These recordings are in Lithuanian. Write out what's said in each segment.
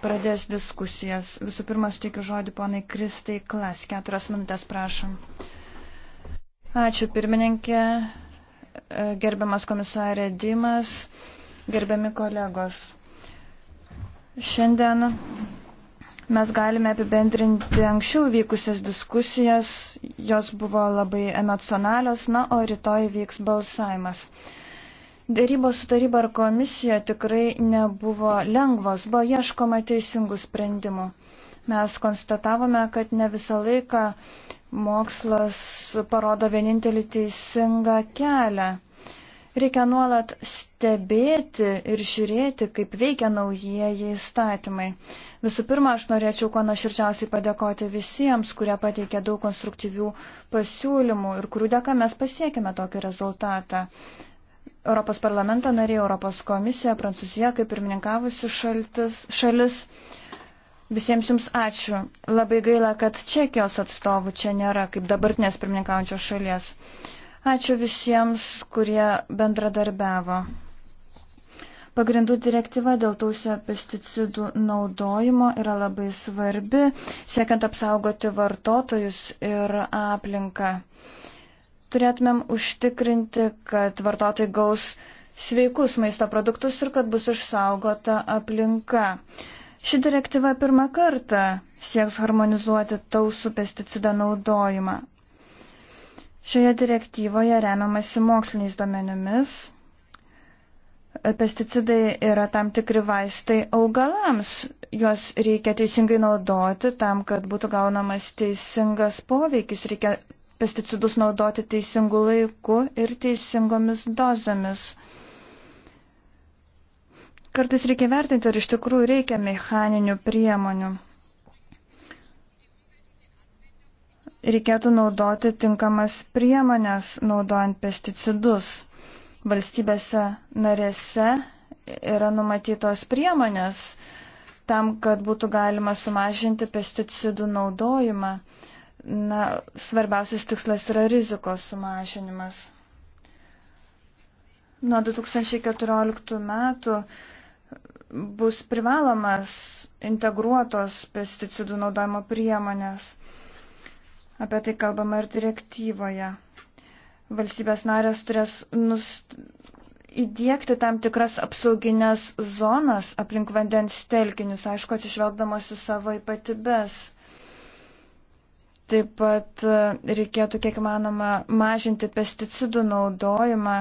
pradės diskusijas. Visų pirma, suteikiu žodį ponai Kristai Klas. Keturias minutės prašom. Ačiū pirmininkė, e, gerbiamas komisarė Dimas, gerbiami kolegos. Šiandien mes galime apibendrinti anksčiau vykusias diskusijas, jos buvo labai emocionalios, na, o rytoj vyks balsavimas. Dėrybos su taryba ar komisija tikrai nebuvo lengvos, buvo ieškoma teisingų sprendimų. Mes konstatavome, kad ne visą laiką mokslas parodo vienintelį teisingą kelią. Reikia nuolat stebėti ir žiūrėti, kaip veikia naujieji įstatymai. Visų pirma, aš norėčiau kuo nuoširdžiausiai padėkoti visiems, kurie pateikė daug konstruktyvių pasiūlymų ir kurių dėka mes pasiekime tokį rezultatą. Europos parlamento nariai, Europos komisija, Prancūzija, kaip pirmininkavusi šaltis, šalis. Visiems jums ačiū. Labai gaila, kad Čekijos atstovų čia nėra, kaip dabartinės pirmininkaujančios šalies. Ačiū visiems, kurie bendradarbiavo. Pagrindų direktyva dėl tausio pesticidų naudojimo yra labai svarbi, siekiant apsaugoti vartotojus ir aplinką turėtumėm užtikrinti, kad vartotojai gaus sveikus maisto produktus ir kad bus išsaugota aplinka. Ši direktyva pirmą kartą sieks harmonizuoti tausų pesticidą naudojimą. Šioje direktyvoje remiamasi moksliniais duomenimis. Pesticidai yra tam tikri vaistai augalams. Juos reikia teisingai naudoti tam, kad būtų gaunamas teisingas poveikis. Reikia pesticidus naudoti teisingu laiku ir teisingomis dozėmis. Kartais reikia vertinti, ar iš tikrųjų reikia mechaninių priemonių. Reikėtų naudoti tinkamas priemonės, naudojant pesticidus. Valstybėse narėse yra numatytos priemonės tam, kad būtų galima sumažinti pesticidų naudojimą na, svarbiausias tikslas yra rizikos sumažinimas. Nuo 2014 metų bus privalomas integruotos pesticidų naudojimo priemonės. Apie tai kalbama ir direktyvoje. Valstybės narės turės nust... įdėkti tam tikras apsauginės zonas aplink vandens telkinius, aišku, atsižvelgdamos į savo ypatybės Taip pat e, reikėtų kiek manoma mažinti pesticidų naudojimą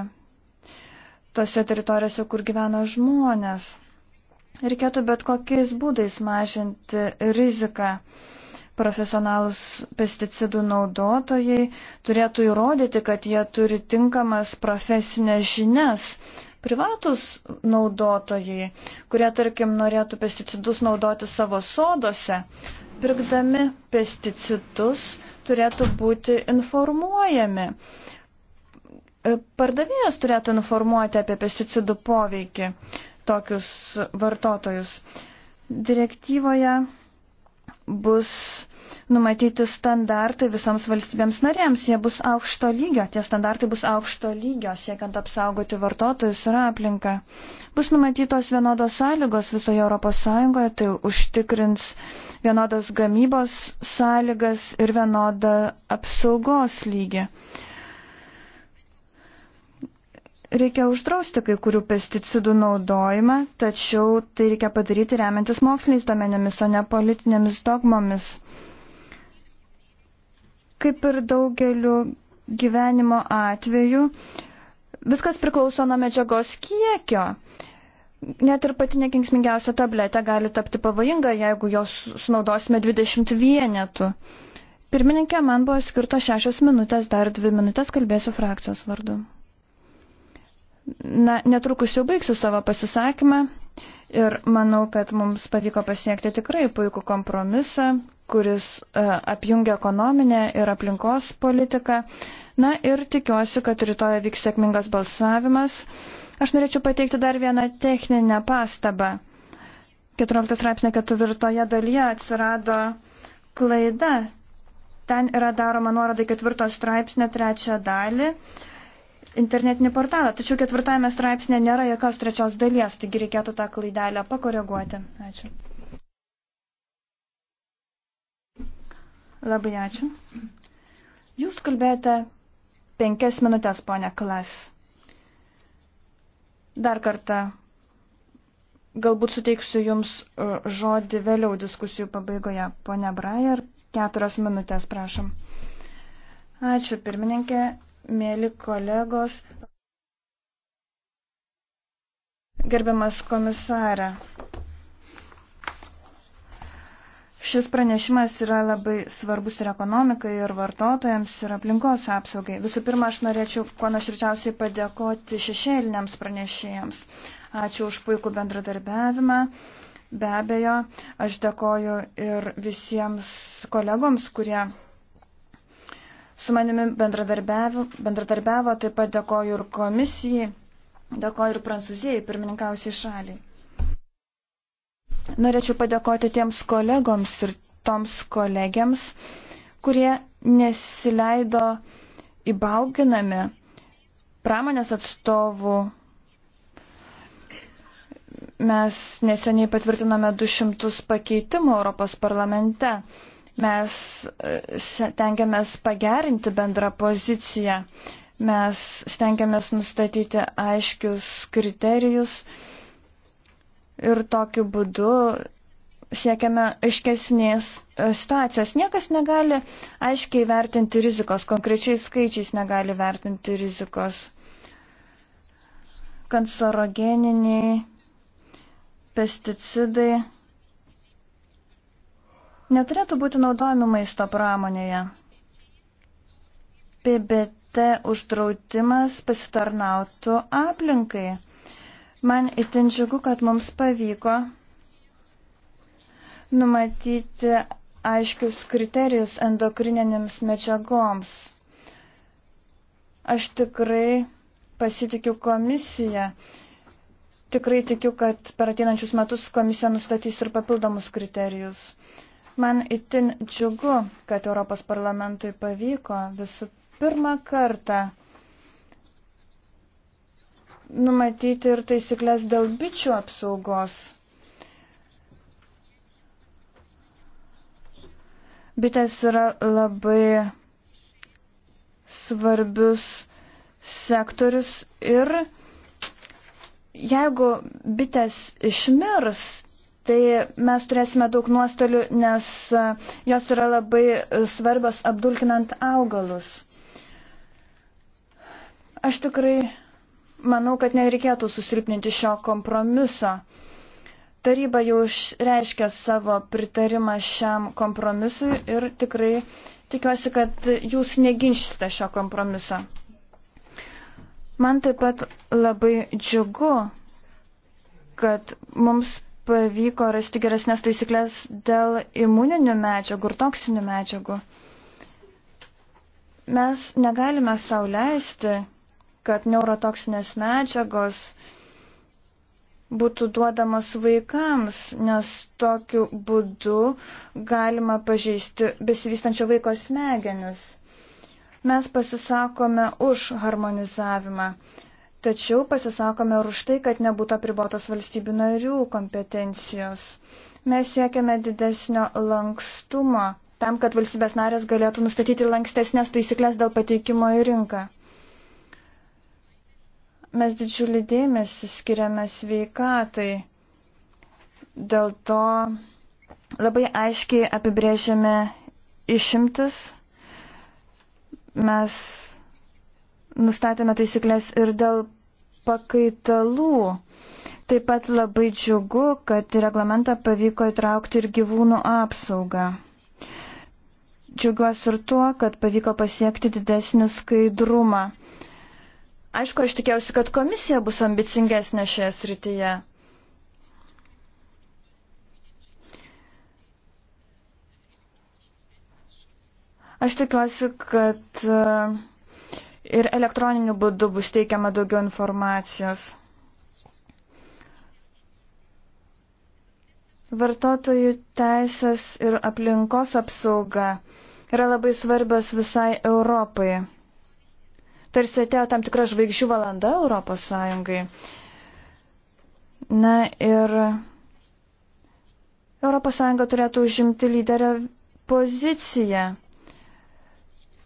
tose teritorijose, kur gyvena žmonės. Reikėtų bet kokiais būdais mažinti riziką. Profesionalus pesticidų naudotojai turėtų įrodyti, kad jie turi tinkamas profesinės žinias. Privatus naudotojai, kurie, tarkim, norėtų pesticidus naudoti savo sodose, pirkdami pesticidus turėtų būti informuojami. Pardavėjas turėtų informuoti apie pesticidų poveikį tokius vartotojus. Direktyvoje bus numatyti standartai visoms valstybėms narėms. Jie bus aukšto lygio, tie standartai bus aukšto lygio, siekiant apsaugoti vartotojus ir aplinką. Bus numatytos vienodos sąlygos visoje Europos Sąjungoje, tai užtikrins vienodas gamybos sąlygas ir vienodą apsaugos lygį. Reikia uždrausti kai kurių pesticidų naudojimą, tačiau tai reikia padaryti remiantis moksliniais domenėmis, o ne politinėmis dogmomis. Kaip ir daugeliu gyvenimo atveju, viskas priklauso nuo medžiagos kiekio. Net ir pati nekenksmingiausia tabletė gali tapti pavojinga, jeigu jos sunaudosime 20 vienetų. Pirmininkė, man buvo skirta šešios minutės, dar dvi minutės kalbėsiu frakcijos vardu. Na, netrukus jau baigsiu savo pasisakymą ir manau, kad mums pavyko pasiekti tikrai puikų kompromisą, kuris e, apjungia ekonominę ir aplinkos politiką. Na ir tikiuosi, kad rytoj vyks sėkmingas balsavimas. Aš norėčiau pateikti dar vieną techninę pastabą. 14 straipsnio ketvirtoje dalyje atsirado klaida. Ten yra daroma nuoroda į ketvirto straipsnio trečią dalį internetinį portalą. Tačiau ketvirtame straipsnė nėra jokios trečios dalies, taigi reikėtų tą klaidelę pakoreguoti. Ačiū. Labai ačiū. Jūs kalbėjote penkias minutės, ponia Klas. Dar kartą galbūt suteiksiu Jums e, žodį vėliau diskusijų pabaigoje. Pone Brajer, keturios minutės, prašom. Ačiū, pirmininkė, mėly kolegos. Gerbiamas komisarė, Šis pranešimas yra labai svarbus ir ekonomikai, ir vartotojams, ir aplinkos apsaugai. Visų pirma, aš norėčiau kuo nuoširdžiausiai padėkoti šešėliniams pranešėjams. Ačiū už puikų bendradarbiavimą. Be abejo, aš dėkoju ir visiems kolegoms, kurie su manimi bendradarbiavo, bendradarbiavo taip pat dėkoju ir komisijai, dėkoju ir prancūzijai, pirmininkausiai šaliai. Norėčiau padėkoti tiems kolegoms ir toms kolegiams, kurie nesileido įbauginami pramonės atstovų. Mes neseniai patvirtinome 200 pakeitimų Europos parlamente. Mes e, tengiamės pagerinti bendrą poziciją. Mes stengiamės nustatyti aiškius kriterijus ir tokiu būdu siekiame aiškesnės e, situacijos. Niekas negali aiškiai vertinti rizikos, konkrečiai skaičiais negali vertinti rizikos. Kancerogeniniai pesticidai neturėtų būti naudojami maisto pramonėje. PBT uždraudimas pasitarnautų aplinkai. Man itin džiugu, kad mums pavyko numatyti aiškius kriterijus endokrininėms medžiagoms. Aš tikrai pasitikiu komisiją. Tikrai tikiu, kad per ateinančius metus komisija nustatys ir papildomus kriterijus. Man itin džiugu, kad Europos parlamentui pavyko visų pirmą kartą numatyti ir taisyklės dėl bičių apsaugos. Bitės yra labai svarbius sektorius ir jeigu bitės išmirs, tai mes turėsime daug nuostolių, nes jos yra labai svarbios apdulkinant augalus. Aš tikrai manau, kad nereikėtų susilpninti šio kompromiso. Taryba jau reiškia savo pritarimą šiam kompromisui ir tikrai tikiuosi, kad jūs neginšite šio kompromiso. Man taip pat labai džiugu, kad mums pavyko rasti geresnės taisyklės dėl imuninių medžiagų ir toksinių medžiagų. Mes negalime sauliaisti, kad neurotoksinės medžiagos būtų duodamos vaikams, nes tokiu būdu galima pažeisti besivystančio vaiko smegenis. Mes pasisakome už harmonizavimą, tačiau pasisakome ir už tai, kad nebūtų apribotos valstybių narių kompetencijos. Mes siekiame didesnio lankstumo tam, kad valstybės narės galėtų nustatyti lankstesnės taisyklės dėl pateikimo į rinką. Mes didžiulį dėmesį skiriame sveikatai. Dėl to labai aiškiai apibrėžiame išimtis. Mes nustatėme taisyklės ir dėl pakaitalų. Taip pat labai džiugu, kad į reglamentą pavyko įtraukti ir gyvūnų apsaugą. Džiugiuosi ir tuo, kad pavyko pasiekti didesnį skaidrumą. Aišku, aš tikėjausi, kad komisija bus ambicingesnė šioje srityje. Aš tikiuosi, kad e, ir elektroniniu būdu bus teikiama daugiau informacijos. Vartotojų teisės ir aplinkos apsauga yra labai svarbios visai Europai tarsi atėjo tam tikra žvaigždžių valanda Europos Sąjungai. Na ir Europos Sąjunga turėtų užimti lyderio poziciją.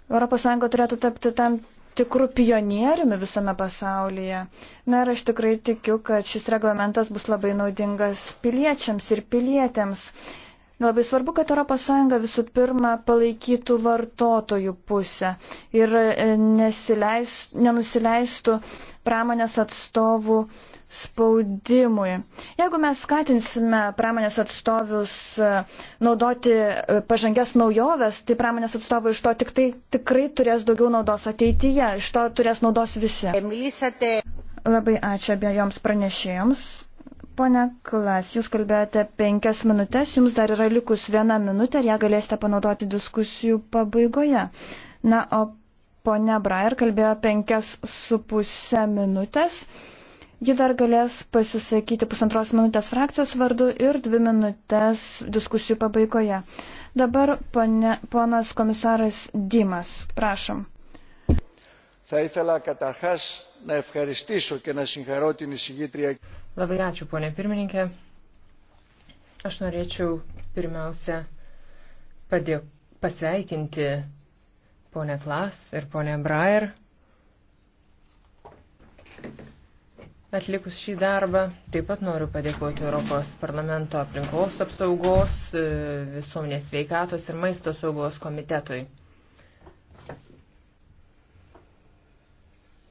Europos Sąjunga turėtų tapti tam tikrų pionieriumi visame pasaulyje. Na ir aš tikrai tikiu, kad šis reglamentas bus labai naudingas piliečiams ir pilietėms. Labai svarbu, kad ES visų pirma palaikytų vartotojų pusę ir e, nesileis, nenusileistų pramonės atstovų spaudimui. Jeigu mes skatinsime pramonės atstovius e, naudoti e, pažangias naujoves, tai pramonės atstovai iš to tik tai, tikrai turės daugiau naudos ateityje, iš to turės naudos visi. Labai ačiū abiejoms pranešėjoms. Pone Klas, jūs kalbėjote penkias minutės, jums dar yra likus viena minutė ir ją galėsite panaudoti diskusijų pabaigoje. Na, o ponia Brair kalbėjo penkias su pusę minutės. Ji dar galės pasisakyti pusantros minutės frakcijos vardu ir dvi minutės diskusijų pabaigoje. Dabar pone, ponas komisaras Dimas, prašom. Θα ήθελα καταρχάς να ευχαριστήσω και να συγχαρώ την εισηγήτρια. Labai ačiū, ponė pirmininkė. Aš norėčiau pirmiausia padė... pasveikinti ponę Klas ir ponę Braer atlikus šį darbą. Taip pat noriu padėkoti Europos parlamento aplinkos apsaugos, e, visuomenės veikatos ir maisto saugos komitetui.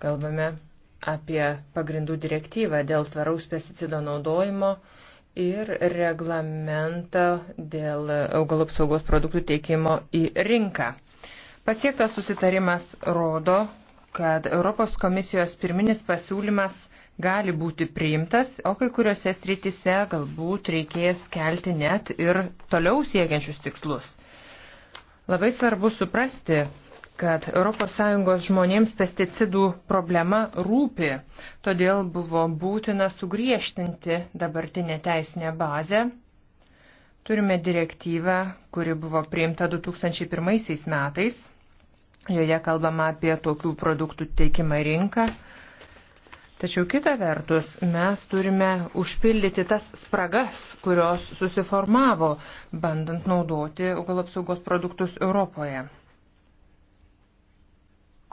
Kalbame apie pagrindų direktyvą dėl tvaraus pesticido naudojimo ir reglamentą dėl augalų apsaugos produktų teikimo į rinką. Pasiektas susitarimas rodo, kad Europos komisijos pirminis pasiūlymas gali būti priimtas, o kai kuriuose srityse galbūt reikės kelti net ir toliau siekiančius tikslus. Labai svarbu suprasti, kad ES žmonėms pesticidų problema rūpi, todėl buvo būtina sugriežtinti dabartinę teisinę bazę. Turime direktyvą, kuri buvo priimta 2001 metais. Joje kalbama apie tokių produktų teikimą rinką. Tačiau kita vertus, mes turime užpildyti tas spragas, kurios susiformavo, bandant naudoti augalapsaugos produktus Europoje.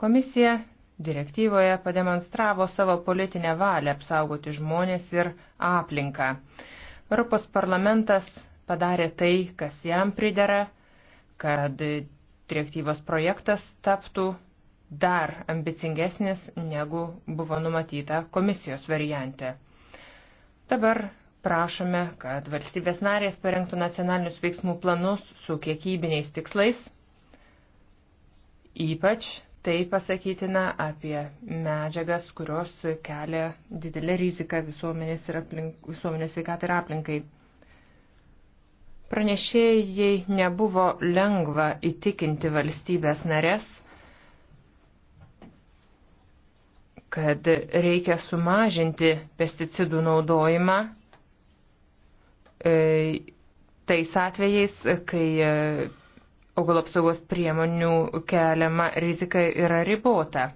Komisija direktyvoje pademonstravo savo politinę valią apsaugoti žmonės ir aplinką. Europos parlamentas padarė tai, kas jam pridera, kad direktyvos projektas taptų dar ambicingesnis, negu buvo numatyta komisijos variante. Dabar prašome, kad valstybės narės parengtų nacionalinius veiksmų planus su kiekybiniais tikslais, ypač Tai pasakytina apie medžiagas, kurios kelia didelę riziką visuomenės, ir aplink, visuomenės sveikatai ir aplinkai. Pranešėjai nebuvo lengva įtikinti valstybės narės, kad reikia sumažinti pesticidų naudojimą e, tais atvejais, kai e, augalų apsaugos priemonių keliama rizika yra ribota.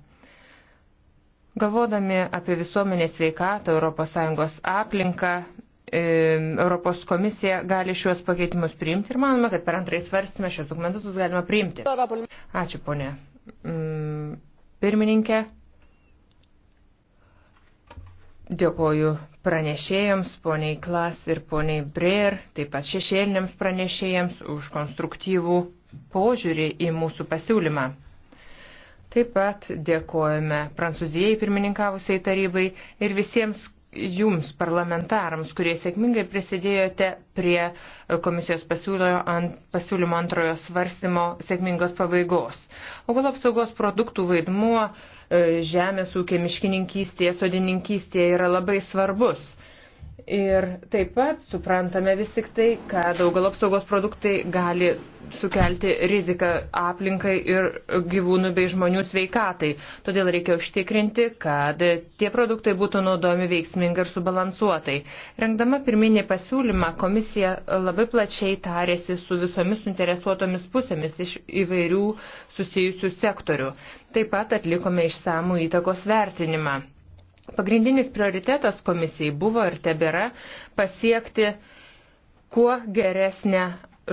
Galvodami apie visuomenės sveikatą, ES aplinką, e, Europos komisija gali šiuos pakeitimus priimti ir manome, kad per antrąjį svarstymą šios dokumentus bus galima priimti. Ačiū, ponė. Mm, pirmininkė, dėkoju pranešėjams, poniai Klas ir poniai Brer, taip pat šešėliniams pranešėjams už konstruktyvų požiūrį į mūsų pasiūlymą. Taip pat dėkojame Prancūzijai pirmininkavusiai tarybai ir visiems jums parlamentarams, kurie sėkmingai prisidėjote prie komisijos pasiūlymo, ant, pasiūlymo antrojo svarstymo sėkmingos pabaigos. Augalų apsaugos produktų vaidmuo e, žemės ūkė miškininkystėje, sodininkystėje yra labai svarbus. Ir taip pat suprantame vis tik tai, kad augalo apsaugos produktai gali sukelti riziką aplinkai ir gyvūnų bei žmonių sveikatai. Todėl reikia užtikrinti, kad tie produktai būtų naudojami veiksmingai ir subalansuotai. Rengdama pirminį pasiūlymą, komisija labai plačiai tarėsi su visomis suinteresuotomis pusėmis iš įvairių susijusių sektorių. Taip pat atlikome išsamų įtakos vertinimą. Pagrindinis prioritetas komisijai buvo ir tebėra pasiekti kuo geresnę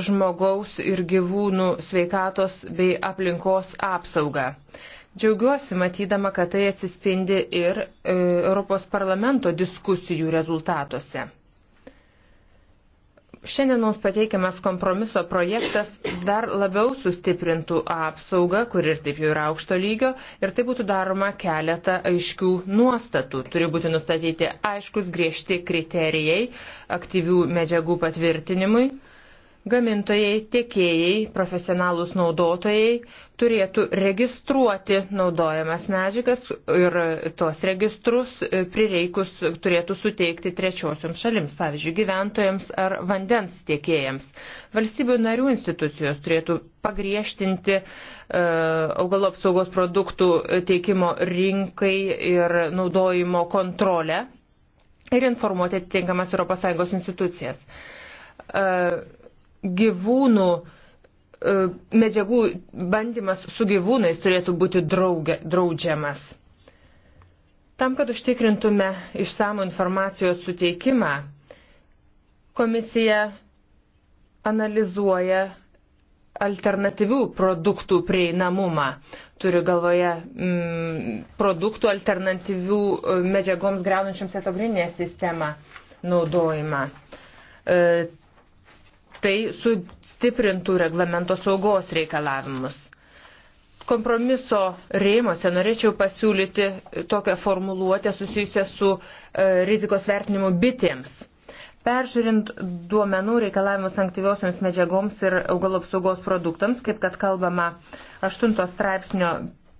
žmogaus ir gyvūnų sveikatos bei aplinkos apsaugą. Džiaugiuosi matydama, kad tai atsispindi ir e, Europos parlamento diskusijų rezultatuose. Šiandien mums pateikiamas kompromiso projektas dar labiau sustiprintų apsaugą, kur ir taip jau yra aukšto lygio, ir tai būtų daroma keletą aiškių nuostatų. Turi būti nustatyti aiškus griežti kriterijai aktyvių medžiagų patvirtinimui. Gamintojai, tiekėjai, profesionalūs naudotojai turėtų registruoti naudojamas medžiagas ir tos registrus prireikus turėtų suteikti trečiosioms šalims, pavyzdžiui, gyventojams ar vandens tiekėjams. Valstybių narių institucijos turėtų pagriežtinti e, augalo apsaugos produktų teikimo rinkai ir naudojimo kontrolę ir informuoti atitinkamas ES institucijas. E, gyvūnų e, medžiagų bandymas su gyvūnais turėtų būti draugia, draudžiamas. Tam, kad užtikrintume išsamų informacijos suteikimą, komisija analizuoja alternatyvių produktų prieinamumą. Turiu galvoje mm, produktų alternatyvių e, medžiagoms greunančiams etogrinę sistemą naudojimą. E, Tai sustiprintų reglamento saugos reikalavimus. Kompromiso rėmose norėčiau pasiūlyti tokią formuluotę susijusią su e, rizikos vertinimu bitėms. Peržiūrint duomenų reikalavimus aktyviosioms medžiagoms ir augalų apsaugos produktams, kaip kad kalbama 8 straipsnio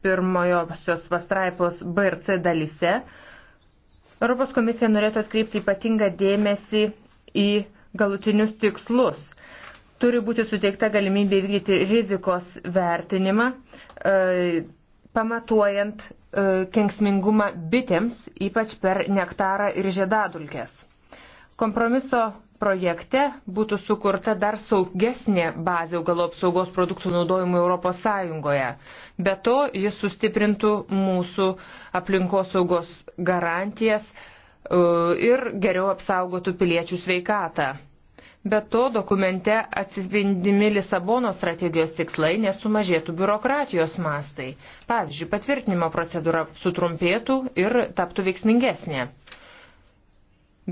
pirmojosios pastraipos B ir C dalise, Europos komisija norėtų atkreipti ypatingą dėmesį į galutinius tikslus. Turi būti suteikta galimybė vykdyti rizikos vertinimą, e, pamatuojant e, kenksmingumą bitėms, ypač per nektarą ir žiedadulkės. Kompromiso projekte būtų sukurta dar saugesnė bazė augalų apsaugos produktų naudojimui Europos Sąjungoje. Be to, jis sustiprintų mūsų aplinkos saugos garantijas E, ir geriau apsaugotų piliečių sveikatą. Be to, dokumente atsispindimi Lisabonos strategijos tikslai nesumažėtų biurokratijos mastai. Pavyzdžiui, patvirtinimo procedūra sutrumpėtų ir taptų veiksmingesnė.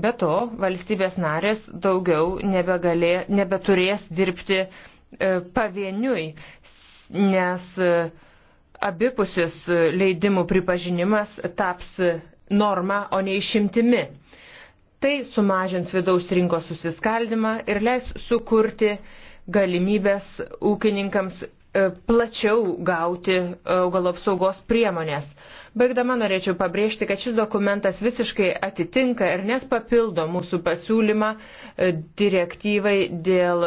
Be to, valstybės narės daugiau nebegalė, nebeturės dirbti e, pavieniui, nes e, abipusis leidimų pripažinimas taps norma, o ne išimtimi. Tai sumažins vidaus rinkos susiskaldimą ir leis sukurti galimybės ūkininkams e, plačiau gauti augalo apsaugos priemonės. Baigdama norėčiau pabrėžti, kad šis dokumentas visiškai atitinka ir net papildo mūsų pasiūlymą e, direktyvai dėl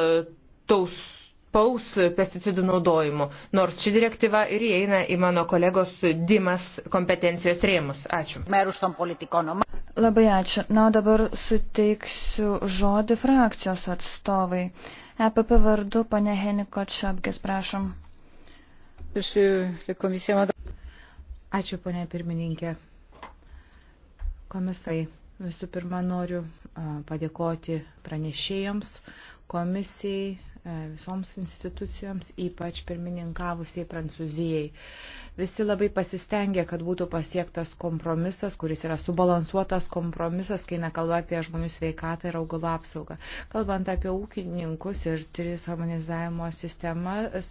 taus spaus pesticidų naudojimu, nors ši direktyva ir įeina į mano kolegos Dimas kompetencijos rėmus. Ačiū. Labai ačiū. Na, dabar suteiksiu žodį frakcijos atstovai. EPP vardu, pane Heniko Čiapkės, prašom. Ačiū, pane pirmininkė. Komisai, visų pirma, noriu padėkoti pranešėjams, komisijai, visoms institucijoms, ypač pirmininkavusiai Prancūzijai. Visi labai pasistengė, kad būtų pasiektas kompromisas, kuris yra subalansuotas kompromisas, kai nekalba apie žmonių sveikatą ir augalų apsaugą. Kalbant apie ūkininkus ir tris harmonizavimo sistemas,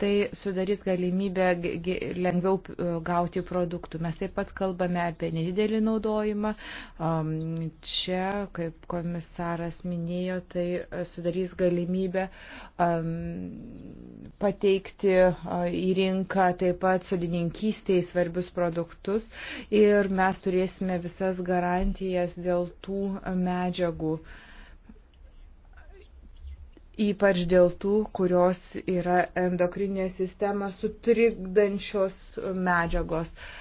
tai sudarys galimybę lengviau e, gauti produktų. Mes taip pat kalbame apie nedidelį naudojimą. Čia, kaip komisaras minėjo, tai sudarys galimybę pateikti į rinką taip pat pat sodininkystėje svarbius produktus ir mes turėsime visas garantijas dėl tų medžiagų ypač dėl tų, kurios yra endokrinė sistema sutrikdančios medžiagos. Uh,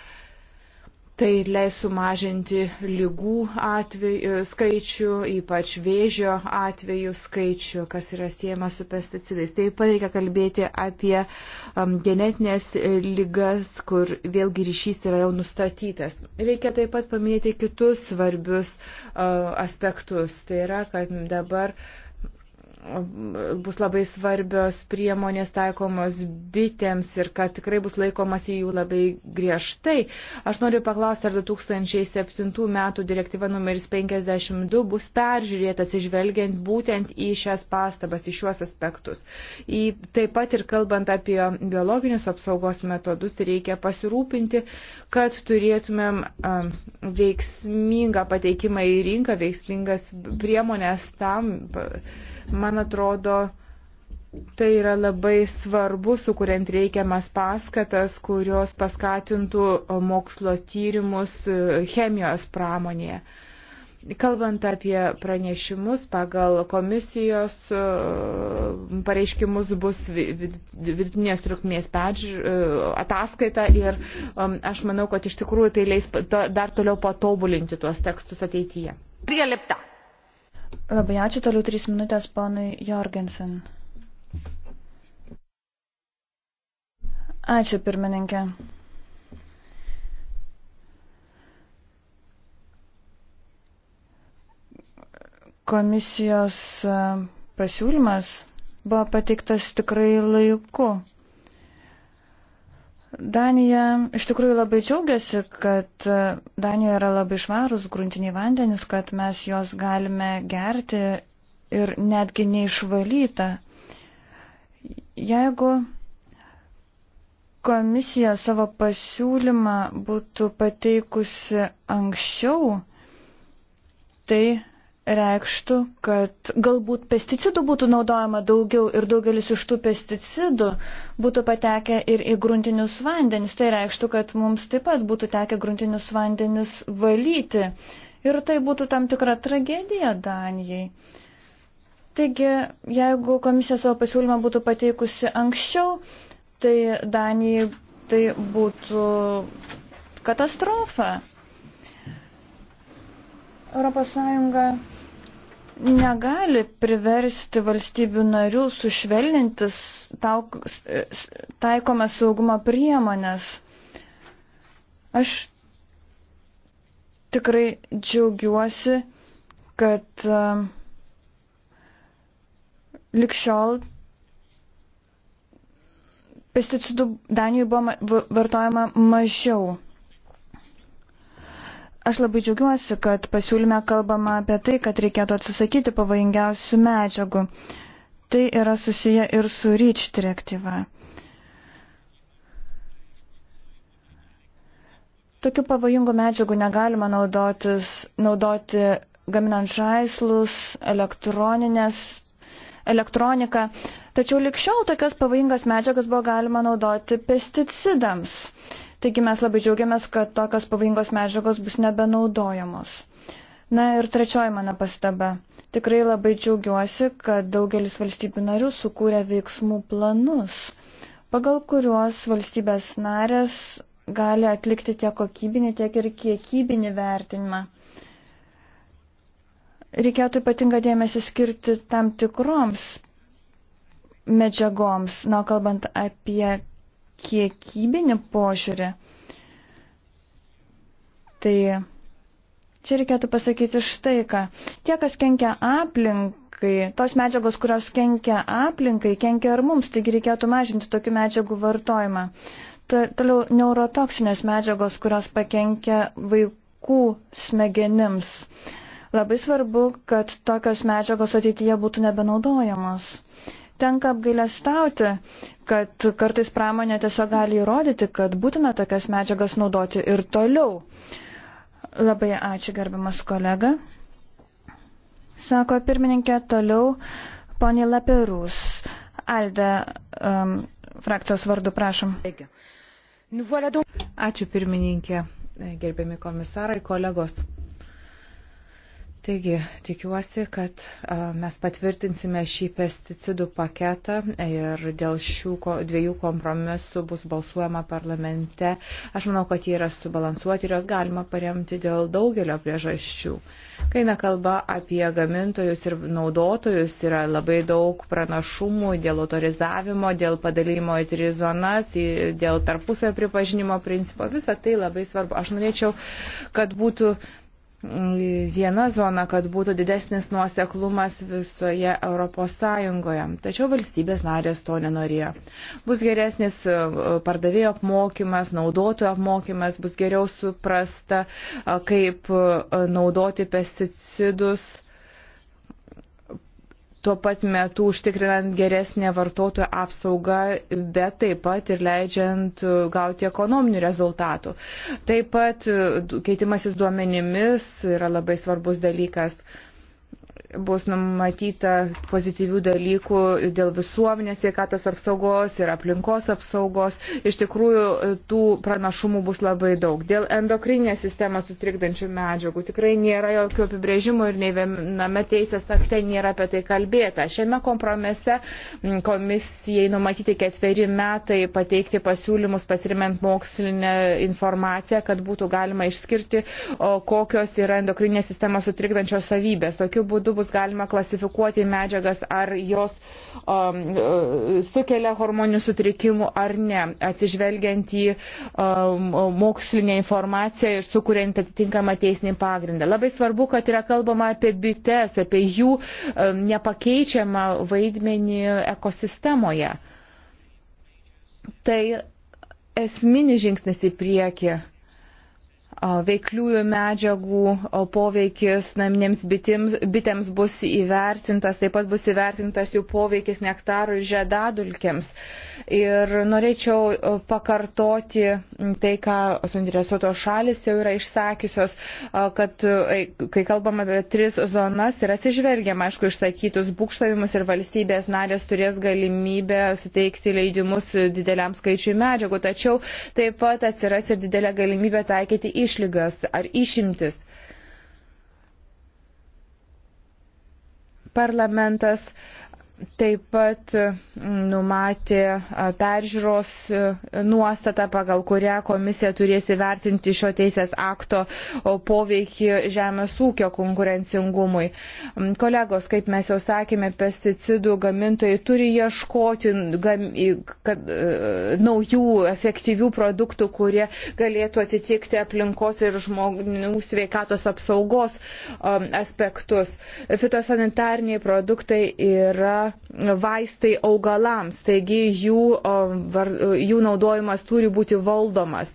Tai leis sumažinti lygų atvejų e, skaičių, ypač vėžio atvejų skaičių, kas yra siejama su pesticidais. Taip pat reikia kalbėti apie um, genetinės lygas, kur vėlgi ryšys yra jau nustatytas. Reikia taip pat paminėti kitus svarbius uh, aspektus. Tai yra, kad dabar uh, bus labai svarbios priemonės taikomos bitėms ir kad tikrai bus laikomasi jų labai griežtai. Aš noriu paklausti, ar 2007 metų direktyva numeris 52 bus peržiūrėta atsižvelgiant būtent į šias pastabas, į šiuos aspektus. Į, taip pat ir kalbant apie biologinius apsaugos metodus, reikia pasirūpinti, kad turėtumėm um, veiksmingą pateikimą į rinką, veiksmingas priemonės tam. Man man atrodo, Tai yra labai svarbu, sukuriant reikiamas paskatas, kurios paskatintų mokslo tyrimus chemijos pramonėje. Kalbant apie pranešimus, pagal komisijos e, pareiškimus bus vidutinės trukmės e, ataskaita ir um, aš manau, kad iš tikrųjų tai leis dar toliau patobulinti tuos tekstus ateityje. Prie lipta. Labai ačiū, toliau trys minutės ponui Jorgensen. Ačiū, pirmininkė. Komisijos e, pasiūlymas buvo pateiktas tikrai laiku. Danija iš tikrųjų labai džiaugiasi, kad e, Danijoje yra labai švarus gruntiniai vandenis, kad mes juos galime gerti ir netgi neišvalyta. Jeigu komisija savo pasiūlymą būtų pateikusi anksčiau, tai reikštų, kad galbūt pesticidų būtų naudojama daugiau ir daugelis iš tų pesticidų būtų patekę ir į gruntinius vandenis. Tai reikštų, kad mums taip pat būtų tekę gruntinius vandenis valyti. Ir tai būtų tam tikra tragedija Danijai. Taigi, jeigu komisija savo pasiūlymą būtų pateikusi anksčiau, tai Danijai tai būtų katastrofa. Europos Sąjunga negali priversti valstybių narių sušvelnintis taikomas saugumo priemonės. Aš tikrai džiaugiuosi, kad e, likščiol pesticidų Danijoje buvo vartojama mažiau. Aš labai džiaugiuosi, kad pasiūlyme kalbama apie tai, kad reikėtų atsisakyti pavojingiausių medžiagų. Tai yra susiję ir su REACH direktyva. Tokių pavojingų medžiagų negalima naudotis, naudoti gaminant žaislus, elektroninės, elektroniką. Tačiau likščiau tokias pavojingas medžiagas buvo galima naudoti pesticidams. Taigi mes labai džiaugiamės, kad tokios pavojingos medžiagos bus nebenaudojamos. Na ir trečioji mano pastaba. Tikrai labai džiaugiuosi, kad daugelis valstybių narių sukūrė veiksmų planus, pagal kuriuos valstybės narės gali atlikti tiek kokybinį, tiek ir kiekybinį vertinimą. Reikėtų ypatingą dėmesį skirti tam tikroms medžiagoms, na, kalbant apie kiekybinį požiūrį, tai čia reikėtų pasakyti štai ką. Tie, kas kenkia aplinkai, tos medžiagos, kurios kenkia aplinkai, kenkia ir mums, taigi reikėtų mažinti tokių medžiagų vartojimą. Toliau neurotoksinės medžiagos, kurios pakenkia vaikų smegenims. Labai svarbu, kad tokios medžiagos ateityje būtų nebenaudojamos. Tenka apgailestauti, kad kartais pramonė tiesiog gali įrodyti, kad būtina tokias medžiagas naudoti ir toliau. Labai ačiū, gerbiamas kolega. Sako pirmininkė toliau, ponė Laperus. Alde, um, frakcijos vardu, prašom. Ačiū pirmininkė, gerbiami komisarai, kolegos. Taigi, tikiuosi, kad mes patvirtinsime šį pesticidų paketą ir dėl šių dviejų kompromisų bus balsuojama parlamente. Aš manau, kad jie yra subalansuoti ir jos galima paremti dėl daugelio priežasčių. Kai eina kalba apie gamintojus ir naudotojus, yra labai daug pranašumų dėl autorizavimo, dėl padalymo į tris zonas, dėl tarpusavio pripažinimo principo. Visa tai labai svarbu. Aš norėčiau, kad būtų viena zona, kad būtų didesnis nuoseklumas visoje Europos Sąjungoje. Tačiau valstybės narės to nenorėjo. Bus geresnis e, pardavėjo apmokymas, naudotojų apmokymas, bus geriau suprasta, kaip e, naudoti pesticidus tuo pat metu užtikrinant geresnę vartotojų apsaugą, bet taip pat ir leidžiant uh, gauti ekonominių rezultatų. Taip pat uh, keitimasis duomenimis yra labai svarbus dalykas bus numatyta pozityvių dalykų dėl visuomenės sveikatos apsaugos ir aplinkos apsaugos. Iš tikrųjų, tų pranašumų bus labai daug. Dėl endokrinės sistemos sutrikdančių medžiagų tikrai nėra jokių apibrėžimų ir nei viename teisės akte nėra apie tai kalbėta. Šiame kompromise mm, komisijai numatyti ketveri metai pateikti pasiūlymus pasirimant mokslinę informaciją, kad būtų galima išskirti, kokios yra endokrinės sistemos sutrikdančios savybės. Tokiu būdu bus bus galima klasifikuoti medžiagas, ar jos um, uh, sukelia hormonių sutrikimų ar ne, atsižvelgiant į um, mokslinę informaciją ir sukuriant atitinkamą teisinį pagrindą. Labai svarbu, kad yra kalbama apie bites, apie jų um, nepakeičiamą vaidmenį ekosistemoje. Tai esminis žingsnis į priekį veikliųjų medžiagų poveikis naminėms bitims, bitėms bus įvertintas, taip pat bus įvertintas jų poveikis nektarui žiedadulkėms. Uh, Ir norėčiau e, pakartoti tai, ką suinteresuotos šalis jau yra išsakiusios, e, kad e, kai kalbame apie tris zonas, yra atsižvelgiama, aišku, išsakytus būkštavimus ir valstybės narės turės galimybę suteikti leidimus dideliam skaičiui medžiagų, tačiau taip pat atsiras ir didelė galimybė taikyti išlygas ar išimtis. Parlamentas uh, taip pat e, numatė e, peržiūros e, nuostatą, pagal kurią komisija turės įvertinti šio teisės akto poveikį žemės ūkio konkurencingumui. Kolegos, kaip mes jau sakėme, pesticidų gamintojai turi ieškoti kad, naujų efektyvių produktų, kurie galėtų atitikti aplinkos ir žmonių sveikatos apsaugos aspektus. Fitosanitariniai produktai yra yra vaistai augalams, taigi jų, jų naudojimas turi būti valdomas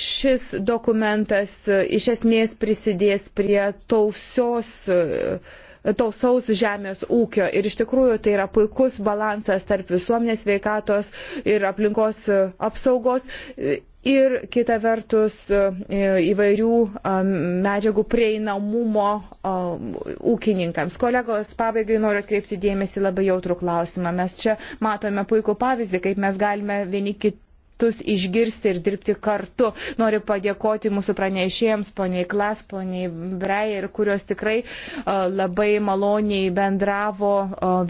šis dokumentas iš esmės prisidės prie tausios tausaus žemės ūkio ir iš tikrųjų tai yra puikus balansas tarp visuomenės veikatos ir aplinkos apsaugos ir kita vertus e, įvairių e, medžiagų prieinamumo e, ūkininkams. Kolegos, pabaigai noriu atkreipti dėmesį labai jautrų klausimą. Mes čia matome puikų pavyzdį, kaip mes galime vieni kitą kitus išgirsti ir dirbti kartu. Noriu padėkoti mūsų pranešėjams, poniai Klas, poniai Breyer, kurios tikrai labai maloniai bendravo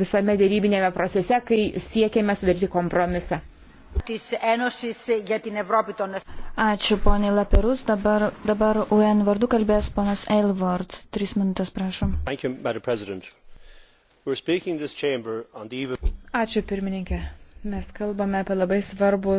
visame dėrybinėme procese, kai siekėme sudaryti kompromisą. Ačiū, ponė Laperus. Dabar, dabar UN vardu kalbės ponas Eilvard. Tris minutės, prašom. Ačiū, pirmininkė. Mes kalbame apie labai svarbų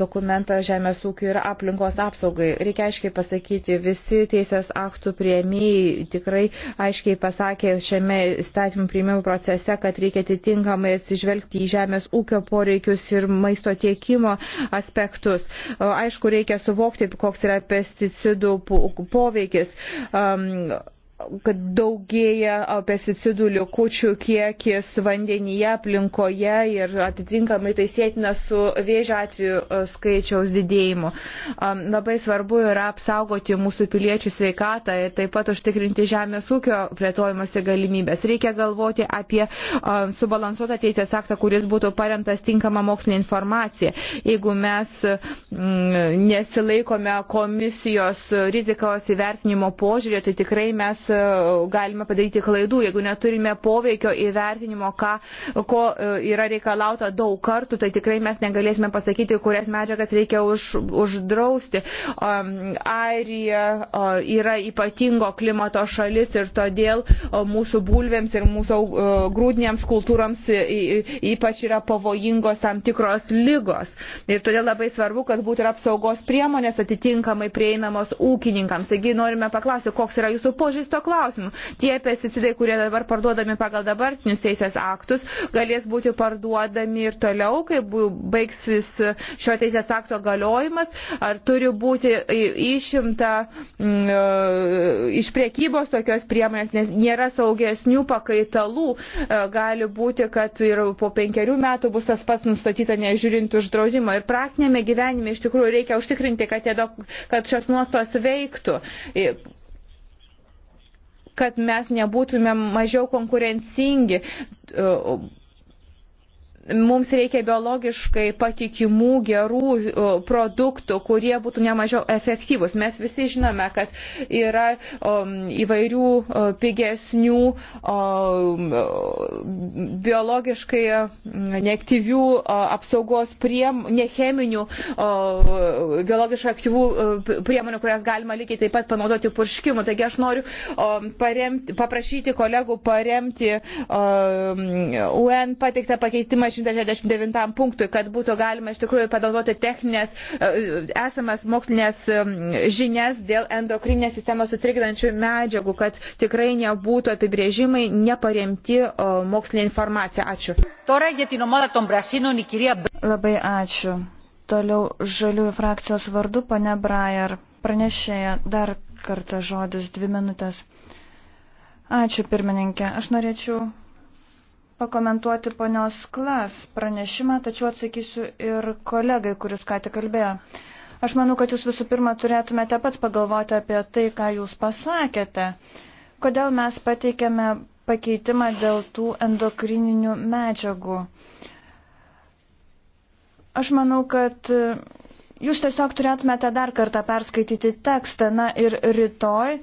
dokumentą žemės ūkio ir aplinkos apsaugai. Reikia aiškiai pasakyti, visi teisės aktų prieimėjai tikrai aiškiai pasakė šiame statymų prieimimo procese, kad reikia atitinkamai atsižvelgti į žemės ūkio poreikius ir maisto tiekimo aspektus. Aišku, reikia suvokti, koks yra pesticidų poveikis. Um, kad daugėja pesticidų likučių kiekis vandenyje, aplinkoje ir atitinkamai tai sėtina su vėžio atveju skaičiaus didėjimu. Labai svarbu yra apsaugoti mūsų piliečių sveikatą ir taip pat užtikrinti žemės ūkio plėtojimasi galimybės. Reikia galvoti apie subalansuotą teisės aktą, kuris būtų paremtas tinkama mokslinė informacija. Jeigu mes mm, nesilaikome komisijos rizikos įvertinimo požiūrė, tai tikrai mes E, galime padaryti klaidų, jeigu neturime poveikio įvertinimo, ką, ko e, yra reikalauta daug kartų, tai tikrai mes negalėsime pasakyti, kurias medžiagas reikia už, uždrausti. E, Airija yra ypatingo klimato šalis ir todėl mūsų bulvėms ir mūsų grūdiniams kultūrams ypač yra pavojingos tam tikros lygos. Ir todėl labai svarbu, kad būtų ir apsaugos priemonės atitinkamai prieinamos ūkininkams. Taigi norime paklausti, koks yra jūsų požiūris maisto klausimų. Tie pesticidai, kurie dabar parduodami pagal dabartinius teisės aktus, galės būti parduodami ir toliau, kai baigsis šio teisės akto galiojimas, ar turi būti išimta mm, e, iš priekybos tokios priemonės, nes nėra saugesnių pakaitalų. E, gali būti, kad ir po penkerių metų bus tas pats nustatyta, nežiūrint uždraudimą. Ir praktinėme gyvenime iš tikrųjų reikia užtikrinti, kad, tie, kad šios nuostos veiktų kad mes nebūtumėm mažiau konkurencingi mums reikia biologiškai patikimų, gerų produktų, kurie būtų nemažiau efektyvus. Mes visi žinome, kad yra įvairių pigesnių, biologiškai neaktyvių apsaugos priemonių, necheminių, biologiškai aktyvų priemonių, kurias galima lygiai taip pat panaudoti purškimu. Taigi aš noriu paremti, paprašyti kolegų paremti UN pateiktą pakeitimą 169 punktui, kad būtų galima iš tikrųjų panaudoti techninės e, esamas mokslinės žinias dėl endokrinės sistemos sutrikdančių medžiagų, kad tikrai nebūtų apibrėžimai neparemti mokslinė informacija. Ačiū. Labai ačiū. Toliau žaliųjų frakcijos vardu, pane Brajer, pranešėja dar kartą žodis dvi minutės. Ačiū pirmininkė. Aš norėčiau pakomentuoti ponios klas pranešimą, tačiau atsakysiu ir kolegai, kuris ką tik kalbėjo. Aš manau, kad jūs visų pirma turėtumėte pats pagalvoti apie tai, ką jūs pasakėte. Kodėl mes pateikėme pakeitimą dėl tų endokrininių medžiagų? Aš manau, kad Jūs tiesiog turėtumėte dar kartą perskaityti tekstą, na ir rytoj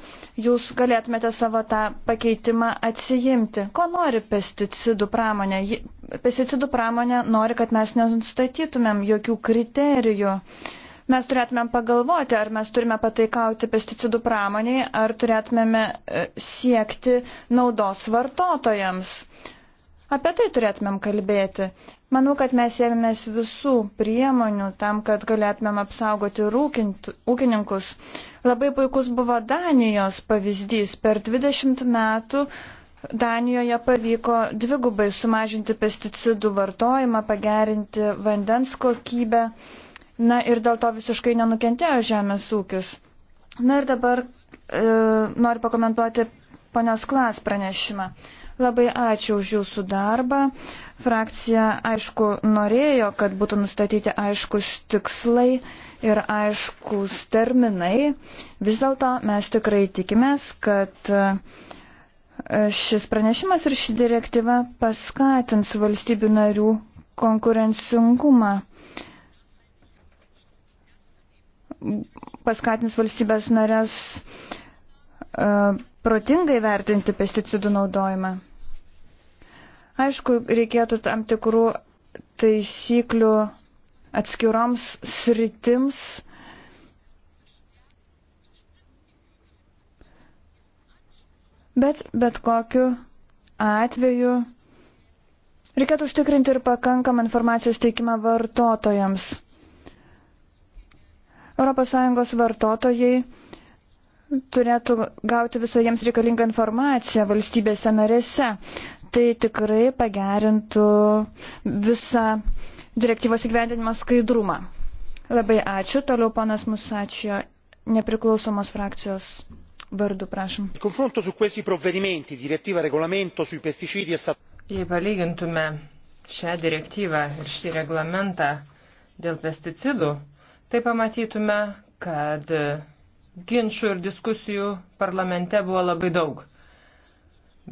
jūs galėtumėte savo tą pakeitimą atsijimti. Ko nori pesticidų pramonė? Pesticidų pramonė nori, kad mes nenustatytumėm jokių kriterijų. Mes turėtumėm pagalvoti, ar mes turime pataikauti pesticidų pramoniai, ar turėtumėme e, siekti naudos vartotojams. Apie tai turėtumėm kalbėti. Manau, kad mes ėmėmės visų priemonių tam, kad galėtumėm apsaugoti rūkint, ūkininkus. Labai puikus buvo Danijos pavyzdys. Per 20 metų Danijoje pavyko dvigubai sumažinti pesticidų vartojimą, pagerinti vandens kokybę. Na ir dėl to visiškai nenukentėjo žemės ūkis. Na ir dabar e, noriu pakomentuoti ponios Klas pranešimą. E, Labai ačiū už jūsų darbą. Frakcija, aišku, norėjo, kad būtų nustatyti aiškus tikslai ir aiškus terminai. Vis dėlto mes tikrai tikimės, kad e, šis pranešimas ir ši direktyva paskatins valstybių narių konkurencingumą paskatins valstybės narės e, protingai vertinti pesticidų naudojimą. Aišku, reikėtų tam tikrų taisyklių atskiroms sritims. Bet bet kokiu atveju reikėtų užtikrinti ir pakankamą informacijos teikimą vartotojams. ES vartotojai turėtų gauti visą jiems reikalingą informaciją valstybėse narėse. Tai tikrai pagerintų visą direktyvos įgyvendinimo skaidrumą. Labai ačiū. Toliau panas Musačio nepriklausomos frakcijos vardu, prašom. Konfronto su questi provvedimenti, direttyva regolamento sui pesticidi e sap... Jei palygintume šią direktyvą ir šį reglamentą dėl pesticidų, tai pamatytume, kad ginčių ir diskusijų parlamente buvo labai daug.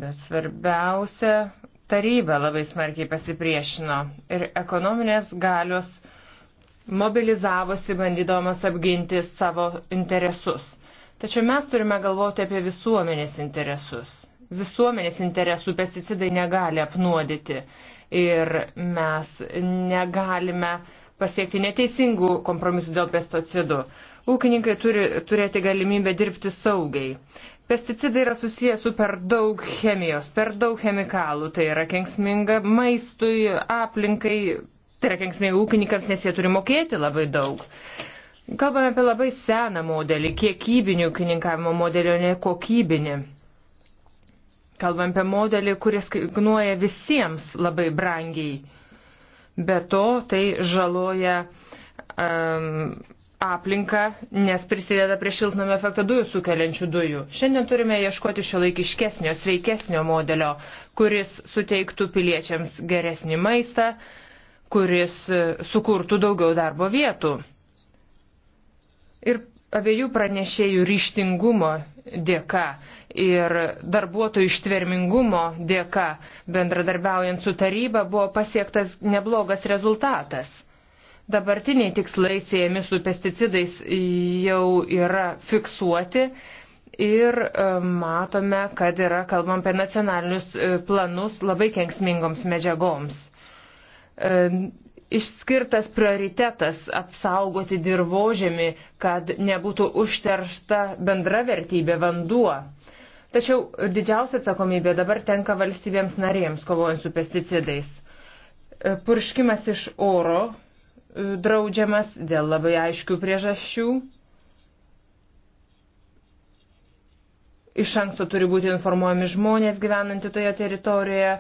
Bet svarbiausia, taryba labai smarkiai pasipriešino ir ekonominės galios mobilizavosi bandydamas apginti savo interesus. Tačiau mes turime galvoti apie visuomenės interesus. Visuomenės interesų pesticidai negali apnuodyti ir mes negalime pasiekti neteisingų kompromisų dėl pesticidų. Ūkininkai turi turėti galimybę dirbti saugiai. Pesticidai yra susiję su per daug chemijos, per daug chemikalų. Tai yra kenksminga maistui, aplinkai, tai yra kenksminga ūkininkams, nes jie turi mokėti labai daug. Kalbame apie labai seną modelį, kiekybinį ūkininkavimo modelį, o ne kokybinį. Kalbame apie modelį, kuris kainuoja visiems labai brangiai. Be to, tai žaloja um, aplinką, nes prisideda prie šiltnamio efektą dujų sukeliančių dujų. Šiandien turime ieškoti šio laikiškesnio, sveikesnio modelio, kuris suteiktų piliečiams geresnį maistą, kuris e, sukurtų daugiau darbo vietų. Ir abiejų pranešėjų ryštingumo dėka ir darbuotojų ištvermingumo dėka, bendradarbiaujant su taryba, buvo pasiektas neblogas rezultatas Dabartiniai tikslai siejami su pesticidais jau yra fiksuoti ir e, matome, kad yra kalbam apie nacionalinius e, planus labai kenksmingoms medžiagoms. E, išskirtas prioritetas apsaugoti dirbožėmį, kad nebūtų užteršta bendra vertybė vanduo. Tačiau didžiausia atsakomybė dabar tenka valstybėms narėms kovojant su pesticidais. Purškimas iš oro draudžiamas dėl labai aiškių priežasčių. Iš anksto turi būti informuojami žmonės gyvenanti toje teritorijoje.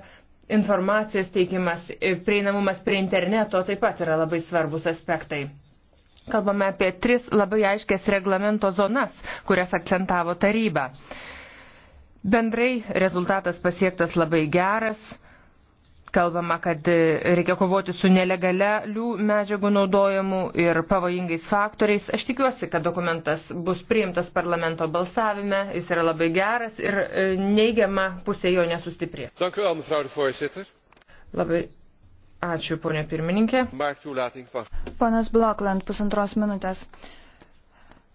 Informacijos teikimas ir e, prieinamumas prie interneto taip pat yra labai svarbus aspektai. Kalbame apie tris labai aiškės reglamento zonas, kurias akcentavo taryba. Bendrai rezultatas pasiektas labai geras Kalbama, kad e, reikia kovoti su nelegalių medžiagų naudojimu ir pavojingais faktoriais. Aš tikiuosi, kad dokumentas bus priimtas parlamento balsavime, jis yra labai geras ir e, neigiama pusė jo nesustiprė. Labai ačiū, ponė pirmininkė. Ponas Blokland, pusantros minutės.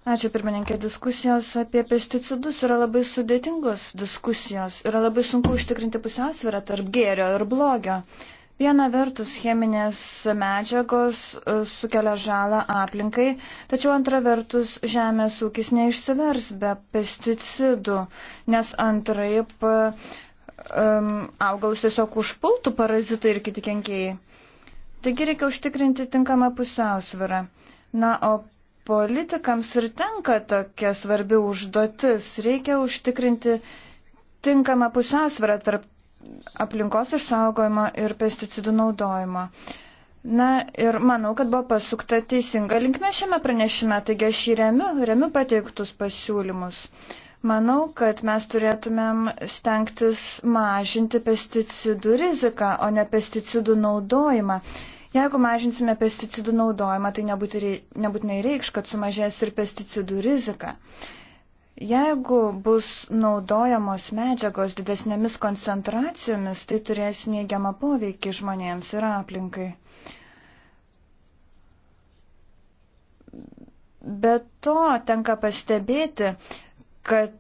Ačiū pirmininkė. Diskusijos apie pesticidus yra labai sudėtingos diskusijos. Yra labai sunku užtikrinti pusiausvyrą tarp gėrio ir blogio. Viena vertus cheminės medžiagos e, sukelia žalą aplinkai, tačiau antra vertus žemės ūkis neišsivers be pesticidų, nes antraip um, augalus tiesiog užpultų parazitai ir kiti kenkėjai. Taigi reikia užtikrinti tinkamą pusiausvyrą. Na, o politikams ir tenka tokia svarbi užduotis. Reikia užtikrinti tinkamą pusiausvyrą tarp aplinkos išsaugojimo ir pesticidų naudojimo. Na ir manau, kad buvo pasukta teisinga linkme šiame pranešime, taigi aš jį remiu, remiu pateiktus pasiūlymus. Manau, kad mes turėtumėm stengtis mažinti pesticidų riziką, o ne pesticidų naudojimą. Jeigu mažinsime pesticidų naudojimą, tai nebūtinai reikš, kad sumažės ir pesticidų rizika. Jeigu bus naudojamos medžiagos didesnėmis koncentracijomis, tai turės neigiamą poveikį žmonėms ir aplinkai. Be to tenka pastebėti, kad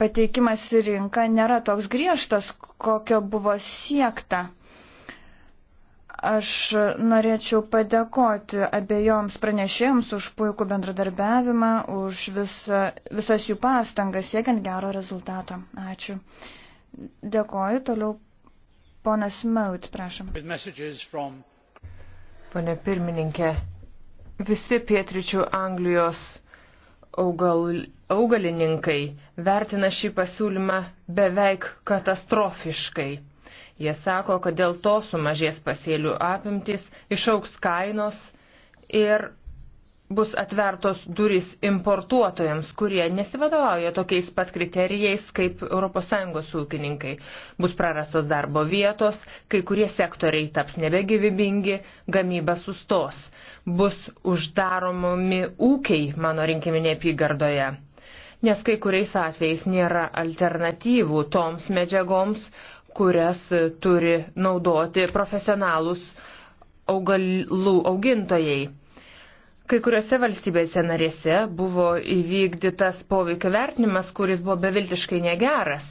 pateikimas į rinką nėra toks griežtas, kokio buvo siekta. Aš norėčiau padėkoti abiejoms pranešėjams už puikų bendradarbiavimą, už visa, visas jų pastangas siekiant gero rezultato. Ačiū. Dėkoju. Toliau ponas Maut, prašom. Pane pirmininkė, visi pietričių Anglijos augal, augalininkai vertina šį pasiūlymą beveik katastrofiškai. Jie sako, kad dėl to sumažės pasėlių apimtis, išauks kainos ir bus atvertos duris importuotojams, kurie nesivadovauja tokiais pat kriterijais kaip ES ūkininkai. Bus prarastos darbo vietos, kai kurie sektoriai taps nebegyvybingi, gamyba sustos. Bus uždaromi ūkiai mano rinkiminėje apygardoje. Nes kai kuriais atvejais nėra alternatyvų toms medžiagoms, kurias turi naudoti profesionalūs augalų augintojai. Kai kuriuose valstybėse narėse buvo įvykdytas poveikio vertinimas, kuris buvo beviltiškai negeras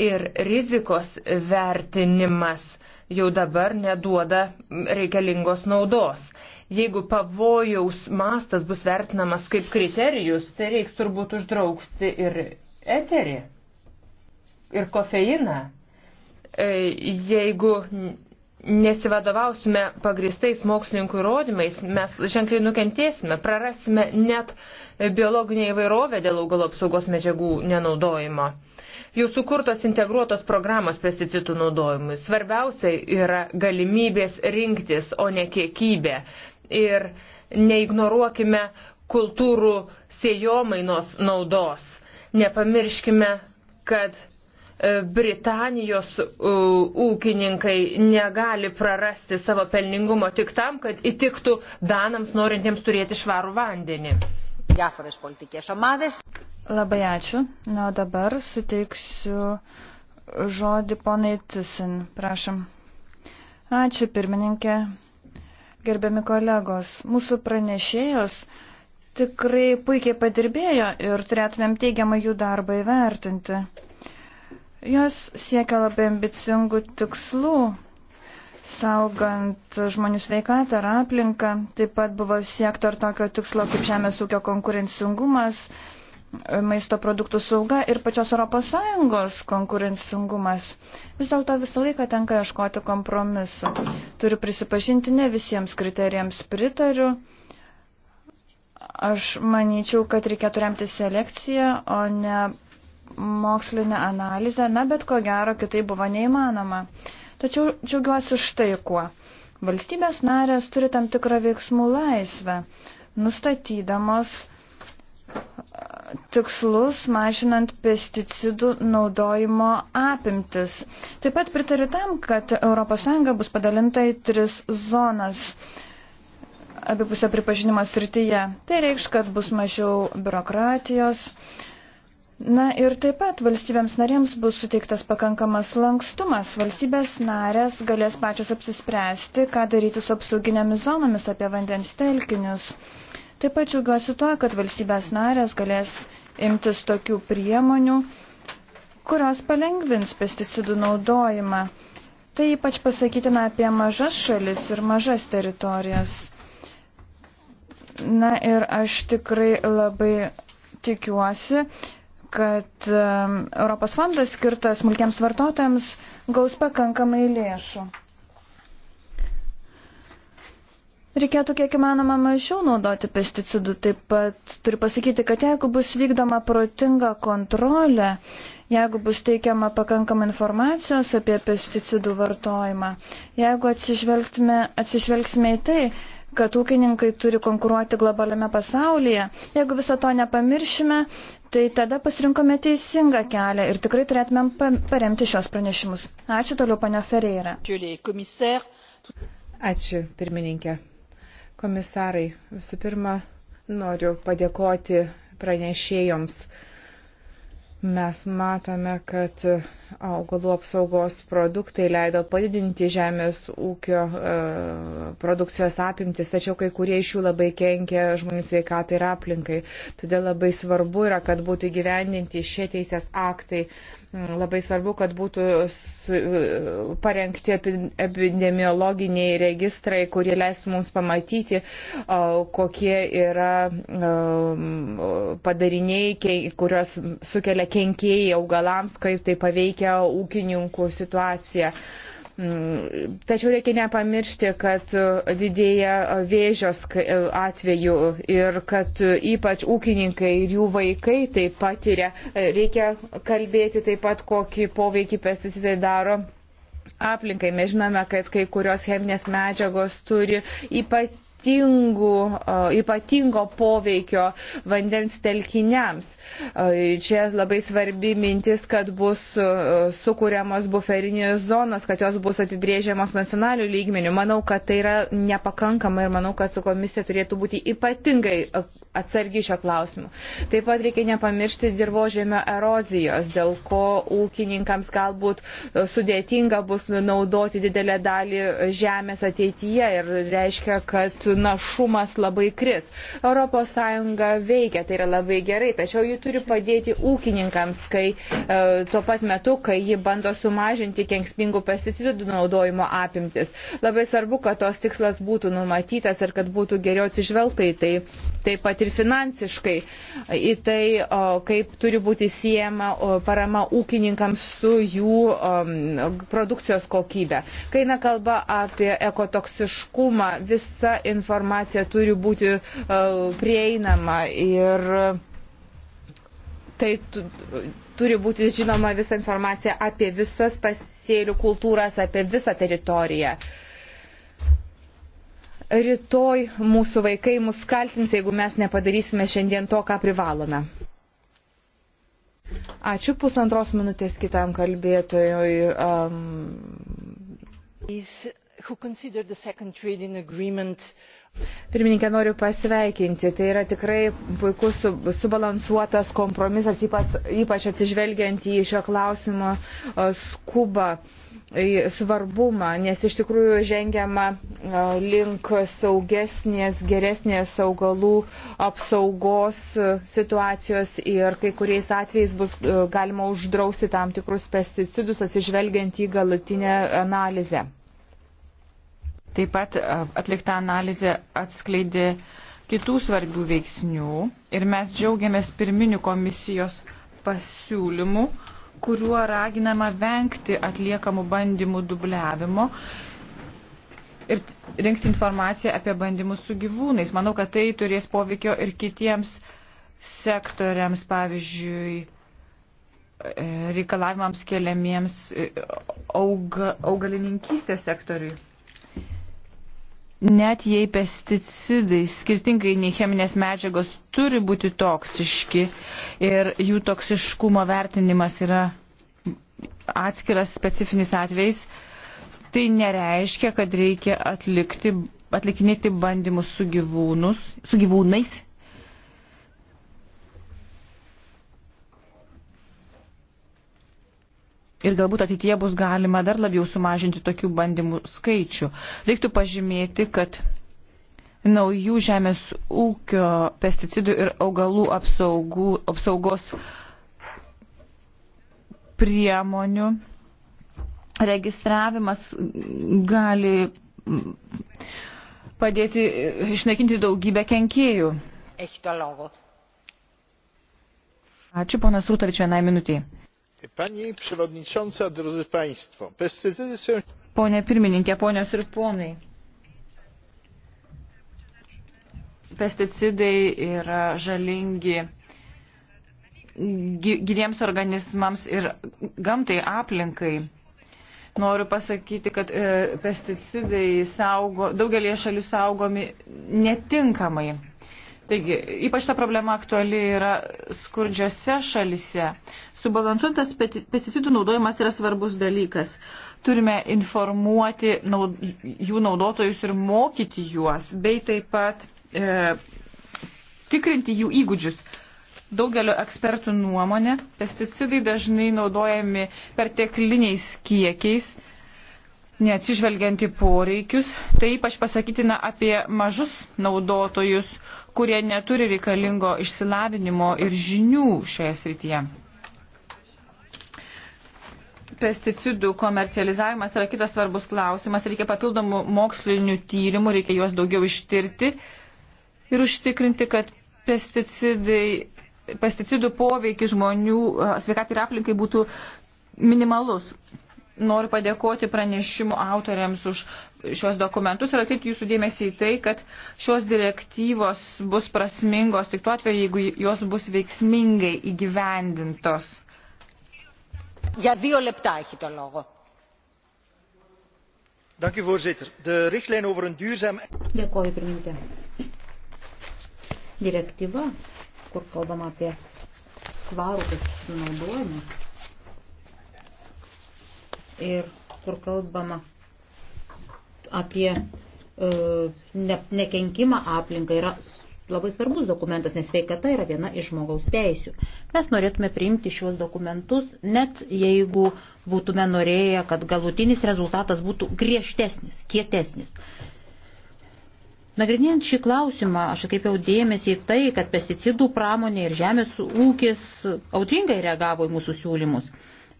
ir rizikos vertinimas jau dabar neduoda reikalingos naudos. Jeigu pavojaus mastas bus vertinamas kaip kriterijus, tai reiks turbūt uždrausti ir eterį, ir kofeiną. E, jeigu nesivadovausime pagristais mokslininkų įrodymais, mes ženkliai nukentėsime, prarasime net biologinę įvairovę dėl augalo apsaugos medžiagų nenaudojimo. Jau sukurtos integruotos programos pesticidų naudojimui. Svarbiausia yra galimybės rinktis, o ne kiekybė. Ir neignoruokime kultūrų sėjomainos naudos. Nepamirškime, kad E, Britanijos e, ūkininkai negali prarasti savo pelningumo tik tam, kad įtiktų Danams norintiems turėti švarų vandenį. Labai ačiū. Na, o dabar suteiksiu žodį ponai Tusin. Prašom. Ačiū, pirmininkė. Gerbiami kolegos, mūsų pranešėjos tikrai puikiai padirbėjo ir turėtumėm teigiamą jų darbą įvertinti. Jos siekia labai ambicingų tikslų, saugant žmonių sveikatą ar aplinką. Taip pat buvo siekta ir tokio tikslo kaip žemės ūkio konkurencingumas, maisto produktų sauga ir pačios ES konkurencingumas. Vis dėlto visą laiką tenka ieškoti kompromisu. Turiu prisipažinti, ne visiems kriterijams pritariu. Aš manyčiau, kad reikėtų remti selekciją, o ne mokslinę analizę, na bet ko gero kitai buvo neįmanoma. Tačiau džiaugiuosi štai kuo. Valstybės narės turi tam tikrą veiksmų laisvę, nustatydamos tikslus mažinant pesticidų naudojimo apimtis. Taip pat pritariu tam, kad ES bus padalinta į tris zonas abipusio pripažinimo srityje. Tai reikš, kad bus mažiau biurokratijos, uh, Na ir taip pat valstybėms narėms bus suteiktas pakankamas lankstumas. Valstybės narės galės pačios apsispręsti, ką daryti su apsauginėmis zonomis apie vandens telkinius. Taip pat džiaugiuosi tuo, kad valstybės narės galės imtis tokių priemonių, kurios palengvins pesticidų naudojimą. Tai ypač pasakytina apie mažas šalis ir mažas teritorijas. Na ir aš tikrai labai tikiuosi, kad um, Europos fondas skirtas smulkiams vartotojams gaus pakankamai lėšų. Reikėtų kiek įmanoma mažiau naudoti pesticidų. Taip pat turiu pasakyti, kad jeigu bus vykdoma protinga kontrolė, jeigu bus teikiama pakankama informacijos apie pesticidų vartojimą, jeigu atsižvelgsime į tai, kad ūkininkai turi konkuruoti globaliame pasaulyje. Jeigu viso to nepamiršime, tai tada pasirinkome teisingą kelią ir tikrai turėtumėm paremti šios pranešimus. Ačiū toliau, pane Ferreira. Ačiū, pirmininkė. Komisarai, visų pirma, noriu padėkoti pranešėjoms Mes matome, kad augalų apsaugos produktai leido padidinti žemės ūkio e, produkcijos apimtis, tačiau kai kurie iš jų labai kenkia žmonių sveikatai ir aplinkai. Todėl labai svarbu yra, kad būtų gyvendinti šie teisės aktai. Mm, labai svarbu, kad būtų e, parengti epidemiologiniai registrai, kurie leis mums pamatyti, kokie yra e, padariniai, kurios sukelia kenkėjai augalams, kaip tai paveikia ūkininkų situaciją. Mm, tačiau reikia nepamiršti, kad didėja vėžio atveju ir kad ypač ūkininkai ir jų vaikai tai patiria. Reikia kalbėti taip pat, kokį poveikį pesticidai daro aplinkai. Mes žinome, kad kai kurios cheminės medžiagos turi ypatingai ypatingo poveikio vandens telkiniams. Čia labai svarbi mintis, kad bus sukūriamos buferinės zonos, kad jos bus apibrėžiamos nacionalių lygmenių. Manau, kad tai yra nepakankama ir manau, kad su komisija turėtų būti ypatingai atsargi šio klausimu. Taip pat reikia nepamiršti dirbožėmio erozijos, dėl ko ūkininkams galbūt sudėtinga bus naudoti didelę dalį žemės ateityje ir reiškia, kad našumas labai kris. ES veikia, tai yra labai gerai, tačiau ji turi padėti ūkininkams, kai e, tuo pat metu, kai ji bando sumažinti kenksmingų pesticidų naudojimo apimtis. Labai svarbu, kad tos tikslas būtų numatytas ir kad būtų geriau atsižvelgta į tai, taip pat ir finansiškai, į tai, kaip turi būti siejama parama ūkininkams su jų produkcijos kokybė. Kai eina kalba apie ekotoksiškumą, visa informacija informacija turi būti e, prieinama ir tai turi būti žinoma visa informacija apie visas pasėlių kultūras, apie visą teritoriją. Rytoj mūsų vaikai mus kaltins, jeigu mes nepadarysime šiandien to, ką privalome. Ačiū pusantros minutės kitam kalbėtojui. Um, Pirmininkė, noriu pasveikinti. Tai yra tikrai puikus subalansuotas kompromisas, ypač, ypač atsižvelgiant į šio klausimo skubą svarbumą, nes iš tikrųjų žengiama link saugesnės, geresnės augalų apsaugos situacijos ir kai kuriais atvejais bus e, galima uždrausti tam tikrus pesticidus, atsižvelgiant į galutinę analizę. Taip pat atlikta analizė atskleidė kitų svarbių veiksnių ir mes džiaugiamės pirminių komisijos pasiūlymų, kuriuo raginama vengti atliekamų bandymų dubliavimo ir rinkti informaciją apie bandymus su gyvūnais. Manau, kad tai turės poveikio ir kitiems sektoriams, pavyzdžiui, e, reikalavimams keliamiems e, auga, augalininkystės sektoriui net jei pesticidai skirtingai nei cheminės medžiagos turi būti toksiški ir jų toksiškumo vertinimas yra atskiras specifinis atvejs, tai nereiškia, kad reikia atlikti, atlikinėti bandymus su, gyvūnus, su gyvūnais ir galbūt ateityje bus galima dar labiau sumažinti tokių bandymų skaičių. Reiktų pažymėti, kad naujų žemės ūkio pesticidų ir augalų apsaugų, apsaugos priemonių registravimas gali padėti išnaikinti daugybę kenkėjų. Ačiū, ponas Rūtavič, vienai minutiai. Pone pirmininkė, ponios ir ponai, pesticidai yra žalingi gyviems organizmams ir gamtai aplinkai. Noriu pasakyti, kad e, pesticidai saugo, daugelie šalių saugomi netinkamai. Taigi, ypač ta problema aktuali yra skurdžiose šalise. Subalansuotas pesticidų naudojimas yra svarbus dalykas. Turime informuoti naud, jų naudotojus ir mokyti juos, bei taip pat e, tikrinti jų įgūdžius. Daugelio ekspertų nuomonė, pesticidai dažnai naudojami pertekliniais kiekiais, neatsižvelgiant į poreikius. Tai ypač pasakytina apie mažus naudotojus, kurie neturi reikalingo išsilavinimo ir žinių šioje srityje pesticidų komercializavimas yra kitas svarbus klausimas. Reikia papildomų mokslinių tyrimų, reikia juos daugiau ištirti ir užtikrinti, kad pesticidai, pesticidų poveikis žmonių sveikatai ir aplinkai būtų minimalus. Noriu padėkoti pranešimų autoriams už šios dokumentus ir atkreipti jūsų dėmesį į tai, kad šios direktyvos bus prasmingos tik tuo atveju, jeigu jos bus veiksmingai įgyvendintos voorzitter de richtlijn over een duurzaam. dėkoju pirmininke direktyva kur kalbama apie tvarų pesticidų naudojimą ir kur kalbama apie e, ne, nekenkimą aplinkai yra labai svarbus dokumentas, nes sveikata yra viena iš žmogaus teisių. Mes norėtume priimti šiuos dokumentus, net jeigu būtume norėję, kad galutinis rezultatas būtų griežtesnis, kietesnis. Nagrinėjant šį klausimą, aš atkreipiau dėmesį į tai, kad pesticidų pramonė ir žemės ūkis audringai reagavo į mūsų siūlymus.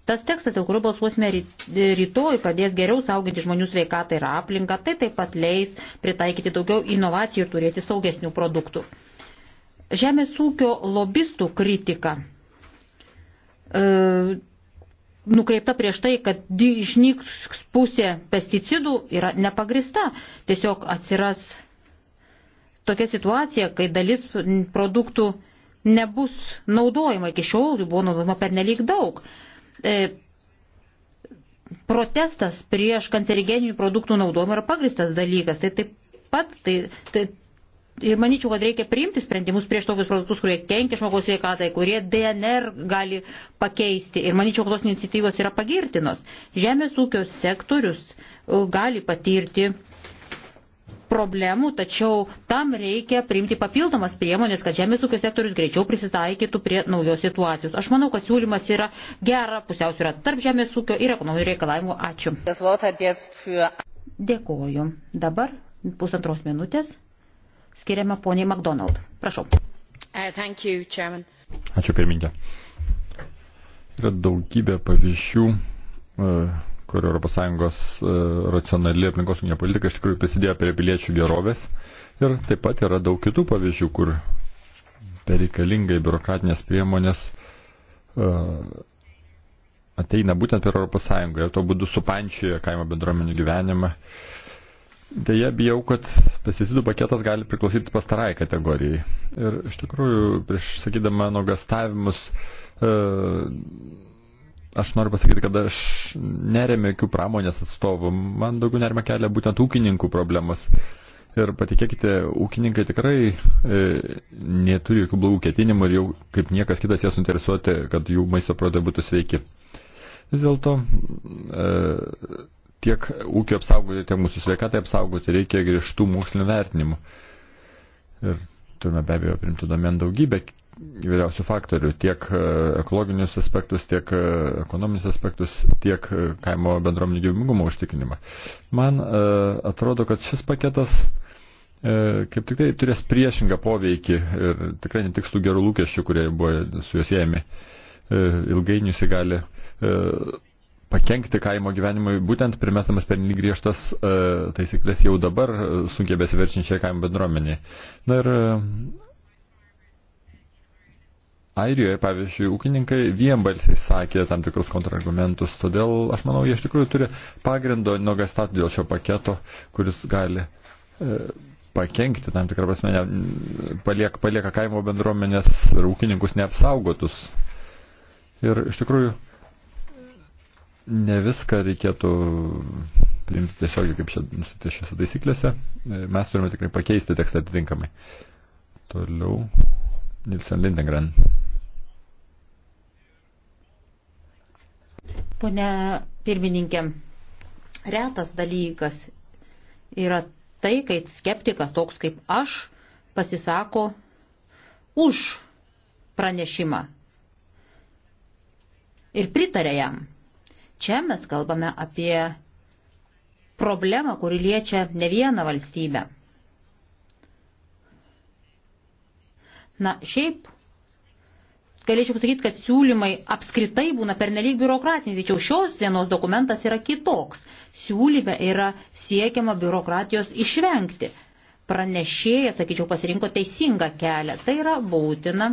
Tas tekstas, dėl kurio balsuosime e, rytoj, padės geriau saugoti žmonių sveikatą ir aplinką, tai taip pat leis pritaikyti daugiau inovacijų ir turėti saugesnių produktų. Žemės ūkio lobistų kritika e, nukreipta prieš tai, kad išnyks pusė pesticidų yra nepagrista. Tiesiog atsiras tokia situacija, kai dalis produktų nebus naudojama. Iki šiol jų buvo naudojama per nelik daug. E, e, protestas prieš kancerigeninių produktų naudojimą yra pagristas dalykas. Tai taip pat, tai, tai, ir manyčiau, kad reikia priimti sprendimus prieš tokius produktus, kurie kenkia žmogaus sveikatai, kurie DNR gali pakeisti. Ir manyčiau, kad tos iniciatyvos yra pagirtinos. Žemės ūkio sektorius e, gali patirti problemų, tačiau tam reikia priimti papildomas priemonės, kad žemės ūkio sektorius greičiau prisitaikytų prie naujos situacijos. Aš manau, kad siūlymas yra gera, pusiausvyrą tarp žemės ūkio ir ekonominių reikalavimų. Ačiū. Dėkoju. Dabar pusantros minutės skiriame poniai McDonald. Prašau. Uh, thank you, chairman. Ačiū pirmininkė. Yra daugybė pavyzdžių. Uh, kur ES e, racionali aplinkosauginė politika iš tikrųjų prisidėjo prie piliečių gerovės. Ir taip pat yra daug kitų pavyzdžių, kur bereikalingai biurokratinės priemonės e, ateina būtent per ES ir to būdu supančioja kaimo bendruomenių gyvenimą. Deja, bijau, kad pesticidų paketas gali priklausyti pastarai kategorijai. Ir iš tikrųjų, prieš sakydama nuogastavimus, e, Aš noriu pasakyti, kad aš neremiu jokių pramonės atstovų. Man daugiau nerima kelia būtent ūkininkų problemos. Ir patikėkite, ūkininkai tikrai e, neturi jokių blogų ketinimų ir jau kaip niekas kitas jie suinteresuoti, kad jų maisto produktai būtų sveiki. Vis dėlto e, tiek ūkio apsaugoti, tiek mūsų sveikatai apsaugoti reikia griežtų mokslinių vertinimų. Ir turime be abejo primti domen daugybę įvairiausių faktorių, tiek e, ekologinius aspektus, tiek e, ekonominius aspektus, tiek e, kaimo bendruomenių gyvybingumo užtikrinimą. Man atrodo, kad šis paketas kaip tik tai turės priešingą poveikį ir tikrai netiks tų gerų lūkesčių, kurie buvo su juos jėmi. Ilgainiui jis gali pakenkti kaimo gyvenimui, būtent primestamas pernelyg griežtas taisyklės jau dabar sunkiai besiverčiančiai kaimo bendruomeniai. Na ir Airijoje, pavyzdžiui, ūkininkai vienbalsiai sakė tam tikrus kontrargumentus, todėl aš manau, jie iš tikrųjų turi pagrindo nuogastauti dėl šio paketo, kuris gali e, pakenkti tam tikrą prasme, ne, paliek, palieka kaimo bendruomenės ir ūkininkus neapsaugotus. Ir iš tikrųjų ne viską reikėtų priimti tiesiogiai kaip šiose taisyklėse. E, mes turime tikrai pakeisti tekstą atitinkamai. Toliau. Nilsen Lindengren. Pone pirmininkė, retas dalykas yra tai, kai skeptikas toks kaip aš pasisako už pranešimą ir pritarė jam. Čia mes kalbame apie problemą, kuri liečia ne vieną valstybę. Na, šiaip galėčiau pasakyti, kad siūlymai apskritai būna pernelyg biurokratiniai, tačiau šios dienos dokumentas yra kitoks. Siūlyme yra siekiama biurokratijos išvengti. Pranešėjas, sakyčiau, pasirinko teisingą kelią. Tai yra būtina.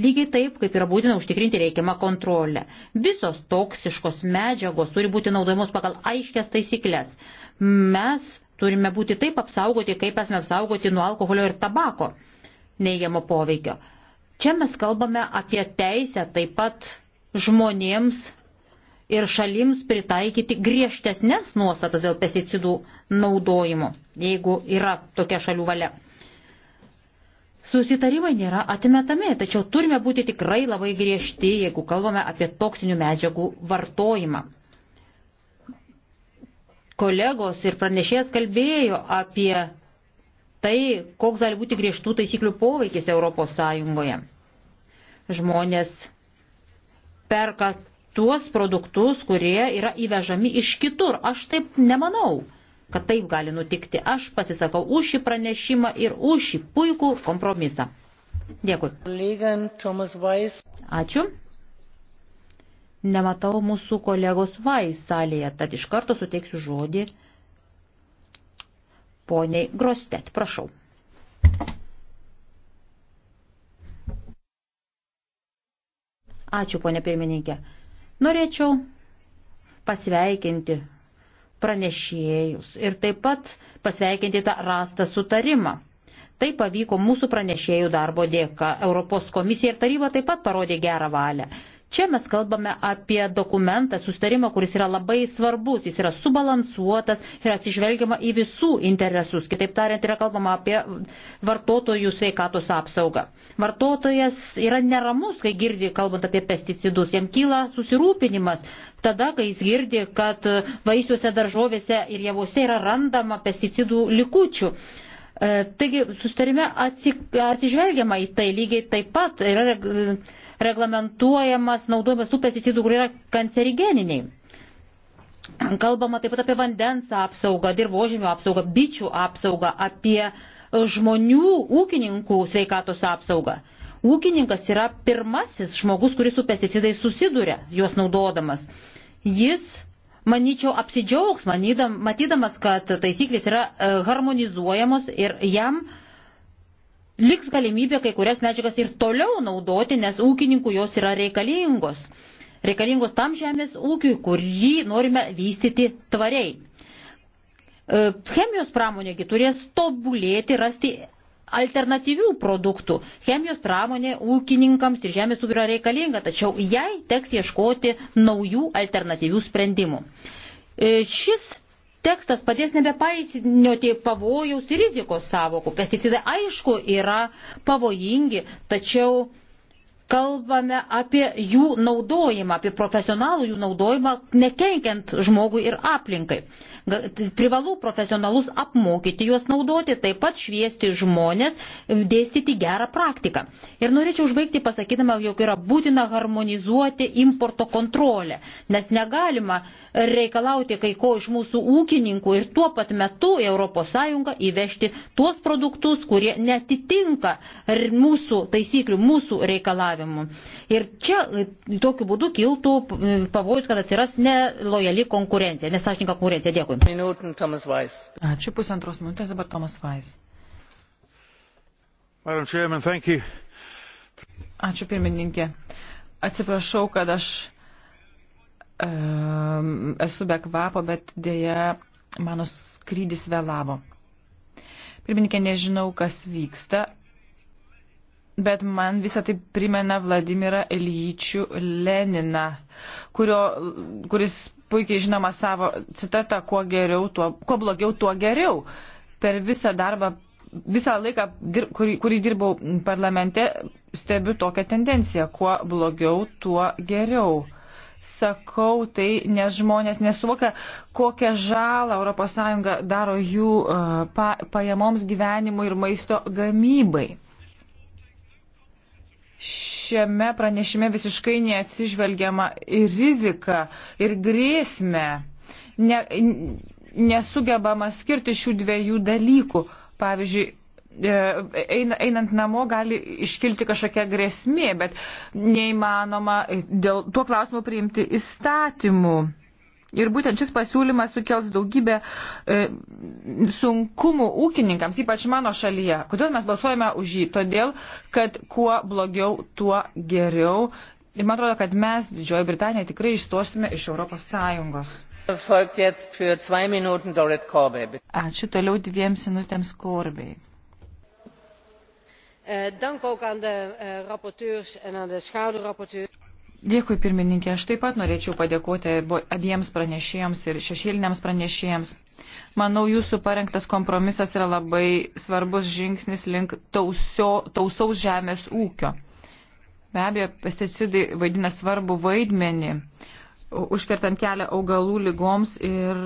Lygiai taip, kaip yra būtina užtikrinti reikiamą kontrolę. Visos toksiškos medžiagos turi būti naudojamos pagal aiškias taisyklės. Mes turime būti taip apsaugoti, kaip esame apsaugoti nuo alkoholio ir tabako neigiamo poveikio. Čia mes kalbame apie teisę taip pat žmonėms ir šalims pritaikyti griežtesnės nuostatas dėl pesticidų naudojimo, jeigu yra tokia šalių valia. Susitarimai nėra atmetami, tačiau turime būti tikrai labai griežti, jeigu kalbame apie toksinių medžiagų vartojimą kolegos ir pranešėjas kalbėjo apie tai, koks gali būti griežtų taisyklių poveikis Europos Sąjungoje. Žmonės perka tuos produktus, kurie yra įvežami iš kitur. Aš taip nemanau, kad taip gali nutikti. Aš pasisakau už šį pranešimą ir už šį puikų kompromisą. Dėkui. Ačiū. Nematau mūsų kolegos Vais salėje, tad iš karto suteiksiu žodį poniai Grostet. Prašau. Ačiū, ponė pirmininkė. Norėčiau pasveikinti pranešėjus ir taip pat pasveikinti tą rastą sutarimą. Tai pavyko mūsų pranešėjų darbo dėka. Europos komisija ir taryba taip pat parodė gerą valią. Čia mes kalbame apie dokumentą, sustarimą, kuris yra labai svarbus, jis yra subalansuotas ir atsižvelgiama į visų interesus. Kitaip tariant, yra kalbama apie vartotojų sveikatos apsaugą. Vartotojas yra neramus, kai girdi, kalbant apie pesticidus, jam kyla susirūpinimas. Tada, kai jis girdi, kad vaisiuose, daržovėse ir javuose yra randama pesticidų likučių. E, taigi, sustarime atsižvelgiama į tai lygiai taip pat yra e, reglamentuojamas naudojimas tų pesticidų, kurie yra kancerigeniniai. Kalbama taip pat apie vandens apsaugą, dirbožėmio apsaugą, bičių apsaugą, apie žmonių ūkininkų sveikatos apsaugą. Ūkininkas yra pirmasis žmogus, kuris su pesticidais susiduria, juos naudodamas. Jis manyčiau, apsidžiaugs, manydam, matydamas, kad taisyklės yra e, harmonizuojamos ir jam uh, liks galimybė kai kurias medžiagas ir toliau naudoti, nes ūkininkų jos yra reikalingos. Reikalingos tam žemės ūkiui, kurį norime vystyti tvariai. E, chemijos pramonėgi turės tobulėti, rasti alternatyvių produktų. Chemijos pramonė ūkininkams ir žemės ūkiui yra reikalinga, tačiau jai teks ieškoti naujų alternatyvių sprendimų. E, šis tekstas padės nebepaisinioti pavojaus ir rizikos savokų. Pesticidai aišku yra pavojingi, tačiau kalbame apie jų naudojimą, apie profesionalų jų naudojimą, nekenkiant žmogui ir aplinkai. Privalu profesionalus apmokyti juos naudoti, taip pat šviesti žmonės, e, dėstyti gerą praktiką. Ir norėčiau užbaigti pasakydama, jog yra būtina harmonizuoti importo kontrolę, nes negalima reikalauti kai ko iš mūsų ūkininkų ir tuo pat metu į ES įvežti tuos produktus, kurie netitinka mūsų taisyklių, mūsų reikalavimų reikalavimų. Ir čia e, tokiu būdu kiltų e, pavojus, kad atsiras nelojali konkurencija, nesažininka konkurencija. Dėkui. Minuten, Ačiū pusantros minutės, dabar Tomas Vais. Ačiū pirmininkė. Atsiprašau, kad aš um, esu be kvapo, bet dėja mano skrydis vėlavo. Pirmininkė, nežinau, kas vyksta bet man visą tai primena Vladimirą Ilyčių Leniną, kurio, kuris puikiai žinoma savo citatą, kuo, geriau, tuo, kuo blogiau, tuo geriau. Per visą darbą, visą laiką, kurį, kurį dirbau parlamente, stebiu tokią tendenciją, kuo blogiau, tuo geriau. Sakau tai, nes žmonės nesuvokia, kokią žalą ES daro jų uh, pa, pajamoms gyvenimui ir maisto gamybai šiame pranešime visiškai neatsižvelgiama į riziką ir grėsmę. Ne, nesugebama skirti šių dviejų dalykų. Pavyzdžiui, e, einant namo gali iškilti kažkokia grėsmė, bet neįmanoma dėl tuo klausimu priimti įstatymų. Ir būtent šis pasiūlymas sukels daugybę e, sunkumų ūkininkams, ypač mano šalyje. Kodėl mes balsuojame už jį? Todėl, kad kuo blogiau, tuo geriau. Ir man atrodo, kad mes, Didžioji Britanija, tikrai išstosime iš Europos Sąjungos. Ačiū toliau dviems minutėms Korbei. Eh, dank ook aan de eh, rapporteurs en aan de schaduwrapporteurs. Dėkui, pirmininkė. Aš taip pat norėčiau padėkoti abiems pranešėjams ir šešėliniams pranešėjams. Manau, jūsų parengtas kompromisas yra labai svarbus žingsnis link tausio, tausaus žemės ūkio. Be abejo, pesticidai vaidina svarbu vaidmenį, užkertant kelią augalų lygoms ir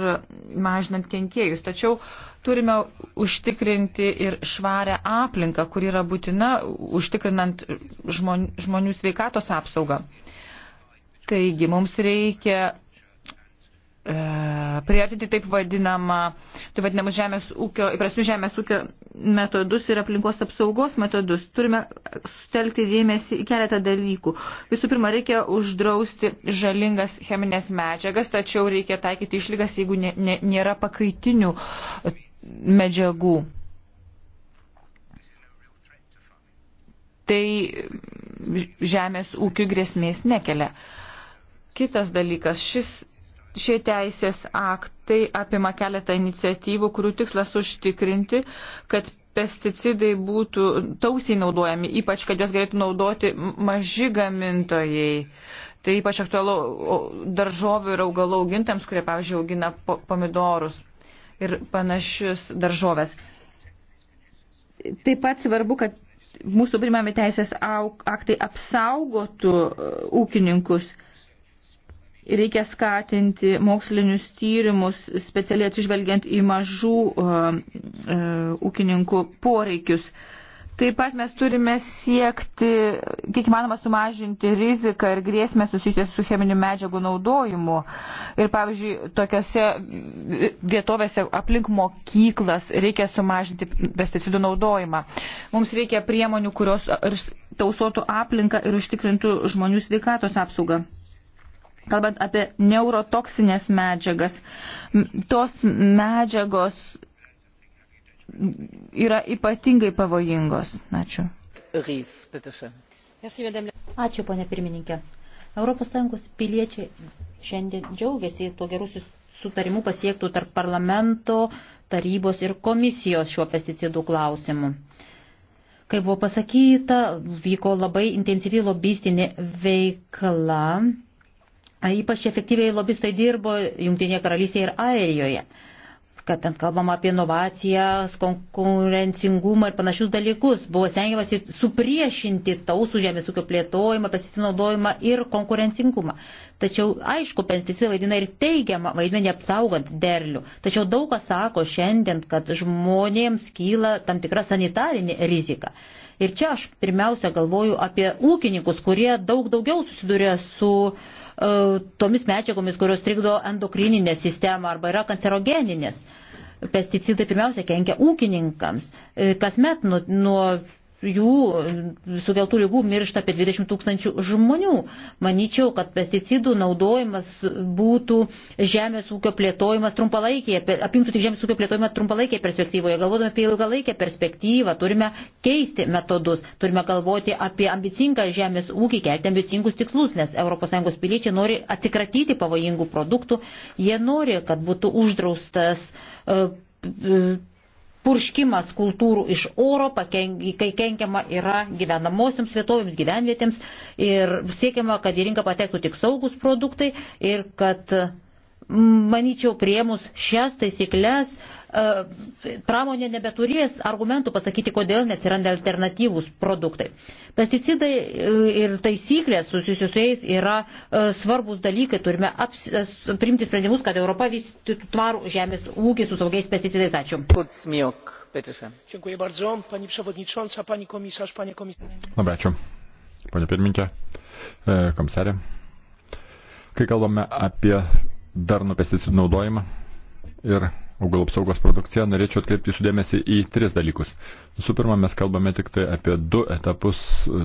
mažinant kenkėjus. Tačiau turime užtikrinti ir švarę aplinką, kuri yra būtina užtikrinant žmonių sveikatos apsaugą. Taigi mums reikia e, priartinti taip vadinamą, tai vadinamus žemės ūkio, įprastus žemės ūkio metodus ir aplinkos apsaugos metodus. Turime sutelkti dėmesį į keletą dalykų. Visų pirma, reikia uždrausti žalingas cheminės medžiagas, tačiau reikia taikyti išlygas, jeigu ne, ne, nėra pakaitinių medžiagų. Tai žemės ūkių grėsmės nekelia. Uh, Kitas dalykas, šis, šie teisės aktai apima keletą iniciatyvų, kurių tikslas užtikrinti, kad pesticidai būtų tausiai naudojami, ypač kad juos galėtų naudoti maži gamintojai. Tai ypač aktualu daržovių ir augalų augintams, kurie, pavyzdžiui, augina pomidorus ir panašius daržovės. Taip pat svarbu, kad mūsų primami teisės aktai apsaugotų e, ūkininkus Reikia skatinti mokslinius tyrimus, specialiai atsižvelgiant į mažų uh, uh, ūkininkų poreikius. Taip pat mes turime siekti, kiek įmanoma, sumažinti riziką ir grėsmę susijusią su cheminių medžiagų naudojimu. Ir, pavyzdžiui, tokiuose vietovėse aplink mokyklas reikia sumažinti pesticidų naudojimą. Mums reikia priemonių, kurios tausotų aplinką ir užtikrintų žmonių sveikatos apsaugą kalbant apie neurotoksinės medžiagas, tos medžiagos yra ypatingai pavojingos. Ačiū. Ačiū, ponė pirmininkė. ES piliečiai šiandien džiaugiasi tuo gerusius sutarimu pasiektų tarp parlamento, tarybos ir komisijos šiuo pesticidų klausimu. Kaip buvo pasakyta, vyko labai intensyvi lobistinė veikla Ypač efektyviai lobistai dirbo Junktinėje karalystėje ir Airijoje, kad ten kalbama apie inovacijas, konkurencingumą ir panašius dalykus. Buvo stengiamasi supriešinti tausų žemės ūkio plėtojimą, pasitinaudojimą ir konkurencingumą. Tačiau, aišku, pesticidai vaidina ir teigiamą vaidmenį apsaugant derlių. Tačiau daug kas sako šiandien, kad žmonėms kyla tam tikra sanitarinė rizika. Ir čia aš pirmiausia galvoju apie ūkininkus, kurie daug daugiau susiduria su uh, E, tomis medžiagomis, kurios trikdo endokrininę sistemą arba yra kancerogeninės. Pesticidai pirmiausia kenkia ūkininkams. E, kasmet nu, nuo, nuo jų e, sukeltų lygų miršta apie 20 tūkstančių žmonių. Manyčiau, kad pesticidų naudojimas būtų žemės ūkio plėtojimas trumpalaikėje, apimtų tik žemės ūkio plėtojimą trumpalaikėje perspektyvoje. Galvodami apie ilgalaikę perspektyvą, turime keisti metodus, turime galvoti apie ambicingą žemės ūkį, kelti ambicingus tikslus, nes ES piliečiai nori atsikratyti pavojingų produktų, jie nori, kad būtų uždraustas. Uh, uh, purškimas kultūrų iš oro, kai kenkiama yra gyvenamosioms vietovėms, gyvenvietėms ir siekiama, kad į rinką patektų tik saugus produktai ir kad, manyčiau, priemus šias taisyklės E, pramonė nebeturės argumentų pasakyti, kodėl neatsiranda alternatyvūs produktai. Pesticidai e, ir taisyklės susijusius su jais yra e, svarbus dalykai, turime aps, priimti sprendimus, kad Europa vystytų tvarų žemės ūkį su saugiais pesticidais. Ačiū. Dziękuję bardzo. Pani przewodnicząca, pani komisarz, panie komisarz. Dobra, ačiū. Panie pirmininkė, komisarė. Kai kalbame apie darnų pesticidų naudojimą ir augalų apsaugos produkciją, norėčiau atkreipti sudėmėsi į tris dalykus. Visų pirma, mes kalbame tik tai apie du etapus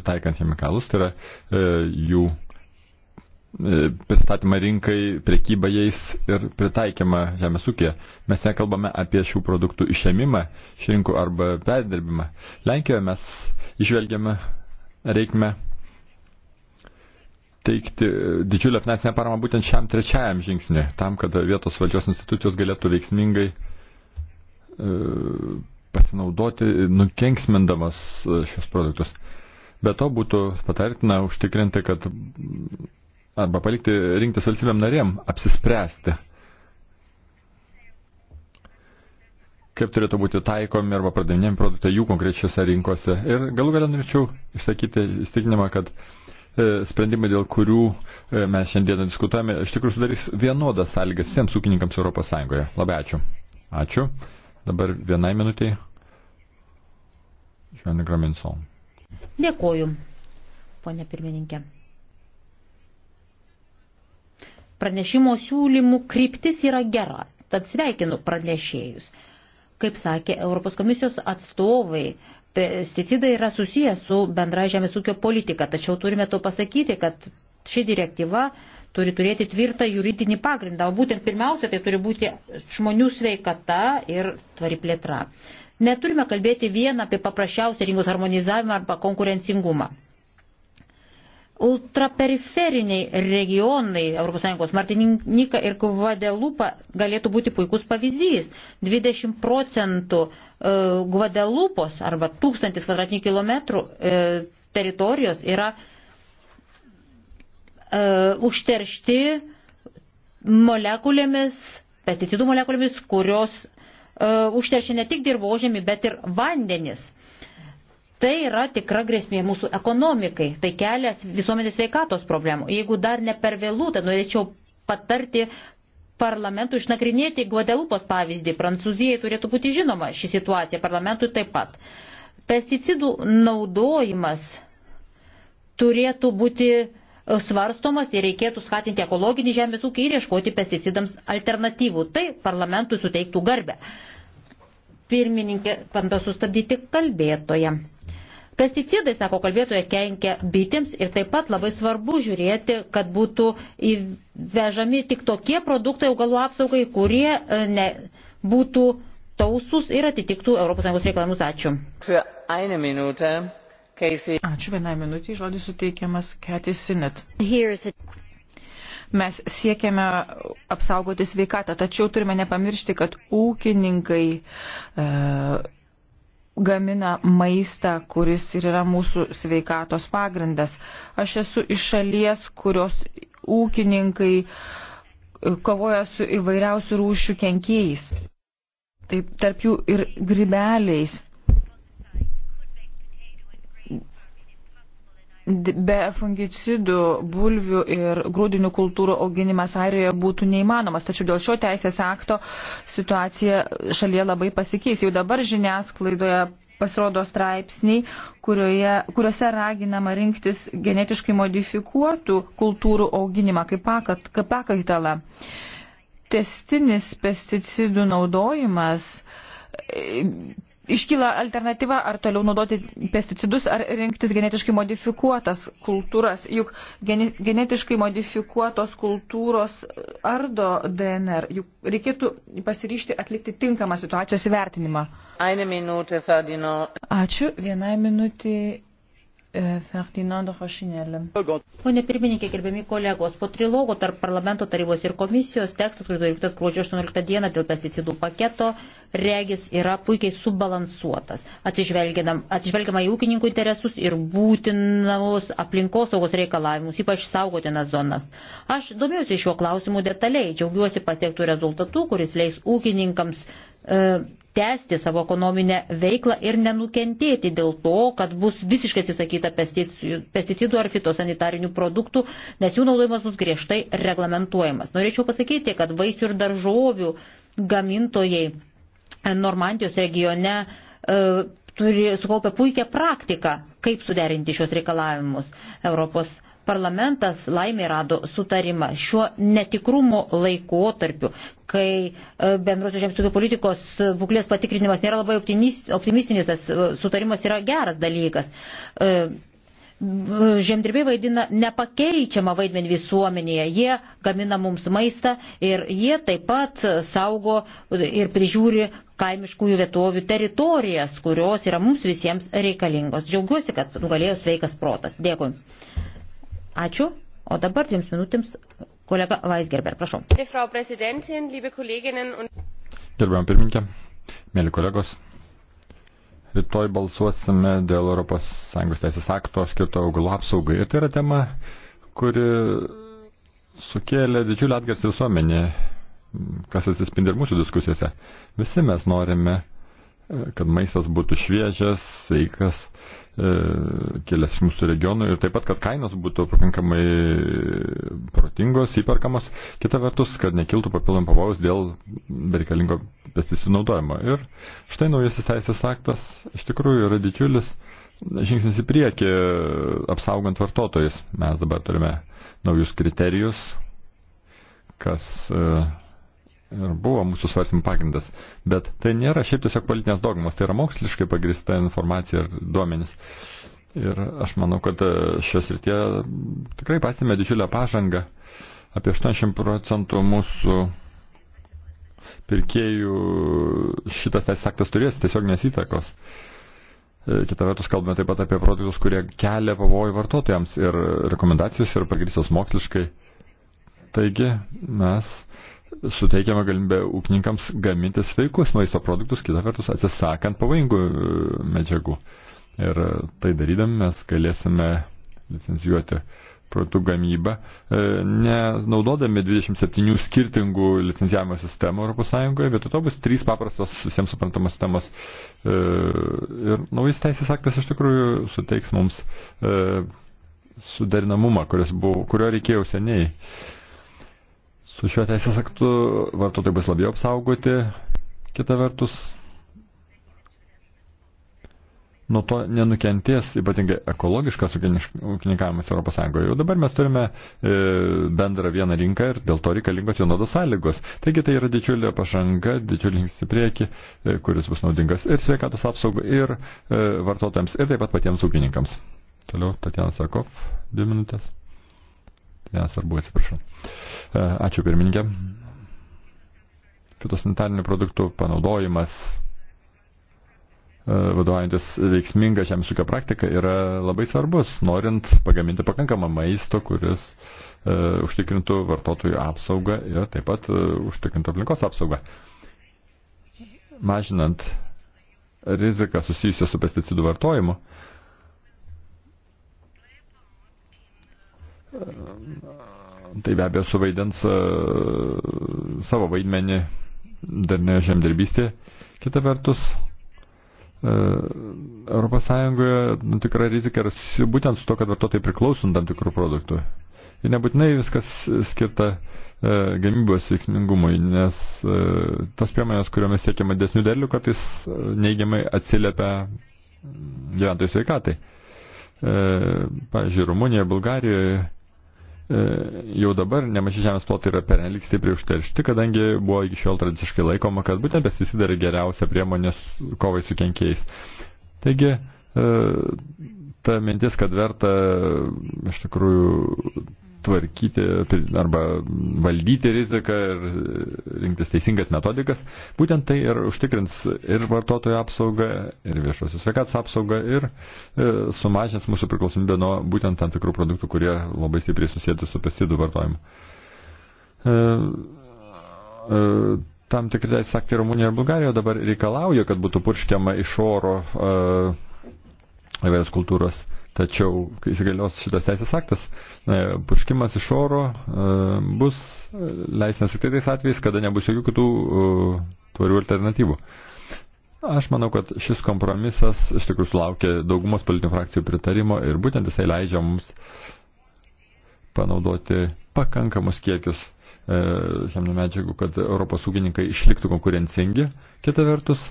taikant chemikalus, tai yra e, jų e, pristatymą rinkai, prekybą jais ir pritaikymą žemės ūkė. Mes nekalbame apie šių produktų išėmimą iš rinkų arba perdirbimą. Lenkijoje mes išvelgiame reikmę teikti e, didžiulę finansinę paramą būtent šiam trečiajam žingsniui, tam, kad vietos valdžios institucijos galėtų veiksmingai e, pasinaudoti, nukenksmindamas e, šios produktus. Be to būtų patartina užtikrinti, kad arba palikti rinktis valstybėm narėm apsispręsti, kaip turėtų būti taikomi arba pardavinėjami produktai jų konkrečiose rinkose. Ir galų galę norėčiau išsakyti įstikinimą, kad uh, E, sprendimai, dėl kurių e, mes šiandieną diskutuojame, iš tikrųjų sudarys vienodas sąlygas visiems ūkininkams ES. Labai ačiū. Ačiū. Dabar vienai minutiai. Žiūrėjau, Graminson. Dėkoju, ponė pirmininkė. Pranešimo siūlymų kryptis yra gera, tad sveikinu pranešėjus kaip sakė Europos komisijos atstovai, pesticidai yra susijęs su bendra žemės ūkio politika, tačiau turime to pasakyti, kad ši direktyva turi turėti tvirtą juridinį pagrindą, o būtent pirmiausia tai turi būti žmonių sveikata ir tvari plėtra. Neturime kalbėti vien apie paprasčiausią rinkos harmonizavimą arba konkurencingumą ultraperiferiniai regionai ES Martinika ir Guadelupa galėtų būti puikus pavyzdys. 20 procentų e, Guadelupos arba 1000 km2 e, teritorijos yra e, užteršti molekulėmis, pesticidų molekulėmis, kurios užteršia ne tik dirbožėmį, bet ir vandenis. Tai yra tikra grėsmė mūsų ekonomikai, tai kelias visuomenės veikatos problemų. Jeigu dar ne per vėlų, tai norėčiau patarti parlamentui išnagrinėti Guadelupos pavyzdį. Prancūzijai turėtų būti žinoma ši situacija, parlamentui taip pat. Pesticidų naudojimas turėtų būti e, svarstomas ir reikėtų skatinti ekologinį žemės ūkį ir ieškoti pesticidams alternatyvų. Tai parlamentui suteiktų garbę. Pirmininkė bando sustabdyti kalbėtoje. Pesticidai, sako kalbėtoje, kenkia bitėms ir taip pat labai svarbu žiūrėti, kad būtų įvežami tik tokie produktai augalų apsaugai, kurie e, ne, būtų tausus ir atitiktų ES reikalavimus. Ačiū. Ačiū vienai minutį, žodis suteikiamas Katis Sinet mes siekiame apsaugoti sveikatą, tačiau turime nepamiršti, kad ūkininkai e, gamina maistą, kuris ir yra mūsų sveikatos pagrindas. Aš esu iš šalies, kurios ūkininkai e, kovoja su įvairiausių rūšių kenkėjais. Taip, tarp jų ir gribeliais. be fungicidų, bulvių ir grūdinių kultūrų auginimas Airijoje būtų neįmanomas. Tačiau dėl šio teisės akto situacija šalyje labai pasikeis. Jau dabar žiniasklaidoje pasirodo straipsniai, kurioje, kuriuose raginama rinktis genetiškai modifikuotų kultūrų auginimą kaip, pakat, kaip pakaitalą. Testinis pesticidų naudojimas iškyla alternatyva, ar toliau naudoti pesticidus, ar rinktis genetiškai modifikuotas kultūras. Juk genetiškai modifikuotos kultūros ardo DNR. Juk reikėtų pasiryšti atlikti tinkamą situacijos įvertinimą. Ačiū. Vienai minutį Ferdinando Rošinėlį. Pone pirmininkė, gerbiami kolegos, po trilogo tarp parlamento tarybos ir komisijos tekstas, kuris darytas gruodžio 18 dieną dėl pesticidų paketo, regis yra puikiai subalansuotas, atsižvelgiama į ūkininkų interesus ir būtinamus aplinkosaugos reikalavimus, ypač saugotinas zonas. Aš domiuosi šiuo klausimu detaliai, džiaugiuosi pasiektų rezultatų, kuris leis ūkininkams E, tęsti savo ekonominę veiklą ir nenukentėti dėl to, kad bus visiškai atsisakyta pesticidų ar fitosanitarinių produktų, nes jų naudojimas bus griežtai reglamentuojamas. Norėčiau pasakyti, kad vaisių ir daržovių gamintojai e, Normandijos regione e, turi sukaupę puikią praktiką, kaip suderinti šios reikalavimus. Europos Parlamentas laimė rado sutarimą šiuo netikrumo laikotarpiu, kai e, bendrosios žemės ūkio politikos būklės patikrinimas nėra labai optimistinis, tas e, sutarimas yra geras dalykas e, žemdirbiai vaidina nepakeičiamą vaidmenį visuomenėje. Jie gamina mums maistą ir jie taip pat saugo ir prižiūri kaimiškųjų vietovių teritorijas, kurios yra mums visiems reikalingos. Džiaugiuosi, kad nugalėjo sveikas protas. Dėkui. Ačiū. O dabar dviems minutėms kolega Weisgerber, prašau. Gerbiam pirmininkė, mėly kolegos, rytoj balsuosime dėl ES teisės akto skirto augalų apsaugai. Ir tai yra tema, kuri sukėlė didžiulį atgarsį visuomenį, kas atsispindi ir mūsų diskusijose. Visi mes norime, kad maistas būtų šviežias, sveikas, E, kelias iš mūsų regionų ir taip pat, kad kainos būtų pakankamai e, protingos, įperkamos, kita vertus, kad nekiltų papildomų pavojus dėl bereikalingo pesticidų naudojimo. Ir štai naujasis teisės aktas iš tikrųjų yra didžiulis žingsnis į priekį, e, apsaugant vartotojus. Mes dabar turime naujus kriterijus, kas ir buvo mūsų svarstymų pagrindas. Bet tai nėra šiaip tiesiog politinės dogmos, tai yra moksliškai pagrista informacija ir duomenys. Ir aš manau, kad e, šios rytie tikrai pasime didžiulę pažangą. Apie 80 procentų mūsų pirkėjų šitas teisės aktas turės tiesiog nesįtakos. E, kita vertus, kalbame taip pat apie produktus, kurie kelia pavojų vartotojams ir rekomendacijos yra pagrįstos moksliškai. Taigi mes suteikiama galimybė ūkininkams gaminti sveikus maisto produktus, kitą vertus atsisakant pavojingų e, medžiagų. Ir e, tai darydami mes galėsime licencijuoti produktų gamybą, e, nenaudodami 27 skirtingų licencijavimo sistemų ES, vietoj to bus trys paprastos visiems suprantamos sistemos. Ir naujas teisės aktas iš tikrųjų suteiks mums suderinamumą, kurio reikėjo seniai. Su šiuo teisės aktu vartotojai bus labiau apsaugoti, kita vertus, nuo to nenukentės ypatingai ekologiškas ūkininkavimas Europos Sąjungoje. Jau dabar mes turime e, bendrą vieną rinką ir dėl to reikalingos vienodos sąlygos. Taigi tai yra didžiulė pažanga, didžiulis į priekį, e, kuris bus naudingas ir sveikatos apsaugai, ir e, vartotojams, ir taip pat patiems ūkininkams. Toliau Tatjana Sakov, dvi minutės nesvarbu, atsiprašau. E, ačiū pirmininkė. Fitosanitarinių produktų panaudojimas e, vadovaujantis veiksminga žemės ūkio praktika yra labai svarbus, norint pagaminti pakankamą maisto, kuris uh, užtikrintų vartotojų apsaugą ir taip pat uh, užtikrintų aplinkos apsaugą. Mažinant riziką susijusią su pesticidų vartojimu, uh, tai be abejo suvaidins e, savo vaidmenį darnioje žemdirbystėje. Kita vertus, ES nu, tikra rizika yra būtent su to, kad vartotojai priklauso tam tikrų produktų. Ir nebūtinai viskas skirta e, gamybos veiksmingumui, nes e, tos priemonės, kuriomis siekiama desnių derlių, kartais e, neigiamai atsiliepia gyventojų sveikatai. E, pavyzdžiui, Rumunijoje, Bulgarijoje E, jau dabar nemažai žemės plotai yra pernelik stipriai užteršti, kadangi buvo iki šiol tradiciškai laikoma, kad būtent pesticidai yra geriausia priemonės kovai su kenkėjais. Taigi, e, ta mintis, kad verta iš tikrųjų tvarkyti arba valdyti riziką ir rinktis teisingas metodikas, būtent tai ir užtikrins ir vartotojų apsaugą, ir viešosios sveikatos apsaugą, ir e, sumažins mūsų priklausomybę nuo būtent tam tikrų produktų, kurie labai stipriai susijęti su pesticidų vartojimu e, e, tam tikri teisės aktai Rumunijoje ir Bulgarijoje dabar reikalauja, kad būtų purškiama iš oro įvairios kultūros. E, Tačiau, kai įsigalios šitas teisės aktas, e, purškimas iš oro e, bus e, leisinas tik tais atvejais, kada nebus jokių kitų tvarių alternatyvų. Aš manau, kad šis kompromisas iš tikrųjų sulaukė daugumos politinių frakcijų pritarimo ir būtent jisai leidžia mums panaudoti pakankamus kiekius e, cheminių medžiagų, kad Europos ūkininkai išliktų konkurencingi. Kita vertus,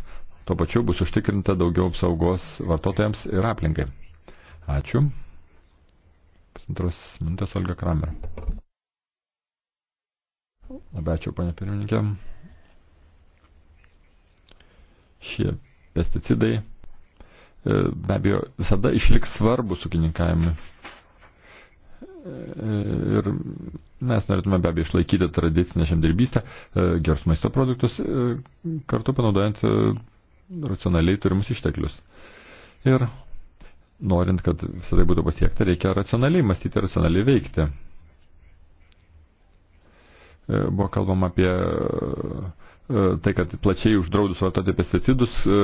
tuo pačiu bus užtikrinta daugiau apsaugos vartotojams ir aplinkai. Ačiū. Pusantros minutės Olga Kramer. Labai ačiū, panė pirmininkė. Šie pesticidai e, be abejo visada išliks svarbus ūkininkavimui. E, ir mes norėtume be abejo išlaikyti tradicinę žemdirbystę, e, gerus maisto produktus, kartu panaudojant racionaliai turimus išteklius. Ir norint, kad visą tai būtų pasiekta, reikia racionaliai mąstyti, racionaliai veikti. E, buvo kalbama apie e, tai, kad plačiai uždraudus vartoti pesticidus, e,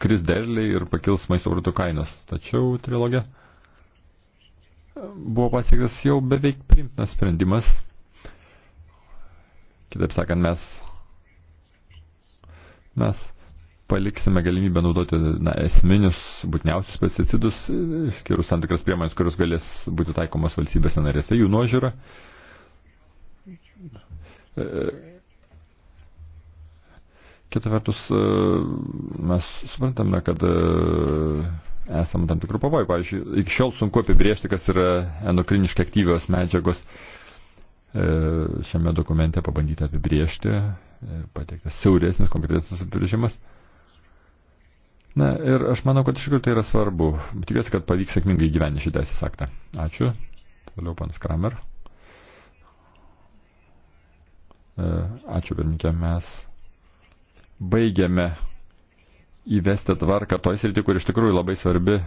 kris derliai ir pakils maisto produktų kainos. Tačiau trilogė buvo pasiektas jau beveik primtinas sprendimas. Kitaip sakant, mes, mes paliksime galimybę naudoti na, esminius, būtiniausius pesticidus, skirus tam tikras priemonės, kurios galės būti taikomos valstybės narėse, jų nuožiūra. Kita vertus, mes suprantame, kad esame tam tikrų pavojų. Pavyzdžiui, iki šiol sunku apibriežti, kas yra endokriniškai aktyvios medžiagos šiame dokumente pabandyti apibriežti, pateiktas siauresnis konkretesnis apibrėžimas. Na ir aš manau, kad iš tikrųjų tai yra svarbu. Tikiuosi, kad pavyks sėkmingai gyventi šį teisės aktą. Ačiū. Toliau panas Kramer. E, ačiū, pirmininkė. Mes baigiame įvesti tvarką toj srity, kur iš tikrųjų labai svarbi e,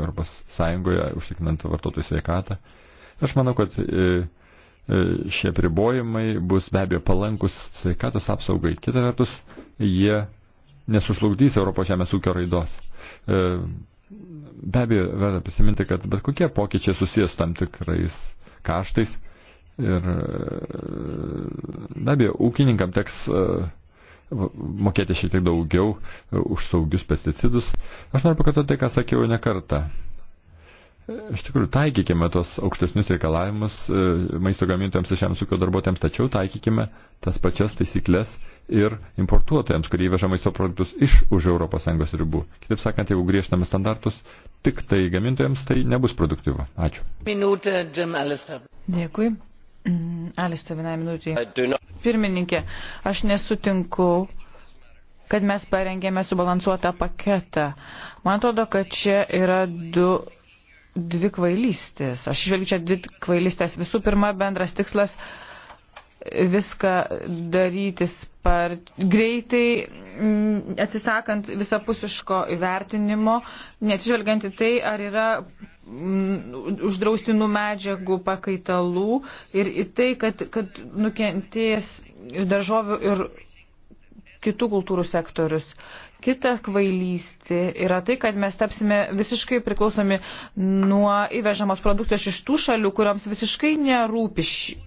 Europos Sąjungoje užtikrinant vartotojų sveikatą. Aš manau, kad e, šie pribojimai bus be abejo palankus sveikatos apsaugai. Kita vertus, jie nesužlugdys Europos žemės ūkio raidos. E, be abejo, verta prisiminti, kad bet kokie pokyčiai susijęs tam tikrais kaštais ir e, be abejo, ūkininkam teks e, mokėti šiek tiek daugiau už saugius pesticidus. Aš noriu pakartoti tai, ką sakiau ne kartą. Iš tikrųjų, taikykime tos aukštesnius reikalavimus maisto gamintojams ir žemės ūkio darbuotojams, tačiau taikykime tas pačias taisyklės ir importuotojams, kurie įveža maisto produktus iš už ES ribų. Kitaip sakant, jeigu griežtame standartus tik tai gamintojams, tai nebus produktyvu. Ačiū. Minutė, Jim Alistair. Dėkui. Mm, Alistair, vienai minutė. Pirmininkė, aš nesutinku kad mes parengėme subalansuotą paketą. Man atrodo, kad čia yra du dvi kvailystės. Aš žvelgiu čia dvi kvailystės. Visų pirma, bendras tikslas viską daryti spar... greitai, m, mm, atsisakant visapusiško įvertinimo, neatsižvelgiant į tai, ar yra m, mm, uždraustinų medžiagų pakaitalų ir į tai, kad, kad nukentės daržovių ir kitų kultūrų sektorius. Kita kvailystė yra tai, kad mes tapsime visiškai priklausomi nuo įvežamos produkcijos iš tų šalių, kuriams visiškai nerūpi ši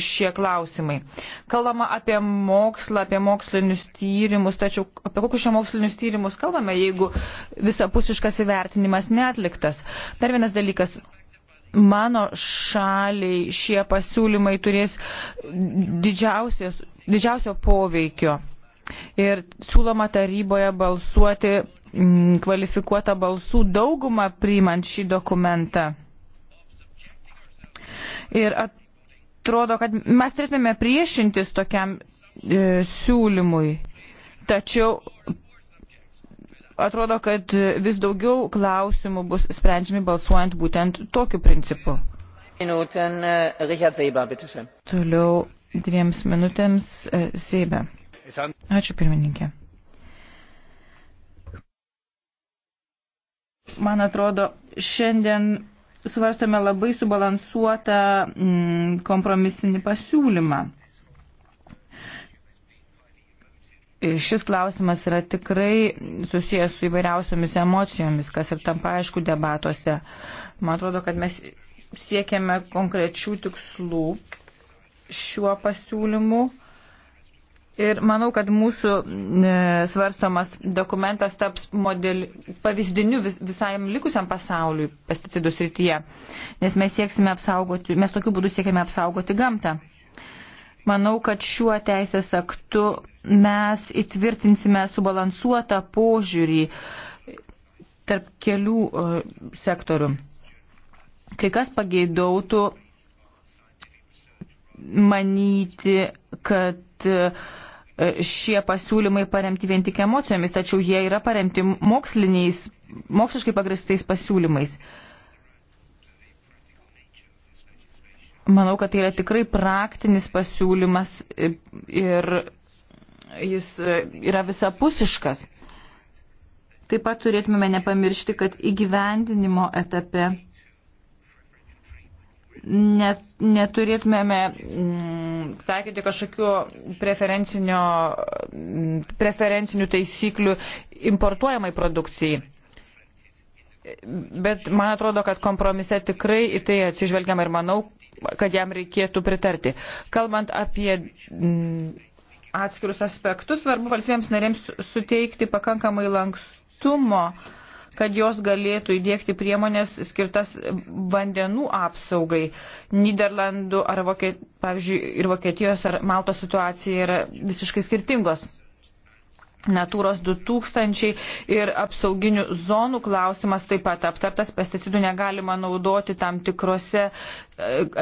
šie klausimai. Kalbama apie mokslą, apie mokslinius tyrimus, tačiau apie kokius šie mokslinius tyrimus kalbame, jeigu visapusiškas įvertinimas netliktas. Dar vienas dalykas. Mano šaliai šie pasiūlymai turės didžiausio poveikio. Ir siūloma taryboje balsuoti mm, kvalifikuotą balsų daugumą priimant šį dokumentą. Ir at, atrodo, kad mes turėtume priešintis tokiam e, siūlymui. Tačiau atrodo, kad vis daugiau klausimų bus sprendžiami balsuojant būtent tokiu principu. Minuten, e, Richard Seiber, bitteschön. Toliau dviems minutėms e, Seiber. Ačiū pirmininkė. Man atrodo, šiandien svarstame labai subalansuotą mm, kompromisinį pasiūlymą. Šis klausimas yra tikrai susijęs su įvairiausiomis emocijomis, kas ir tampa aišku debatuose. Man atrodo, kad mes siekiame konkrečių tikslų šiuo pasiūlymu Ir manau, kad mūsų e, svarstomas dokumentas taps model, pavyzdiniu vis, visam likusiam pasauliui pesticidų srityje, nes mes, sieksime apsaugoti, mes tokiu būdu siekime apsaugoti gamtą. Manau, kad šiuo teisės aktu mes įtvirtinsime subalansuotą požiūrį tarp kelių e, sektorių. Kai kas pageidautų manyti, kad uh, E, šie pasiūlymai paremti vien tik emocijomis, tačiau jie yra paremti moksliniais, moksliškai pagristais pasiūlymais. Manau, kad tai yra tikrai praktinis pasiūlymas e, ir jis e, yra visapusiškas. Taip pat turėtume nepamiršti, kad įgyvendinimo etape net, neturėtumėme m, mm, taikyti kažkokiu mm, preferencinių taisyklių importuojamai produkcijai. Bet man atrodo, kad kompromise tikrai į tai atsižvelgiam ir manau, kad jam reikėtų pritarti. Kalbant apie m, mm, atskirus aspektus, svarbu valstybėms narėms suteikti pakankamai lankstumo uh, kad jos galėtų įdėkti priemonės skirtas vandenų apsaugai. Niderlandų ar, Vokiet, pavyzdžiui, ir Vokietijos ar Maltos situacija yra visiškai skirtingos. Natūros 2000 ir apsauginių zonų klausimas taip pat aptartas. Pesticidų negalima naudoti tam tikrose e,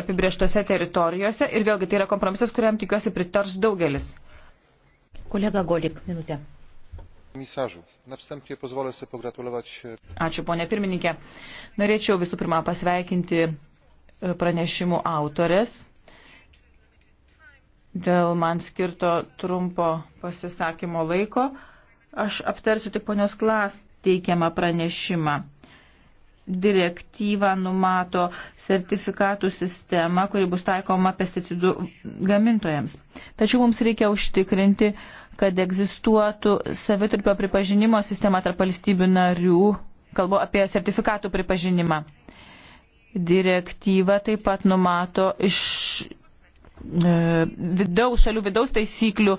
apibrieštose teritorijose. Ir vėlgi tai yra kompromisas, kuriam tikiuosi pritars daugelis. Kolega Golik, minutė. E, Ačiū, ponė pirmininkė. Norėčiau visų pirma pasveikinti e, pranešimų autorės dėl man skirto trumpo pasisakymo laiko. Aš aptarsiu tik ponios klas teikiamą pranešimą. Direktyva numato sertifikatų sistemą, kuri bus taikoma pesticidų gamintojams. Tačiau mums reikia užtikrinti, kad egzistuotų savitarpio pripažinimo sistema tarp valstybių narių, kalbu apie sertifikatų pripažinimą. Direktyva taip pat numato iš e, vidaus, šalių vidaus taisyklių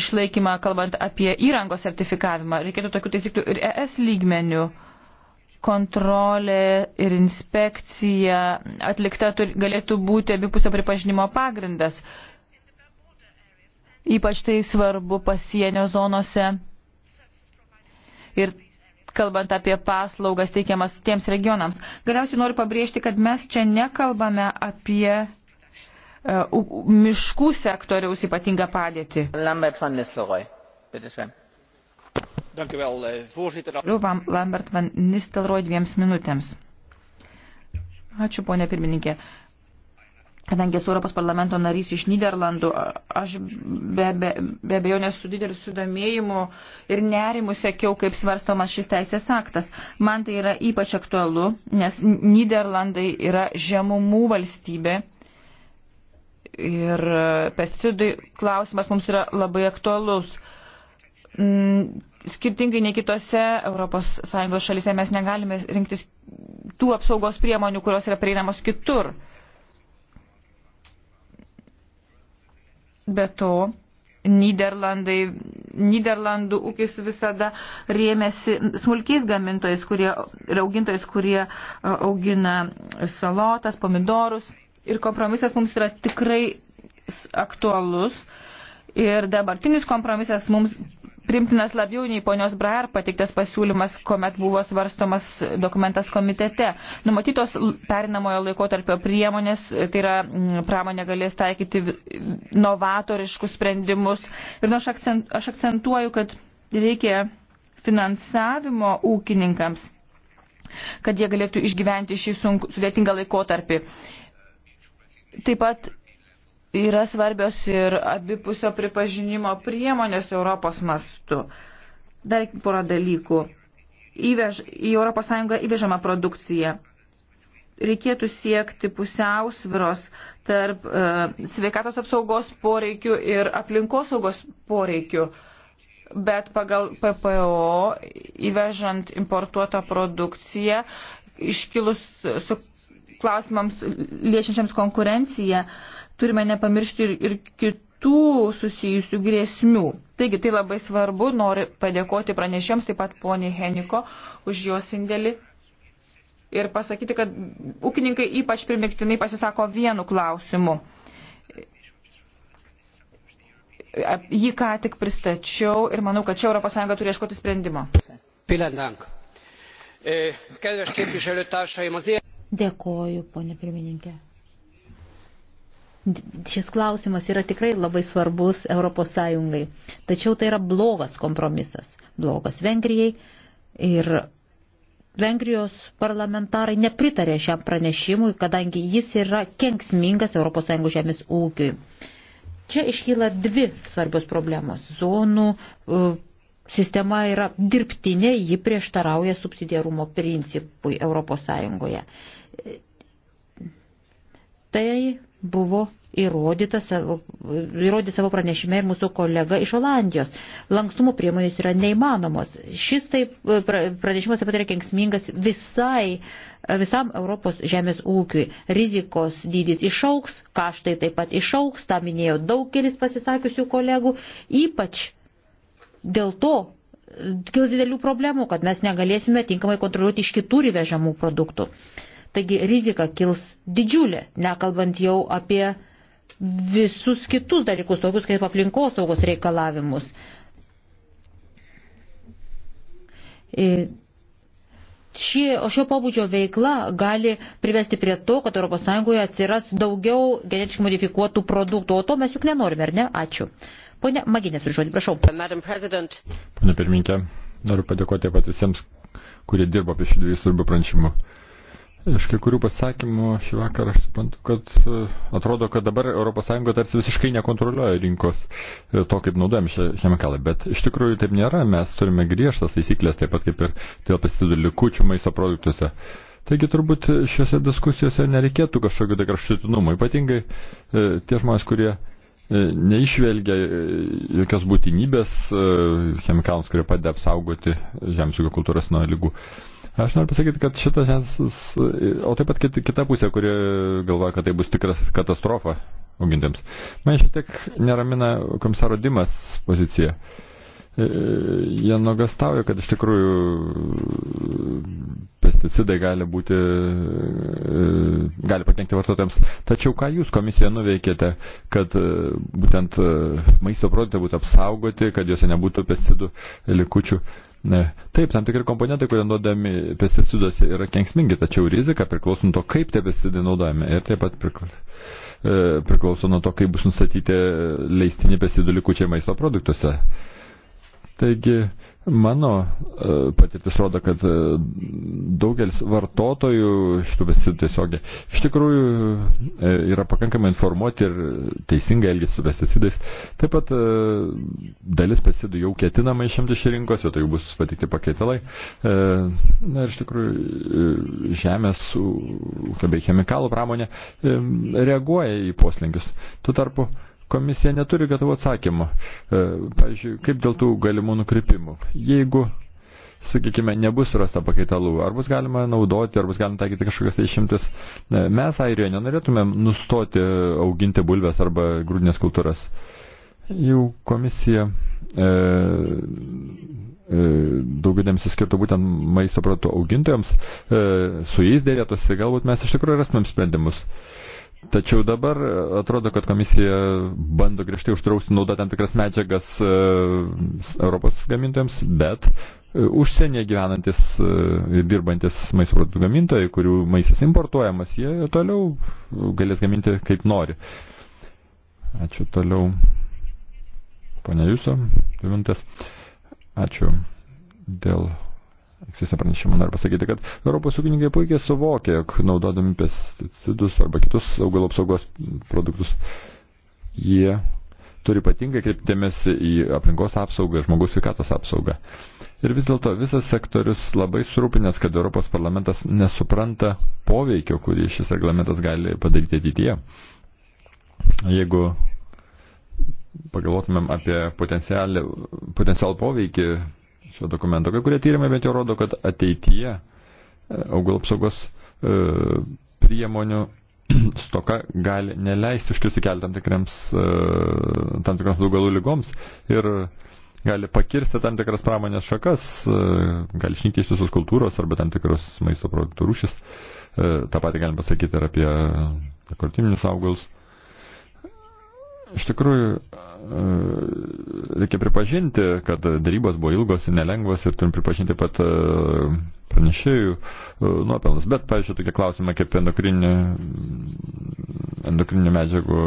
išlaikymą, kalbant apie įrangos sertifikavimą. Reikėtų tokių taisyklių ir ES lygmenių kontrolė ir inspekcija atlikta galėtų būti abipusio pripažinimo pagrindas. Ypač tai svarbu pasienio zonose ir kalbant apie paslaugas teikiamas tiems regionams. Galiausiai noriu pabrėžti, kad mes čia nekalbame apie uh, miškų sektoriaus ypatingą padėtį. Lambert van Nistelrooy, bitteschön. Dank u wel, eh, voorzitter. Liuvam Lambert van Nistelrooy dviems minutėms. Ačiū, ponė pirmininkė. Uh, Kadangi esu Europos parlamento narys iš Niderlandų, aš be, be, be abejo nesu dideliu sudomėjimu ir nerimu sekiau, kaip svarstomas šis teisės aktas. Man tai yra ypač aktualu, nes Niderlandai yra žemumų valstybė ir pesticidai klausimas mums yra labai aktualus. Mm, skirtingai nei kitose ES šalise mes negalime rinktis tų apsaugos priemonių, kurios yra prieinamos kitur Be to, Niderlandai, Niderlandų ūkis visada rėmėsi smulkiais gamintojais, kurie, raugintojais, kurie augina salotas, pomidorus. Ir kompromisas mums yra tikrai aktualus. Ir dabartinis kompromisas mums primtinas labiau nei ponios Braer pateiktas pasiūlymas, kuomet buvo svarstomas dokumentas komitete. Numatytos perinamojo laikotarpio priemonės, tai yra mm, pramonė galės taikyti novatoriškus sprendimus. Ir nu, aš, akcent, aš akcentuoju, kad reikia finansavimo ūkininkams, kad jie galėtų išgyventi šį sunku, sudėtingą laikotarpį. Taip pat yra svarbios ir abipusio pripažinimo priemonės Europos mastu. Dar porą dalykų. Įvež, į ES įvežama produkcija. Reikėtų siekti pusiausviros tarp e, sveikatos apsaugos poreikių ir aplinkosaugos poreikių. Bet pagal PPO įvežant importuotą produkciją, iškilus su klausimams liečiančiams konkurenciją, e, turime nepamiršti ir, ir kitų susijusių grėsmių. Taigi tai labai svarbu, noriu padėkoti pranešėms, taip pat poniai Heniko, už jos indėlį ir pasakyti, kad ūkininkai ypač primiktinai pasisako vienu klausimu. Jį ką tik pristačiau ir manau, kad čia ES turi ieškoti sprendimo. Eh, Dėkoju, ponė pirmininkė. Šis klausimas yra tikrai labai svarbus ES. Tačiau tai yra blogas kompromisas. Blogas Vengrijai. Ir Vengrijos parlamentarai nepritarė šiam pranešimui, kadangi jis yra kenksmingas ES žemės ūkiui. Čia iškyla dvi svarbios problemos. Zonų e, sistema yra dirbtinė, ji prieštarauja subsidiarumo principui ES. Tai buvo įrodyta savo, įrodė savo pranešime ir mūsų kolega iš Olandijos. Lankstumo priemonės yra neįmanomos. Šis taip pranešimas taip pat yra kengsmingas visai, visam Europos žemės ūkiui. Rizikos dydis išauks, kaštai taip pat išauks, tą minėjo daugelis pasisakiusių kolegų, ypač dėl to, e, kils didelių problemų, kad mes negalėsime tinkamai kontroliuoti iš kitų įvežamų produktų. Uh, Taigi rizika kils didžiulė, nekalbant jau apie visus kitus dalykus, tokius kaip aplinkosaugos reikalavimus. Ir e, Ši, o šio pobūdžio veikla gali privesti prie to, kad ES atsiras daugiau genetiškai modifikuotų produktų, o to mes juk nenorime, ar ne? Ačiū. Pone Maginės, žodį, prašau. Pone pirmininkė, noriu padėkoti taip pat visiems, kurie dirbo prie šių dviejų svarbių pranešimų. Iš kai kurių pasakymų šį vakarą aš suprantu, kad e, atrodo, kad dabar ES tarsi visiškai nekontroliuoja rinkos e, to, kaip naudojam šią chemikalą, bet iš tikrųjų taip nėra, mes turime griežtas taisyklės, taip pat kaip ir dėl pesticidų likučių maisto produktuose. Taigi turbūt šiuose diskusijose nereikėtų kažkokio tai kraštutinumo, ypatingai e, tie žmonės, kurie e, neišvelgia e, jokios būtinybės e, chemikalams, kurie padeda apsaugoti žemės ūkio kultūras nuo lygų. E, Aš noriu pasakyti, kad šitas žensas, o taip pat kita pusė, kuri galvoja, kad tai bus tikras katastrofa augintėms. Man šiek tiek neramina komisaro Dimas pozicija. E, jie nuogastauja, kad iš tikrųjų pesticidai gali būti, e, gali pakenkti vartotojams. Tačiau ką jūs komisija nuveikėte, kad e, būtent maisto produktai būtų apsaugoti, kad juose nebūtų pesticidų likučių? Taip, tam tikri komponentai, kurie naudojami pesticiduose, yra kenksmingi, tačiau rizika priklauso nuo to, kaip tie pesticidai naudojami ir taip pat e, priklauso nuo to, kaip bus nustatyti leistini pesticidų likučiai maisto produktuose. Taigi, Mano e, patirtis rodo, kad e, daugelis vartotojų šitų besitų tiesiogiai iš tikrųjų e, yra pakankamai informuoti ir teisingai elgesi su pesticidais. Taip pat dalis pesticidų jau ketinama išimti iš rinkos, jo tai jau bus patikti pakeitalai. Na ir iš tikrųjų žemės ūkio bei chemikalų pramonė reaguoja į poslinkius. Tuo tarpu Komisija neturi gatavų atsakymų. E, pavyzdžiui, kaip dėl tų galimų nukrypimų. Jeigu sakykime, nebus rasta pakaitalų, ar bus galima naudoti, ar bus galima taikyti kažkokias tai išimtis. E, mes Airijoje nenorėtumėm nustoti auginti bulves arba grūdinės kultūras. Jau komisija e, e, daugiau dėmesio skirtų būtent maisto produktų augintojams, e, su jais dėrėtųsi, galbūt mes iš tikrųjų rastumėm sprendimus. E, Tačiau dabar e, atrodo, kad komisija bando griežtai uždrausti naudoti tam tikras medžiagas e, Europos gamintojams, bet e, užsienyje gyvenantis ir dirbantis maisto produktų gamintojai, kurių maistas importuojamas, jie toliau galės gaminti kaip nori. Ačiū toliau. Pane Jūsų, dvi minutės. Ačiū dėl ankstesnio pranešimo noriu pasakyti, kad Europos ūkininkai puikiai suvokia, jog naudodami pesticidus arba kitus augalų apsaugos produktus, jie turi ypatingai kreiptėmėsi į aplinkos apsaugą, žmogus sveikatos apsaugą. Ir vis dėlto visas sektorius labai surūpinęs, kad Europos parlamentas nesupranta poveikio, kurį šis reglamentas gali padaryti ateityje. Jeigu pagalvotumėm apie potencialų poveikį šio dokumento. Kai kurie tyrimai bent jau rodo, kad ateityje e, augalų apsaugos e, priemonių stoka gali neleisti užkirsti kelią tam, tikriams, e, tam tikroms augalų lygoms ir gali pakirsti tam tikras pramonės šakas, gali išnykti iš visos kultūros arba tam tikros maisto produktų rūšis. Ta pati galim pasakyti ir apie kortiminius augalus. Iš tikrųjų, reikia pripažinti, kad darybos buvo ilgos ir nelengvos ir turim pripažinti pat e, pranešėjų e, nuopelnus. Bet, pavyzdžiui, tokie klausimai kaip endokrinė, endokrinė medžiagų,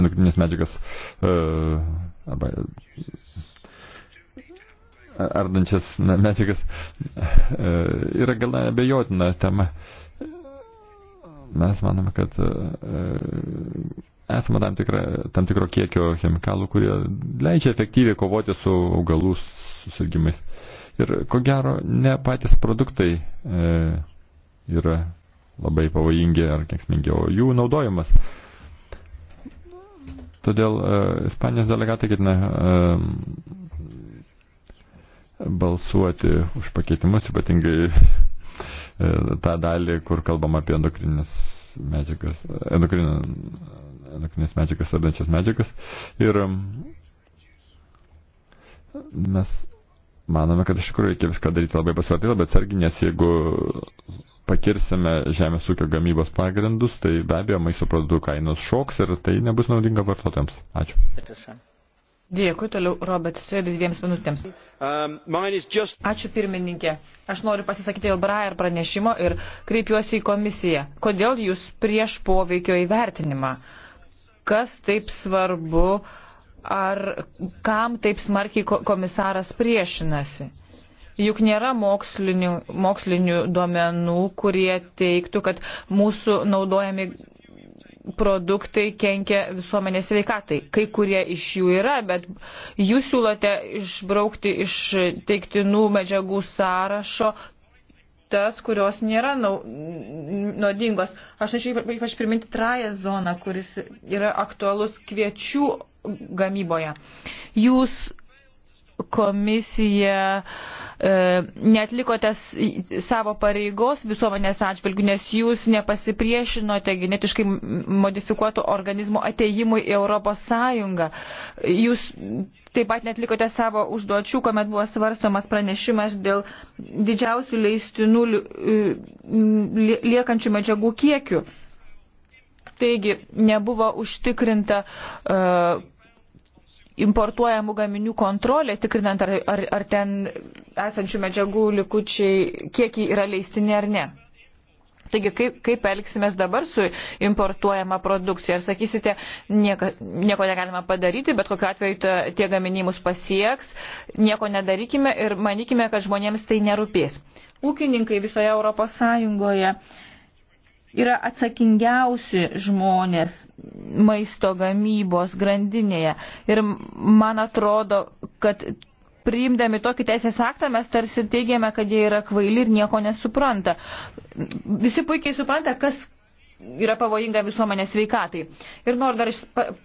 endokrinės medžiagas e, arba ardančias medžiagas yra gana abejotina tema. Mes manome, kad esama tam, tikra, tam tikro kiekio chemikalų, kurie leidžia efektyviai kovoti su augalų susirgymais. Ir ko gero, ne patys produktai e, yra labai pavojingi ar kenksmingi, o jų naudojimas. Todėl e, Ispanijos delegatai ketina e, balsuoti už pakeitimus, ypatingai e, tą dalį, kur kalbam apie endokrinės medžiagas, e, endokrinę endokrinės medžiagas ardančias medžiagas. Ir um, mes manome, kad iš tikrųjų reikia viską daryti labai pasvertai, labai atsargiai, nes jeigu pakirsime žemės ūkio gamybos pagrindus, tai be abejo maisto produktų kainos šoks ir tai nebus naudinga vartotojams. Ačiū. Dėkui, toliau Robert Stradė dviems minutėms. Um, Ačiū pirmininkė. Aš noriu pasisakyti dėl Brajer pranešimo ir kreipiuosi į komisiją. Kodėl jūs prieš poveikio įvertinimą? kas taip svarbu, ar kam taip smarkiai komisaras priešinasi. Juk nėra mokslinių, mokslinių duomenų, kurie teiktų, kad mūsų naudojami produktai kenkia visuomenės veikatai. Kai kurie iš jų yra, bet jūs siūlote išbraukti iš teiktinų medžiagų sąrašo tas, kurios nėra nau, nuodingos. Aš norėčiau ypač priminti trają zoną, kuris yra aktualus kviečių gamyboje. Jūs komisija e, netlikote savo pareigos visuomenės atžvilgių, nes jūs nepasipriešinote tai genetiškai modifikuotų organizmų ateimui į Europos Sąjungą. Jūs taip pat netlikote savo užduočių, kuomet buvo svarstomas pranešimas dėl didžiausių leistinų e, liekančių medžiagų kiekių. Taigi nebuvo užtikrinta uh, importuojamų gaminių kontrolė, tikrinant ar, ar, ar ten esančių medžiagų likučiai, kiek jį yra leistini ar ne. Taigi, kaip, kaip elgsimės dabar su importuojama produkcija? Ar sakysite, nieko, nieko negalima padaryti, bet kokiu atveju ta, tie gaminiai mus pasieks, nieko nedarykime ir manykime, kad žmonėms tai nerūpės. Ūkininkai visoje Europos Sąjungoje uh, yra atsakingiausi žmonės maisto gamybos grandinėje. Ir man atrodo, kad priimdami tokį teisės aktą mes tarsi teigiame, kad jie yra kvaili ir nieko nesupranta. Visi puikiai supranta, kas yra pavojinga visuomenės veikatai. Ir noriu dar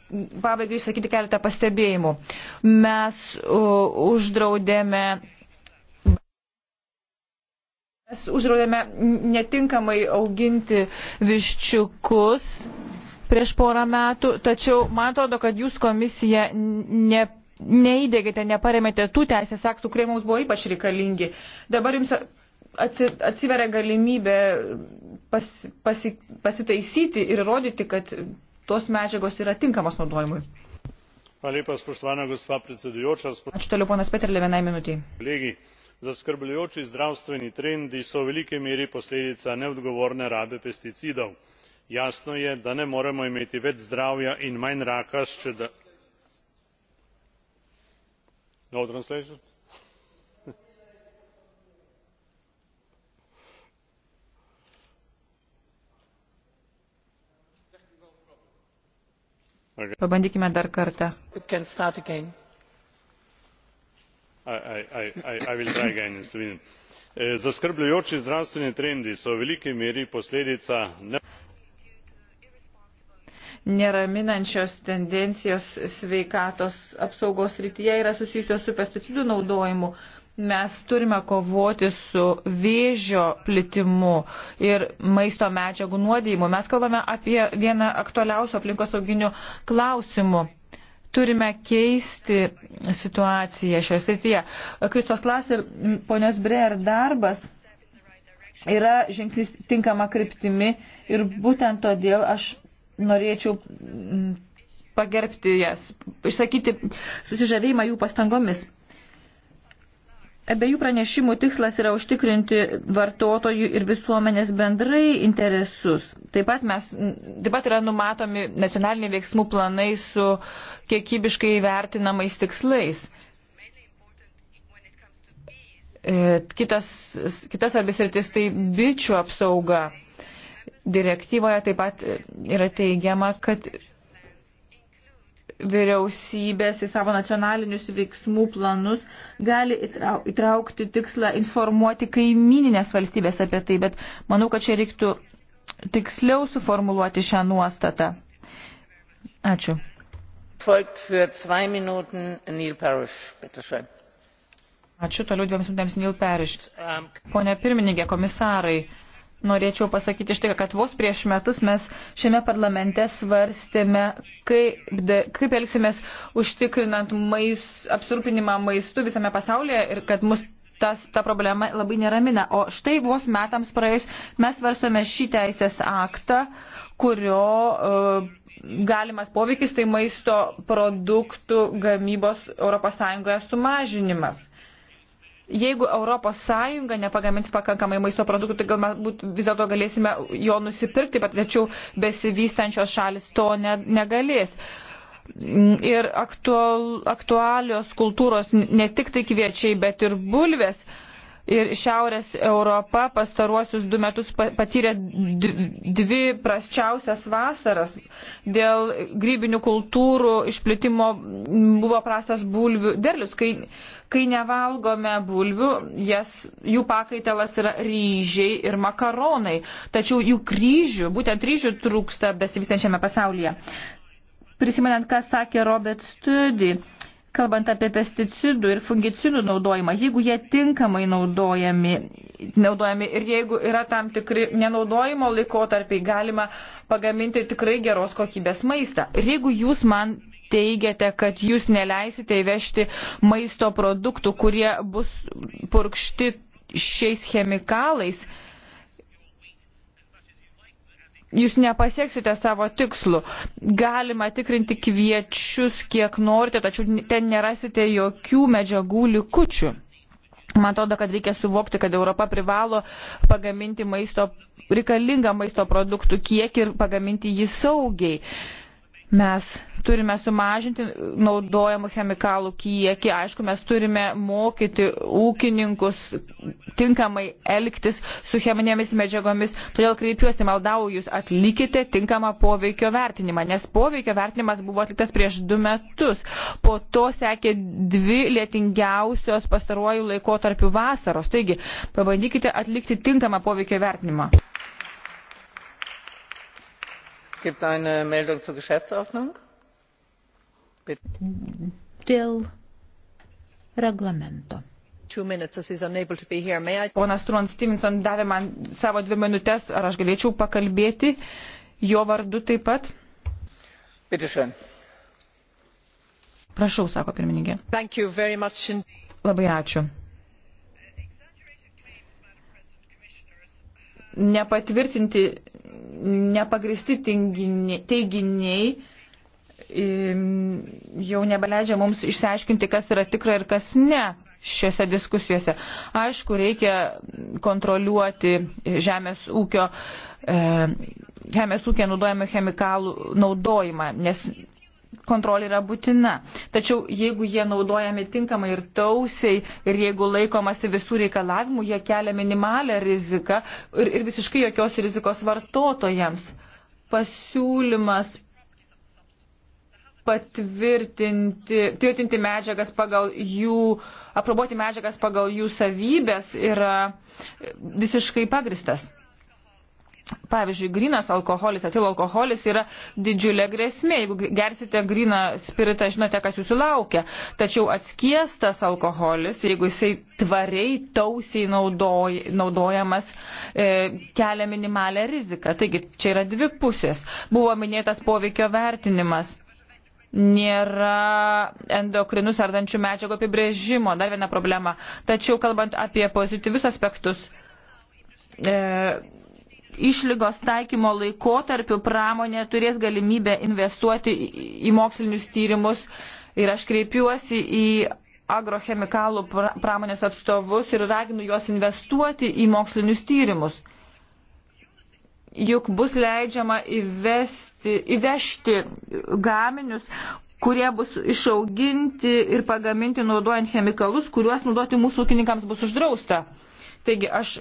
pabaigai išsakyti keletą pastebėjimų. Mes uždraudėme Mes uždraudėme netinkamai auginti viščiukus prieš porą metų, tačiau man atrodo, kad jūs komisija ne neįdėgėte, neparemėte tų teisės aktų, kurie mums buvo ypač reikalingi. Dabar jums atsiveria galimybė pas, pasi, pasitaisyti ir rodyti, kad tos medžiagos yra tinkamos naudojimui. Ačiū toliau, ponas Peterlė, vienai minutiai zaskrbljujoči zdravstveni trendi so v veliki meri posledica neodgovorne rabe pesticidov. jasno je da ne moremo imeti več zdravja in manj raka s pabandykime dar kartą Eh, zaskrbljujoči zdravstveni trendi so v veliki meri posledica neraminančios tendencijos sveikatos apsaugos srityje yra susijusios su pesticidų naudojimu mes turime kovoti su vėžio plitimu ir maisto medžiagų nuodijimu. Mes kalbame apie vieną aktualiausių aplinkosauginių klausimų turime keisti situaciją šioje srityje. Kristos klasė ir ponios Breer darbas yra žingsnis tinkama kryptimi ir būtent todėl aš norėčiau mm, pagerbti jas, išsakyti susižavėjimą jų pastangomis. Abiejų pranešimų tikslas yra užtikrinti vartotojų ir visuomenės bendrai interesus. Taip pat, mes, taip pat yra numatomi nacionaliniai veiksmų planai su kiekybiškai vertinamais tikslais. E, kitas, kitas abis rytis tai bičių apsauga. Direktyvoje taip pat yra teigiama, kad vyriausybės į savo nacionalinius veiksmų planus gali įtraukti tikslą informuoti kaimininės valstybės apie tai, bet manau, kad čia reiktų tiksliau suformuluoti šią nuostatą. Ačiū. Ačiū toliau dviems minutėms Neil Parish. Um, Pone pirmininkė, komisarai norėčiau pasakyti štai, kad vos prieš metus mes šiame parlamente svarstėme, kaip, kaip elgsimės užtikrinant mais, apsirūpinimą maistu visame pasaulyje ir kad mus tas, ta problema labai neramina. O štai vos metams praėjus mes svarstame šį teisės aktą, kurio uh, galimas poveikis tai maisto produktų gamybos ES sumažinimas jeigu ES nepagamins pakankamai maisto produktų, tai galbūt vis dėlto galėsime jo nusipirkti, bet tačiau besivystančios šalis to ne, negalės. Ir aktual, aktualios kultūros ne tik tai kviečiai, bet ir bulvės. Ir Šiaurės Europa pastaruosius du metus patyrė dvi prasčiausias vasaras. Dėl grybinių kultūrų išplitimo buvo prastas bulvių derlius, kai Kai nevalgome bulvių, jas, jų pakaitalas yra ryžiai ir makaronai, tačiau jų kryžių, būtent ryžių trūksta besivystančiame pasaulyje. Prisimenant, ką sakė Robert Studi, kalbant apie pesticidų ir fungicidų naudojimą, jeigu jie tinkamai naudojami, naudojami ir jeigu yra tam tikri nenaudojimo laikotarpiai, galima pagaminti tikrai geros kokybės maistą. Ir jeigu jūs man teigiate, kad jūs neleisite įvežti maisto produktų, kurie bus purkšti šiais chemikalais, jūs nepasieksite savo tikslų. Galima tikrinti kviečius kiek norite, tačiau ten nerasite jokių medžiagų likučių. Man atrodo, kad reikia suvokti, kad Europa privalo pagaminti maisto, reikalingą maisto produktų kiekį ir pagaminti jį saugiai. Uh, Mes turime sumažinti naudojamų chemikalų kiekį. Aišku, mes turime mokyti ūkininkus tinkamai elgtis su cheminėmis medžiagomis. Todėl kreipiuosi, maldauju jūs, atlikite tinkamą poveikio vertinimą, nes poveikio vertinimas buvo atliktas prieš du metus. Po to sekė dvi lietingiausios pastaruoju laikotarpiu vasaros. Taigi, pabandykite atlikti tinkamą poveikio vertinimą gibt eine Meldung zur Geschäftsordnung. Dėl reglamento. Ponas Truan Stevenson davė man savo dvi minutės, ar aš galėčiau pakalbėti jo vardu taip pat. Bitte Prašau, sako pirmininkė. Labai ačiū. Nepatvirtinti nepagristi teiginiai jau nebeleidžia mums išsiaiškinti, kas yra tikra ir kas ne šiuose diskusijose. Aišku, reikia kontroliuoti žemės ūkio, e, žemės ūkio naudojamų chemikalų naudojimą, nes kontrolė yra būtina. Tačiau jeigu jie naudojami tinkamai ir tausiai ir jeigu laikomasi visų reikalavimų, jie kelia minimalę riziką ir, ir visiškai jokios rizikos vartotojams. Pasiūlymas patvirtinti tvirtinti medžiagas pagal jų, aproboti medžiagas pagal jų savybės yra visiškai pagristas. Pavyzdžiui, grinas alkoholis, atilo alkoholis yra didžiulė grėsmė. Jeigu gersite griną spiritą, žinote, kas jūsų laukia. Tačiau atskiestas alkoholis, jeigu jisai tvariai, tausiai naudoj, naudojamas, e, kelia minimalę riziką. Taigi, čia yra dvi pusės. Buvo minėtas poveikio vertinimas nėra endokrinus ardančių medžiagų apibrėžimo, dar viena problema. Tačiau kalbant apie pozityvius aspektus, e, išlygos taikymo laikotarpiu pramonė turės galimybę investuoti į mokslinius tyrimus ir aš kreipiuosi į agrochemikalų pramonės atstovus ir raginu juos investuoti į mokslinius tyrimus. Juk bus leidžiama įvesti, įvežti gaminius, kurie bus išauginti ir pagaminti naudojant chemikalus, kuriuos naudoti mūsų ūkininkams bus uždrausta. Taigi aš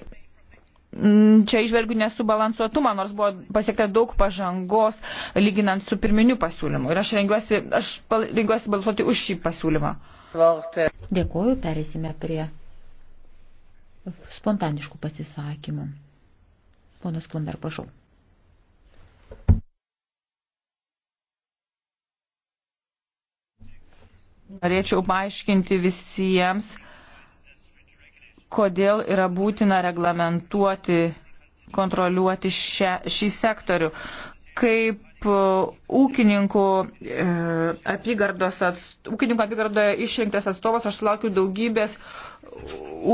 Mm, čia išvelgiu nesubalansuotumą, nors buvo pasiekta daug pažangos lyginant su pirminiu pasiūlymu. Ir aš rengiuosi, aš rengiuosi balsuoti už šį pasiūlymą. Dėkuoju, perėsime prie spontaniškų pasisakymų. Ponas Klumber, prašau. Norėčiau paaiškinti visiems, kodėl yra būtina reglamentuoti, kontroliuoti šią, šį sektorių. Kaip e, ūkininkų, e, apygardos atst, ūkininkų apygardoje išrinktas atstovas, aš laukiu daugybės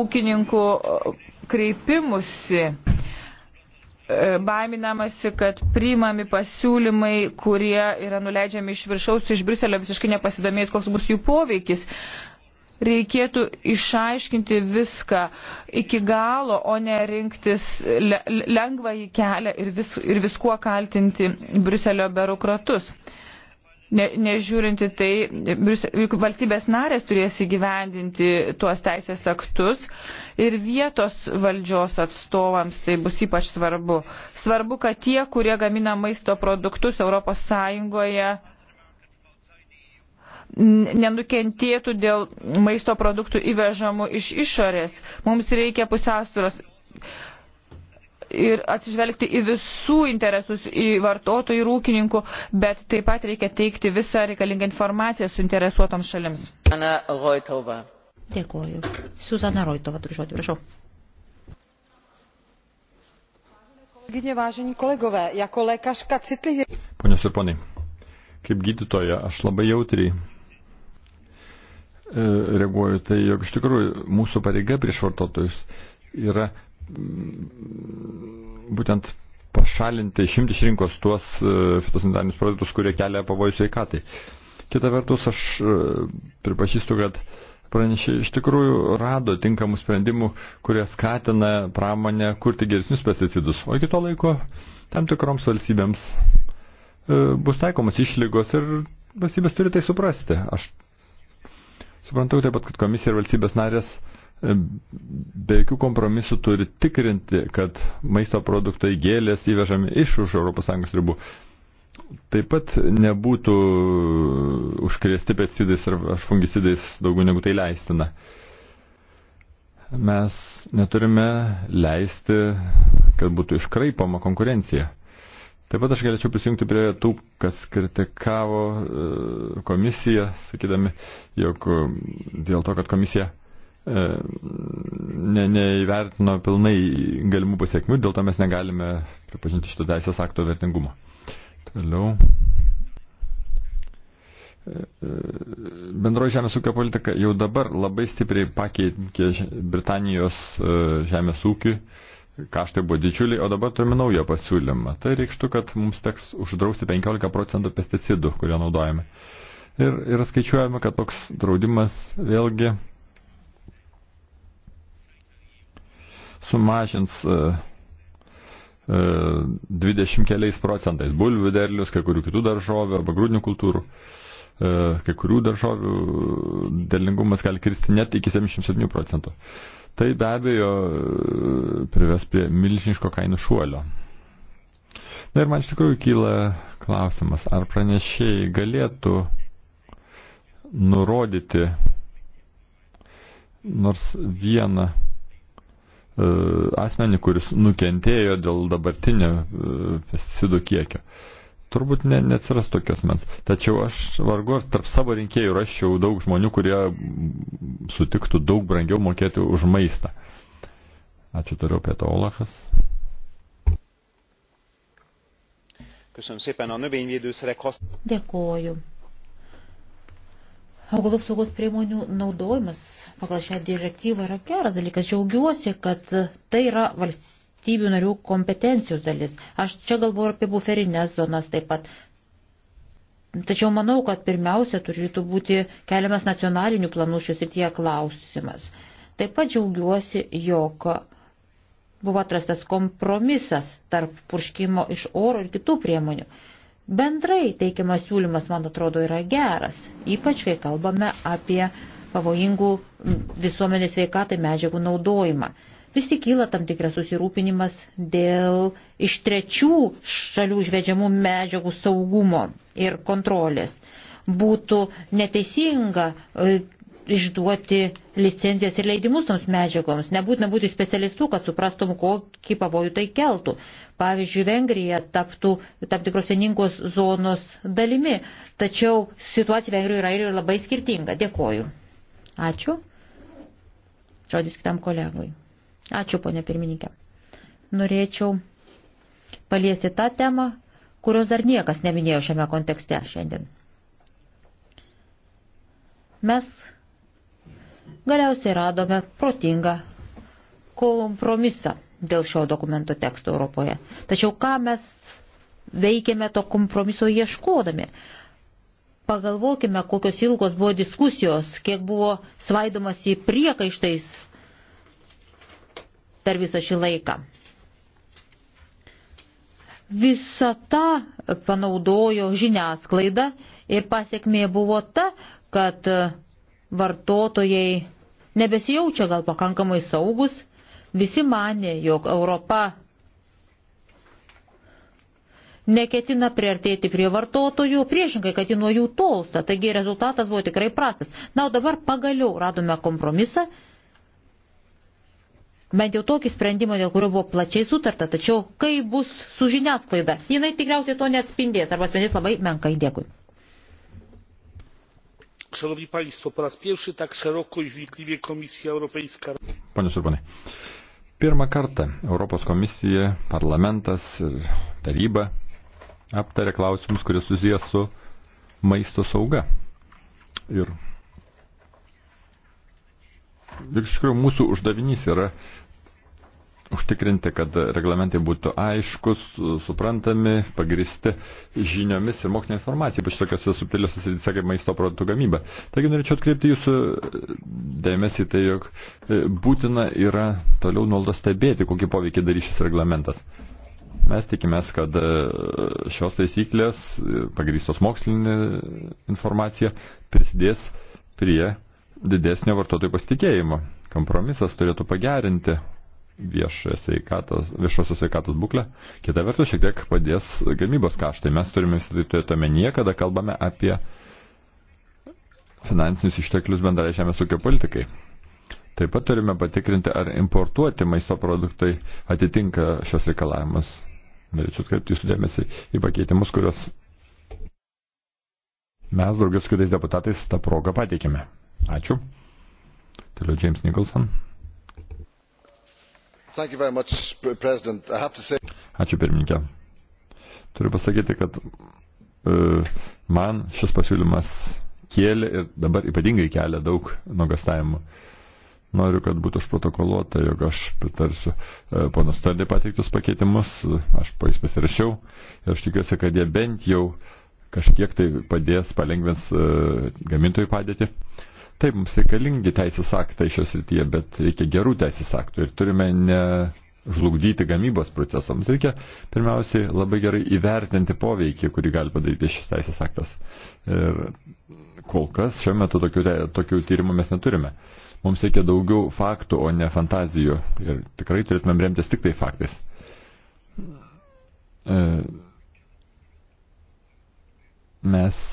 ūkininkų e, kreipimusi. E, baiminamasi, kad priimami pasiūlymai, kurie yra nuleidžiami iš viršaus, iš Briuselio, visiškai nepasidomėjus, koks bus jų poveikis. E, reikėtų išaiškinti viską iki galo, o ne rinktis le, lengvąjį kelią ir, vis, ir viskuo kaltinti Briuselio biurokratus. Ne, nežiūrinti tai, valstybės narės turės įgyvendinti tuos teisės aktus ir vietos valdžios atstovams tai bus ypač svarbu. Svarbu, kad tie, kurie gamina maisto produktus Europos Sąjungoje, nenukentėtų dėl maisto produktų įvežamų iš išorės. Mums reikia pusiausvėros ir atsižvelgti į visų interesus, į vartotojų ir ūkininkų, bet taip pat reikia teikti visą reikalingą informaciją suinteresuotoms šalims. Ana Roitova. Dėkoju. Suzana Roitova, turiu žodį, prašau. Ponios ir ponai, kaip gydytoja, aš labai jautriai E, reaguoju, tai jog iš tikrųjų mūsų pareiga prieš vartotojus yra mm, būtent pašalinti, išimti iš rinkos tuos e, fitosanitarinius produktus, kurie kelia pavojų sveikatai. Kita vertus, aš e, pripažįstu, kad pranešė iš tikrųjų rado tinkamų sprendimų, kurie skatina pramonę kurti geresnius pesticidus. O iki to laiko tam tikroms valstybėms bus taikomas išlygos ir valstybės turi tai suprasti. Aš Suprantu taip pat, kad komisija ir valstybės narės e, be jokių kompromisų turi tikrinti, kad maisto produktai gėlės įvežami iš už ES ribų. Taip pat nebūtų užkrėsti pesticidais ar fungicidais daugiau negu tai leistina. Mes neturime leisti, kad būtų iškraipama konkurencija. Taip pat aš galėčiau prisijungti prie tų, kas kritikavo e, komisiją, sakydami, jog e, dėl to, kad komisija e, ne, neįvertino pilnai galimų pasiekmių, dėl to mes negalime pripažinti šito teisės akto vertingumo. Toliau. Bendroji žemės ūkio politika jau dabar labai stipriai pakeitė Britanijos žemės ūkiui kaštai buvo didžiuliai, o dabar turime naują pasiūlymą. Tai reikštų, kad mums teks uždrausti 15 procentų pesticidų, kurie naudojame. Ir yra skaičiuojama, kad toks draudimas vėlgi sumažins uh, uh, 20 keliais procentais bulvių derlius, kai kurių kitų daržovių arba grūdinių kultūrų. Uh, E, kai kurių daržovių derlingumas gali kirsti net iki 77 procentų. Tai be abejo e, prives prie milžiniško kainų šuolio. Na ir man iš tikrųjų kyla klausimas, ar pranešėjai galėtų nurodyti nors vieną e, asmenį, kuris nukentėjo dėl dabartinio pesticidų kiekio. Uh, turbūt ne, neatsiras tokios mens. Tačiau aš vargu ar tarp savo rinkėjų raščiau daug žmonių, kurie sutiktų daug brangiau mokėti už maistą. Ačiū toliau, Pieto Olachas. Dėkoju. Augalų apsaugos priemonių naudojimas pagal šią direktyvą yra geras dalykas. Džiaugiuosi, kad tai yra valstybė valstybių narių kompetencijų dalis. Aš čia galvoju apie buferinės zonas taip pat. Tačiau manau, kad pirmiausia turėtų būti keliamas nacionalinių planų šios ir tie klausimas. Taip pat džiaugiuosi, jog buvo atrastas kompromisas tarp purškimo iš oro ir kitų priemonių. Bendrai teikiamas siūlymas, man atrodo, yra geras, ypač kai kalbame apie pavojingų visuomenės veikatai medžiagų naudojimą vis tik kyla tam tikras susirūpinimas dėl iš trečių šalių žvedžiamų medžiagų saugumo ir kontrolės. Būtų neteisinga e, išduoti licencijas ir leidimus toms medžiagoms. Nebūtina būti specialistu, kad suprastum, kokį pavojų tai keltų. Pavyzdžiui, Vengrija taptų tam tikros vieningos zonos dalimi. Tačiau situacija Vengrijoje yra ir labai skirtinga. Dėkoju. Ačiū. Žodis kitam kolegui. Ačiū, ponė pirmininkė. Norėčiau paliesti tą temą, kurios dar niekas neminėjo šiame kontekste šiandien. Mes galiausiai radome protingą kompromisą dėl šio dokumento teksto Europoje. Tačiau ką mes veikėme to kompromiso ieškodami? Pagalvokime, kokios ilgos buvo diskusijos, kiek buvo svaidomas į priekaištais per visą šį laiką. Visą tą panaudojo žiniasklaida ir pasiekmė buvo ta, kad vartotojai nebesijaučia gal pakankamai saugus, visi mane, jog Europa neketina priartėti prie vartotojų, priešingai, kad ji nuo jų tolsta, taigi rezultatas buvo tikrai prastas. Na, o dabar pagaliau radome kompromisą bent jau tokį sprendimą, dėl kurio buvo plačiai sutarta, tačiau kai bus su žiniasklaida, jinai tikriausiai to neatspindės arba atspindės labai menkai. Dėkui. Szanowni Państwo, po raz pierwszy tak szeroko i wnikliwie Komisja Europejska. Panie Surbonai, pirmą kartą Europos komisija, parlamentas ir taryba aptarė klausimus, kurie susijęs su maisto sauga. Ir ir iš tikrųjų mūsų uždavinys yra užtikrinti, kad reglamentai būtų aiškus, suprantami, pagristi žiniomis ir mokslinė informacija, ypač tokiuose subtiliuose srityse kaip maisto produktų gamyba. Taigi norėčiau atkreipti jūsų dėmesį tai, jog e, būtina yra toliau nuoldos stebėti, kokį poveikį darys šis reglamentas. Mes tikimės, kad e, šios taisyklės, e, pagrįstos mokslinė informacija, prisidės prie didesnio vartotojų pasitikėjimo. Kompromisas turėtų pagerinti sveikatos, viešosios sveikatos būklę. Kita vertus, šiek tiek padės gamybos kaštai. Mes turime visą tai turėti omenyje, kada kalbame apie finansinius išteklius bendrai žemės ūkio politikai. Taip pat turime patikrinti, ar importuoti maisto produktai atitinka šios reikalavimus. Norėčiau atkreipti jūsų dėmesį į pakeitimus, kuriuos mes daugiau su kitais deputatais tą progą pateikėme. Ačiū. Toliau James Nicholson. Ačiū pirmininkė. Turiu pasakyti, kad uh, man šis pasiūlymas kėlė ir dabar ypatingai kelia daug nuogastavimų. Noriu, kad būtų užprotokoluota, jog aš pritarsiu e, pono Stardė pateiktus pakeitimus, aš po jais pasirašiau ir aš tikiuosi, kad jie bent jau kažkiek tai padės, palengvins e, gamintojų padėtį. Taip, mums reikalingi teisės aktai šios rytyje, bet reikia gerų teisės aktų ir turime ne žlugdyti gamybos procesą. Mums reikia pirmiausiai labai gerai įvertinti poveikį, kurį gali padaryti šis teisės aktas. Ir kol kas šiuo metu tokių, tokių tyrimų mes neturime. Mums reikia daugiau faktų, o ne fantazijų. Ir tikrai turėtumėm remtis tik tai faktais. E, mes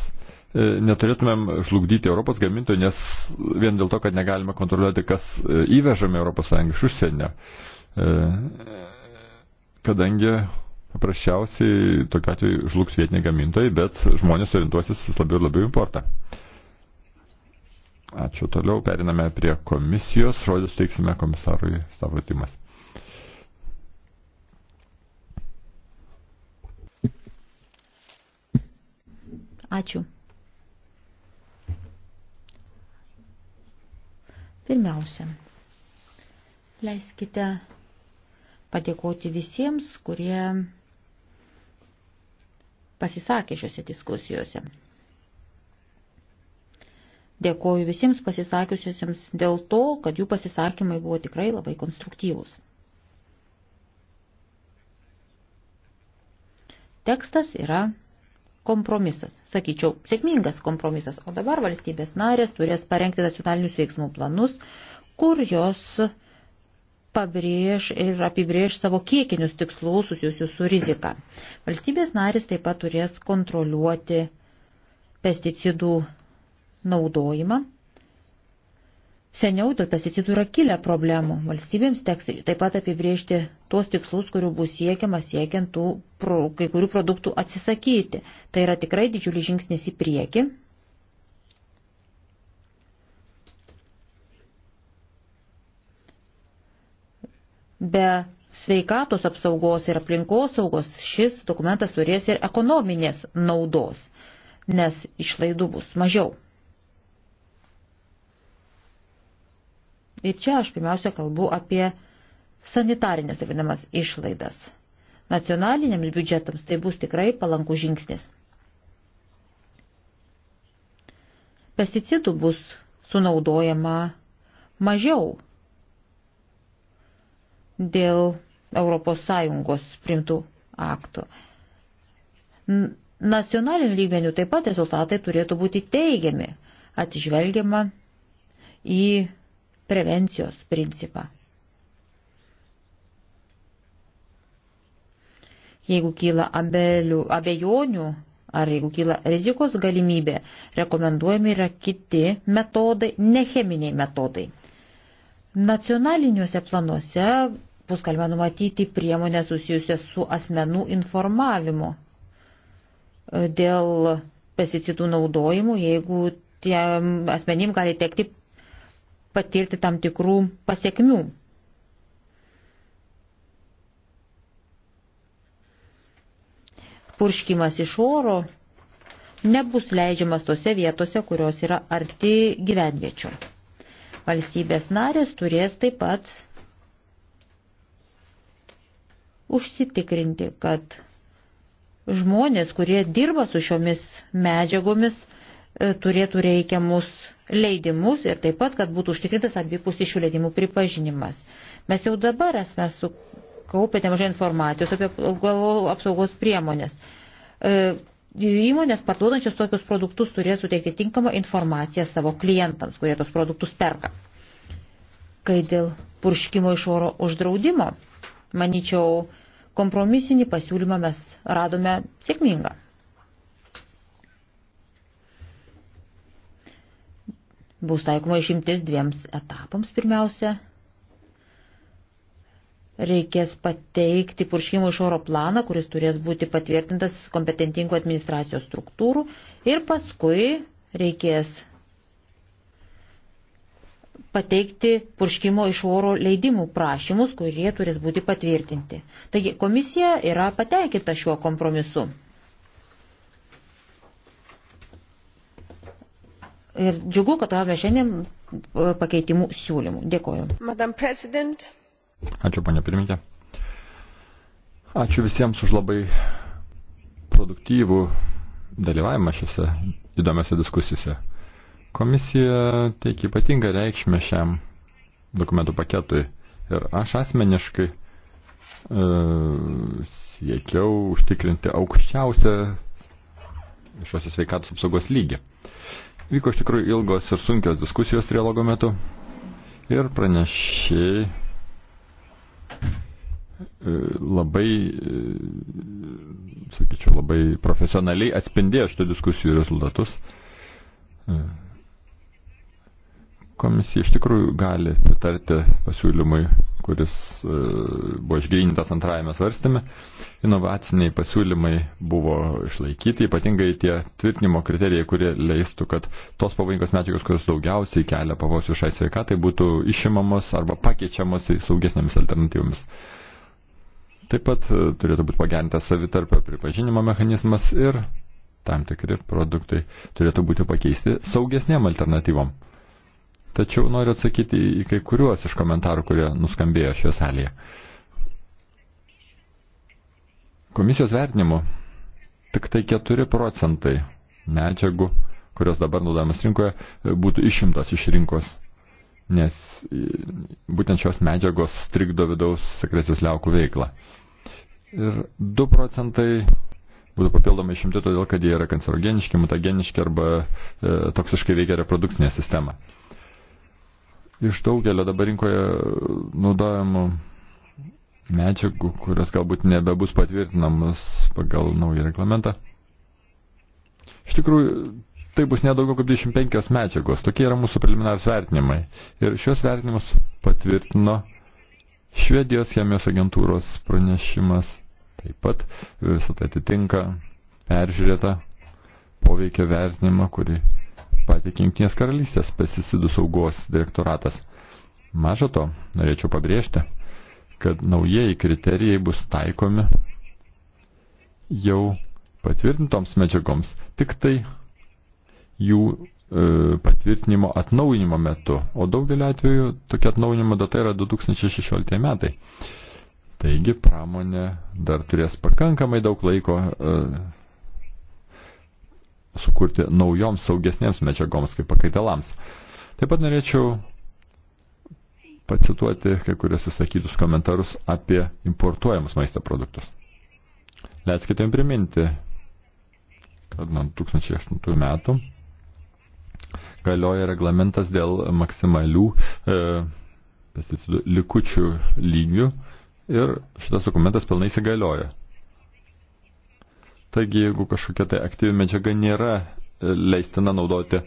E, neturėtumėm žlugdyti Europos gamintojų, nes vien dėl to, kad negalime kontroliuoti, kas e, įvežame Europos Sąjungą iš užsienio. E, kadangi paprasčiausiai tokiu atveju žlugs vietiniai gamintojai, bet žmonės orientuosis labiau ir labiau importą. Ačiū toliau, periname prie komisijos, žodžius teiksime komisarui Stavratimas. Ačiū. Pirmiausia, leiskite padėkoti visiems, kurie pasisakė šiuose diskusijose. Dėkoju visiems pasisakiusiesiems dėl to, kad jų pasisakymai buvo tikrai labai konstruktyvūs. Tekstas yra kompromisas, sakyčiau, sėkmingas kompromisas, o dabar valstybės narės turės parengti nacionalinius veiksmų planus, kur jos pabrėž ir apibrėž savo kiekinius tikslus susijusius su rizika. Valstybės narės taip pat turės kontroliuoti pesticidų naudojimą Seniau dėl pesticidų yra kilę problemų. Valstybėms teks taip pat apibriežti tuos tikslus, kurių bus siekiama siekiant tų pro, kai kurių produktų atsisakyti. Tai yra tikrai didžiulis žingsnis į priekį. Be sveikatos apsaugos ir aplinkos saugos šis dokumentas turės ir ekonominės naudos, nes išlaidų bus mažiau. Ir čia aš pirmiausia kalbu apie sanitarinės vadinamas išlaidas. Nacionaliniams biudžetams tai bus tikrai palankų žingsnis. Pesticidų bus sunaudojama mažiau dėl ES primtų aktų. Nacionaliniu lygmeniu taip pat rezultatai turėtų būti teigiami, atsižvelgiama į prevencijos principą. Jeigu kyla abelių, abejonių ar jeigu kyla rizikos galimybė, rekomenduojami yra kiti metodai, necheminiai metodai. Nacionaliniuose planuose bus galima numatyti priemonę susijusią su asmenų informavimu dėl pesticidų naudojimu, jeigu tiem asmenim gali tekti patirti tam tikrų pasiekmių. Purškimas iš oro nebus leidžiamas tose vietose, kurios yra arti gyvenviečių. Valstybės narės turės taip pat užsitikrinti, kad žmonės, kurie dirba su šiomis medžiagomis, E, turėtų reikiamus leidimus ir taip pat, kad būtų užtikrintas abipusis šių leidimų pripažinimas. Mes jau dabar esame sukaupę nemažai informacijos apie augalų apsaugos priemonės. E, įmonės parduodančios tokius produktus turės suteikti tinkamą informaciją savo klientams, kurie tos produktus perka. Kai dėl purškimo iš oro uždraudimo, manyčiau, kompromisinį pasiūlymą mes radome sėkmingą. bus taikoma išimtis dviems etapams pirmiausia. Reikės pateikti purškimo iš oro planą, kuris turės būti patvirtintas kompetentingų administracijos struktūrų ir paskui reikės pateikti purškimo iš oro leidimų prašymus, kurie turės būti patvirtinti. Taigi komisija yra pateikita šiuo kompromisu. Ir džiugu, kad gavome šiandien e, pakeitimų siūlymų. Dėkoju. Madam President. Ačiū, ponia pirmininkė. Ačiū visiems už labai produktyvų dalyvavimą šiose įdomiose diskusijose. Komisija teikia ypatingą reikšmę šiam dokumentų paketui. Ir aš asmeniškai e, siekiau užtikrinti aukščiausią šios sveikatos apsaugos lygį. E, Vyko iš tikrųjų ilgos ir sunkios diskusijos trialogo metu. Ir pranešiai e, labai, e, sakyčiau, labai profesionaliai atspindėjo šitų diskusijų rezultatus. E, Komisija iš tikrųjų gali pritarti pasiūlymui, kuris e, buvo išgrinintas antrajame svarstymė. Inovaciniai pasiūlymai buvo išlaikyti, ypatingai tie tvirtinimo kriterijai, kurie leistų, kad tos pavojingos medžiagos, kurios daugiausiai kelia pavojus viešai sveikatai, būtų išimamos arba pakeičiamos į saugesnėmis alternatyvomis. Taip pat e, turėtų būti pagerintas savitarpio pripažinimo mechanizmas ir tam tikri produktai turėtų būti pakeisti saugesnėm alternatyvom. Tačiau noriu atsakyti į kai kuriuos iš komentarų, kurie nuskambėjo šioje salėje. Komisijos vertinimu tik tai 4 procentai medžiagų, kurios dabar naudojamas rinkoje, būtų išimtas iš rinkos, nes e, būtent šios medžiagos strikdo vidaus sekrecijos liaukų veiklą. Ir 2 procentai būtų papildomai išimti todėl, kad jie yra kancerogeniški, mutageniški arba e, toksiškai veikia reprodukcinė sistema iš daugelio dabar rinkoje e, naudojamų medžiagų, kurios galbūt nebebus patvirtinamas pagal naują reglamentą. Iš tikrųjų, tai bus nedaugiau kaip 25 medžiagos. Tokie yra mūsų preliminarūs vertinimai. Ir šios vertinimus patvirtino Švedijos chemijos agentūros pranešimas. Taip pat visą tai atitinka peržiūrėta poveikio vertinimą, kurį pateikė Junktinės karalystės pesticidų saugos direktoratas. Maža to, norėčiau pabrėžti, kad naujieji kriterijai bus taikomi jau patvirtintoms medžiagoms tik tai jų e, patvirtinimo atnaujinimo metu, o daugeliu atveju tokia atnaujinimo data yra 2016 metai. Taigi pramonė dar turės pakankamai daug laiko e, sukurti naujoms saugesnėms medžiagoms kaip pakaitalams. Taip pat norėčiau pacituoti kai kurias įsakytus komentarus apie importuojamus maisto produktus. Leiskite jums priminti, kad nuo 2008 metų galioja reglamentas dėl maksimalių e, pesticidų likučių lygių ir šitas dokumentas pilnai įsigalioja. Taigi, jeigu kažkokia tai aktyvi medžiaga nėra e, leistina naudoti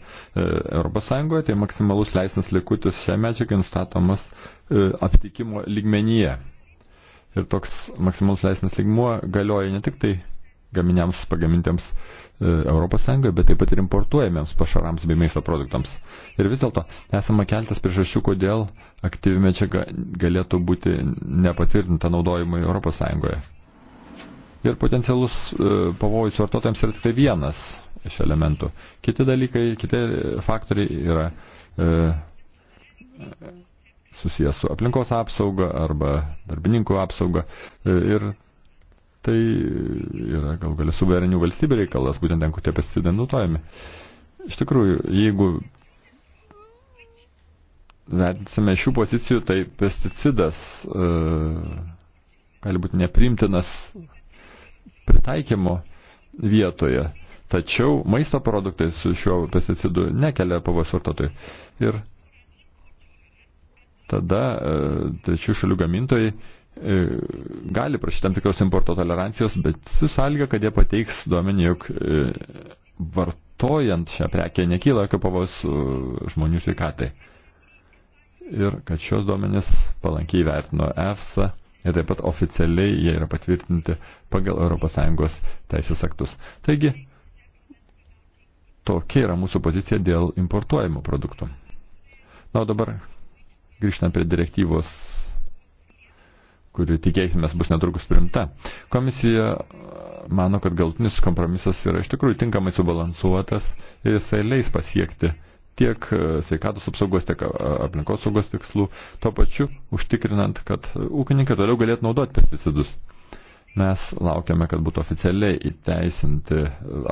ES, tai maksimalus leistinas likutis šią medžiagą nustatomas e, aptikimo lygmenyje. Ir toks maksimalus leistinas lygmuo galioja ne tik tai gaminiams pagamintiems ES, bet taip pat ir importuojamiems pašarams bei maisto produktams. Ir vis dėlto esama keltas priežasčių, kodėl aktyvi medžiaga galėtų būti nepatvirtinta naudojimui ES. Ir potencialus e, pavojus vartotojams yra tik vienas iš elementų. Kiti dalykai, kiti faktoriai yra e, susijęs su aplinkos apsauga arba darbininkų apsauga. E, ir tai yra gal galia suverenių valstybių reikalas, būtent ten, kur tie pesticidai naudojami. Iš tikrųjų, jeigu vertinsime šių pozicijų, tai pesticidas e, gali būti neprimtinas pritaikymo vietoje. Tačiau maisto produktai su šiuo pesticidu nekelia pavos vartotojui. Ir tada e, trečių šalių gamintojai e, gali prašyti tam tikros importo tolerancijos, bet su sąlyga, kad jie pateiks duomenį, jog e, vartojant šią prekę nekyla jokio pavos žmonių sveikatai. Ir kad šios duomenys palankiai vertino EFSA ir taip pat oficialiai jie yra patvirtinti pagal ES teisės aktus. Taigi, tokia yra mūsų pozicija dėl importuojimo produktų. Na, o dabar grįžtame prie direktyvos, kuri tikėkime bus netrukus primta. Komisija mano, kad galtinis kompromisas yra iš tikrųjų tinkamai subalansuotas ir jisai leis pasiekti uh, tiek e, sveikatos apsaugos, tiek e, aplinkos saugos tikslų, tuo pačiu užtikrinant, kad ūkininkai toliau galėtų naudoti pesticidus. Mes laukiame, kad būtų oficialiai įteisinti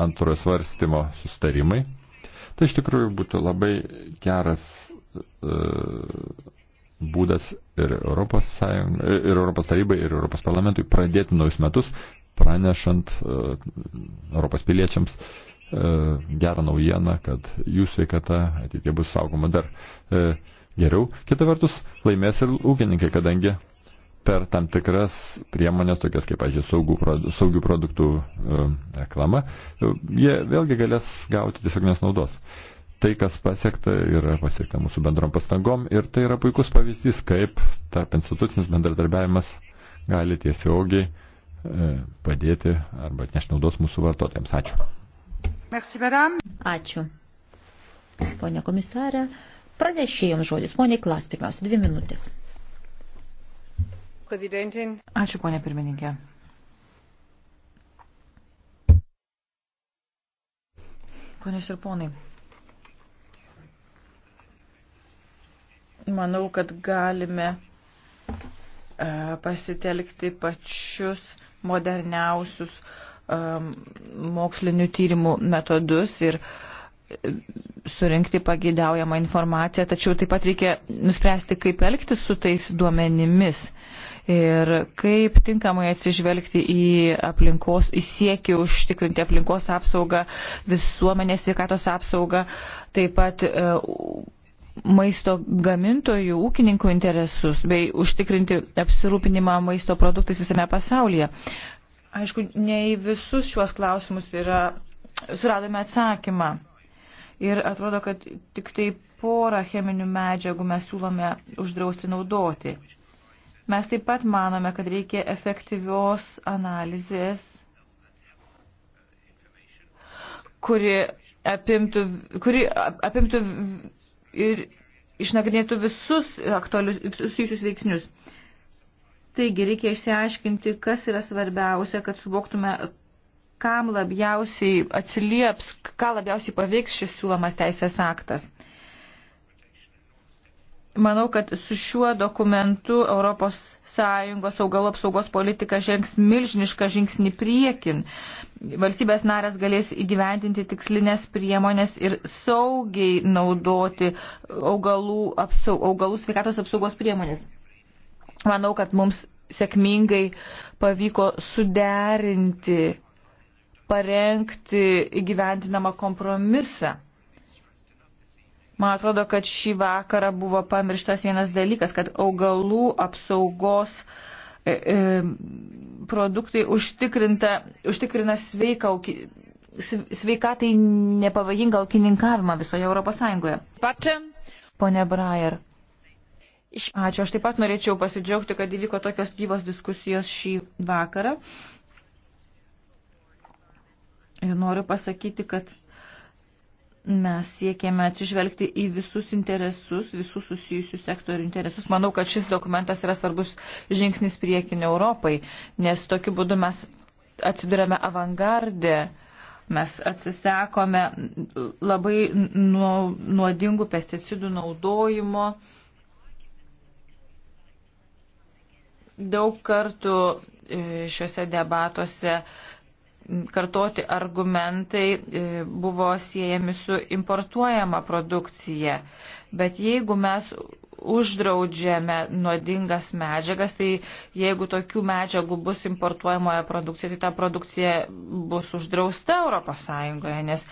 antrojo svarstymo sustarimai. Tai iš tikrųjų būtų labai geras e, būdas ir Europos, Sąjung, e, ir Europos tarybai, ir Europos parlamentui pradėti naujus metus, pranešant e, Europos piliečiams, e, E, gerą naujieną, kad jų sveikata ateitie bus saugoma dar e, geriau. Kita vertus, laimės ir ūkininkai, kadangi per tam tikras priemonės, tokias kaip, pažiūrėjau, saugių produktų e, reklama, jie vėlgi galės gauti tiesioginės naudos. Tai, kas pasiekta, yra pasiekta mūsų bendrom pastangom ir tai yra puikus pavyzdys, kaip tarp institucinis bendradarbiavimas gali tiesiogiai padėti arba atnešti naudos mūsų vartotojams. Ačiū. Merci, madame. Ačiū. Pone komisarė, pranešėjams žodis. Pone Klas, pirmiausia, dvi minutės. Ačiū, ponė pirmininkė. Ponios ir ponai, manau, kad galime e, pasitelkti pačius moderniausius uh, Um, mokslinių tyrimų metodus ir surinkti pageidaujamą informaciją, tačiau taip pat reikia nuspręsti, kaip elgtis su tais duomenimis ir kaip tinkamai atsižvelgti į aplinkos, į siekį užtikrinti aplinkos apsaugą, visuomenės sveikatos apsaugą, taip pat e, maisto gamintojų, ūkininkų interesus bei užtikrinti apsirūpinimą maisto produktais visame pasaulyje. Aišku, ne į visus šiuos klausimus yra, suradome atsakymą. Ir atrodo, kad tik tai porą cheminių medžiagų mes siūlome uždrausti naudoti. Mes taip pat manome, kad reikia efektyvios analizės, kuri apimtų, kuri apimtų ir išnagrinėtų visus aktualius, visus veiksnius. Taigi reikia išsiaiškinti, kas yra svarbiausia, kad suvoktume, kam labiausiai atsilieps, ką labiausiai paveiks šis siūlomas teisės aktas. Manau, kad su šiuo dokumentu ES augalų apsaugos politika žengs milžinišką žingsnį priekin. Valstybės narės galės įgyventinti tikslinės priemonės ir saugiai naudoti augalų, apsaug, augalų sveikatos apsaugos priemonės. Manau, kad mums sėkmingai pavyko suderinti, parengti įgyventinamą kompromisą. Man atrodo, kad šį vakarą buvo pamirštas vienas dalykas, kad augalų apsaugos e, e, produktai užtikrina sveiką, sveikatai nepavojingą alkininkavimą visoje Europos Sąjungoje. Pačia. Pone Brajer, Ačiū. Aš taip pat norėčiau pasidžiaugti, kad įvyko tokios gyvos diskusijos šį vakarą. Ir noriu pasakyti, kad mes siekėme atsižvelgti į visus interesus, visus susijusių sektorių interesus. Manau, kad šis dokumentas yra svarbus žingsnis priekinio Europai, nes tokiu būdu mes atsidurėme avangardė, mes atsisakome labai nu- nuodingų pesticidų naudojimo. daug kartų e, šiuose debatuose kartoti argumentai e, buvo siejami su importuojama produkcija. Bet jeigu mes uždraudžiame nuodingas medžiagas, tai jeigu tokių medžiagų bus importuojamoje produkcija, tai ta produkcija bus uždrausta ES, nes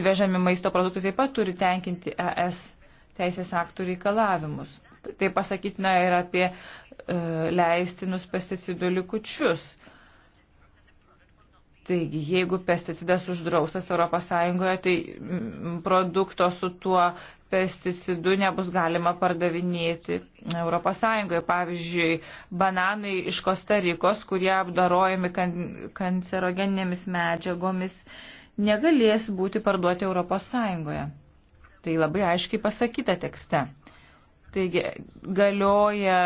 įvežami maisto produktai taip pat turi tenkinti ES teisės aktų reikalavimus tai pasakytina ir apie e, leistinus pesticidų likučius. Taigi, jeigu pesticidas uždraustas ES, tai produkto su tuo pesticidu nebus galima pardavinėti ES. Pavyzdžiui, bananai iš Kostarikos, kurie apdarojami kan kancerogeninėmis medžiagomis, negalės būti parduoti ES. Tai labai aiškiai pasakyta tekste. Taigi galioja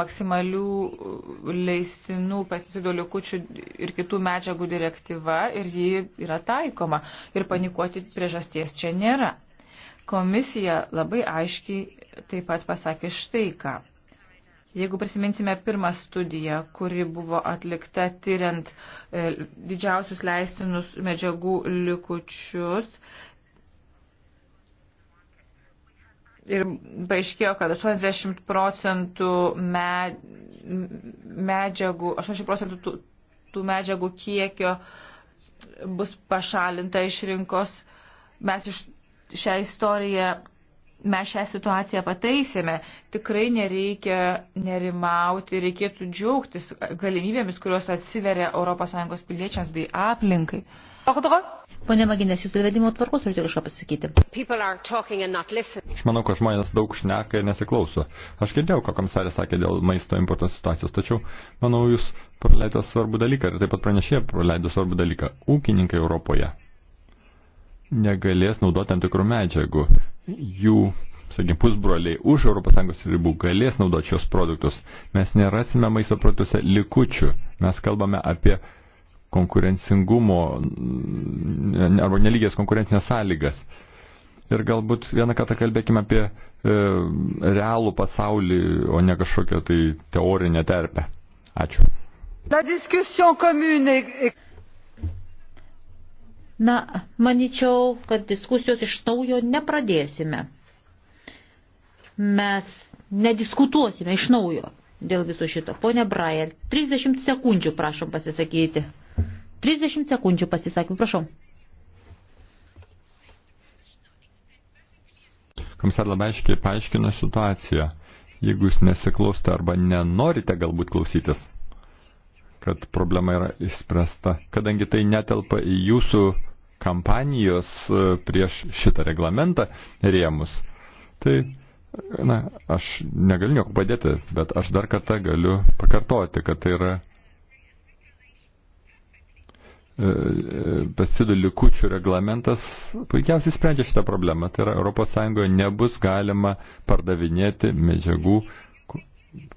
maksimalių leistinų pesticidų likučių ir kitų medžiagų direktyva ir ji yra taikoma. Ir panikuoti priežasties čia nėra. Komisija labai aiškiai taip pat pasakė štai ką. Jeigu prisiminsime pirmą studiją, kuri buvo atlikta tyriant e, didžiausius leistinus medžiagų likučius, e, ir paaiškėjo, kad 80 procentų med, medžiagų, 80 procentų tų, tų medžiagų kiekio bus pašalinta iš rinkos. Mes iš šią istoriją, mes šią situaciją pataisėme. Tikrai nereikia nerimauti, reikėtų džiaugtis galimybėmis, kurios atsiveria ES piliečiams bei aplinkai. Pone Maginės, jūs dėl vedimo tvarkos turite kažką pasakyti. Aš manau, kad žmonės daug šneka ir nesiklauso. Aš girdėjau, ką komisarė sakė dėl maisto importo situacijos, tačiau manau, jūs praleidote svarbų dalyką ir taip pat pranešė praleido svarbų dalyką. Ūkininkai Europoje negalės naudoti tam tikrų medžiagų. Jų sakykime, pusbroliai už ES ribų galės naudoti šios produktus. Mes nerasime maisto produktuose likučių. Mes kalbame apie konkurencingumo arba nelygės konkurencinės sąlygas. Ir galbūt vieną kartą kalbėkime apie e, realų pasaulį, o ne kažkokią tai teorinę terpę. Ačiū. Na, manyčiau, kad diskusijos iš naujo nepradėsime. Mes nediskutuosime iš naujo dėl viso šito. Pone Brajer, 30 sekundžių prašom pasisakyti. 30 sekundžių pasisakymų, prašau. Komisar labai aiškiai paaiškino situaciją. Jeigu jūs nesiklausote arba nenorite galbūt klausytis, kad problema yra išspręsta, kadangi tai netelpa į jūsų kampanijos e, prieš šitą reglamentą rėmus, tai na, aš negaliu nieko padėti, bet aš dar kartą galiu pakartoti, kad tai yra pesticidų e, likučių reglamentas puikiausiai sprendžia šitą problemą. Tai yra, ES nebus galima pardavinėti medžiagų,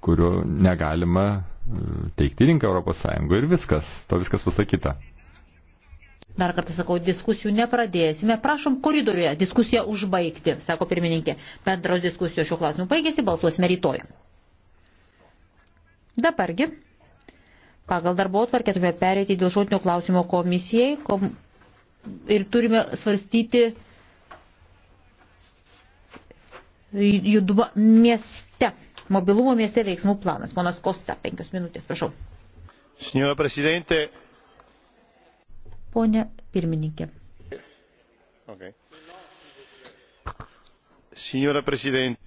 kurių negalima e, teikti rinką ES ir viskas, to viskas pasakyta. Dar kartą sakau, diskusijų nepradėsime. Prašom koridoriuje diskusiją užbaigti, sako pirmininkė. Bendros diskusijos šiuo klausimu baigėsi, balsuosime rytoj. Dabargi Pagal darbo atvarkę turime perėti dėl žodinio klausimo komisijai kom... ir turime svarstyti judumą mieste, mobilumo mieste veiksmų planas. Ponas Kosta, penkios minutės, prašau. Signora Presidente. Pone pirmininkė. Okay. Signora Presidente.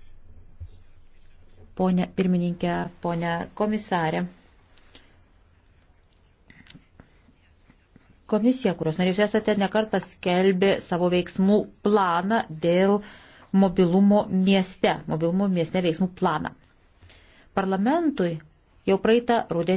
Pone pirmininkė, pone komisarė. Komisija, kurios narius esate, nekartą skelbė savo veiksmų planą dėl mobilumo mieste, mobilumo mieste veiksmų planą. Parlamentui jau praeitą rudenį.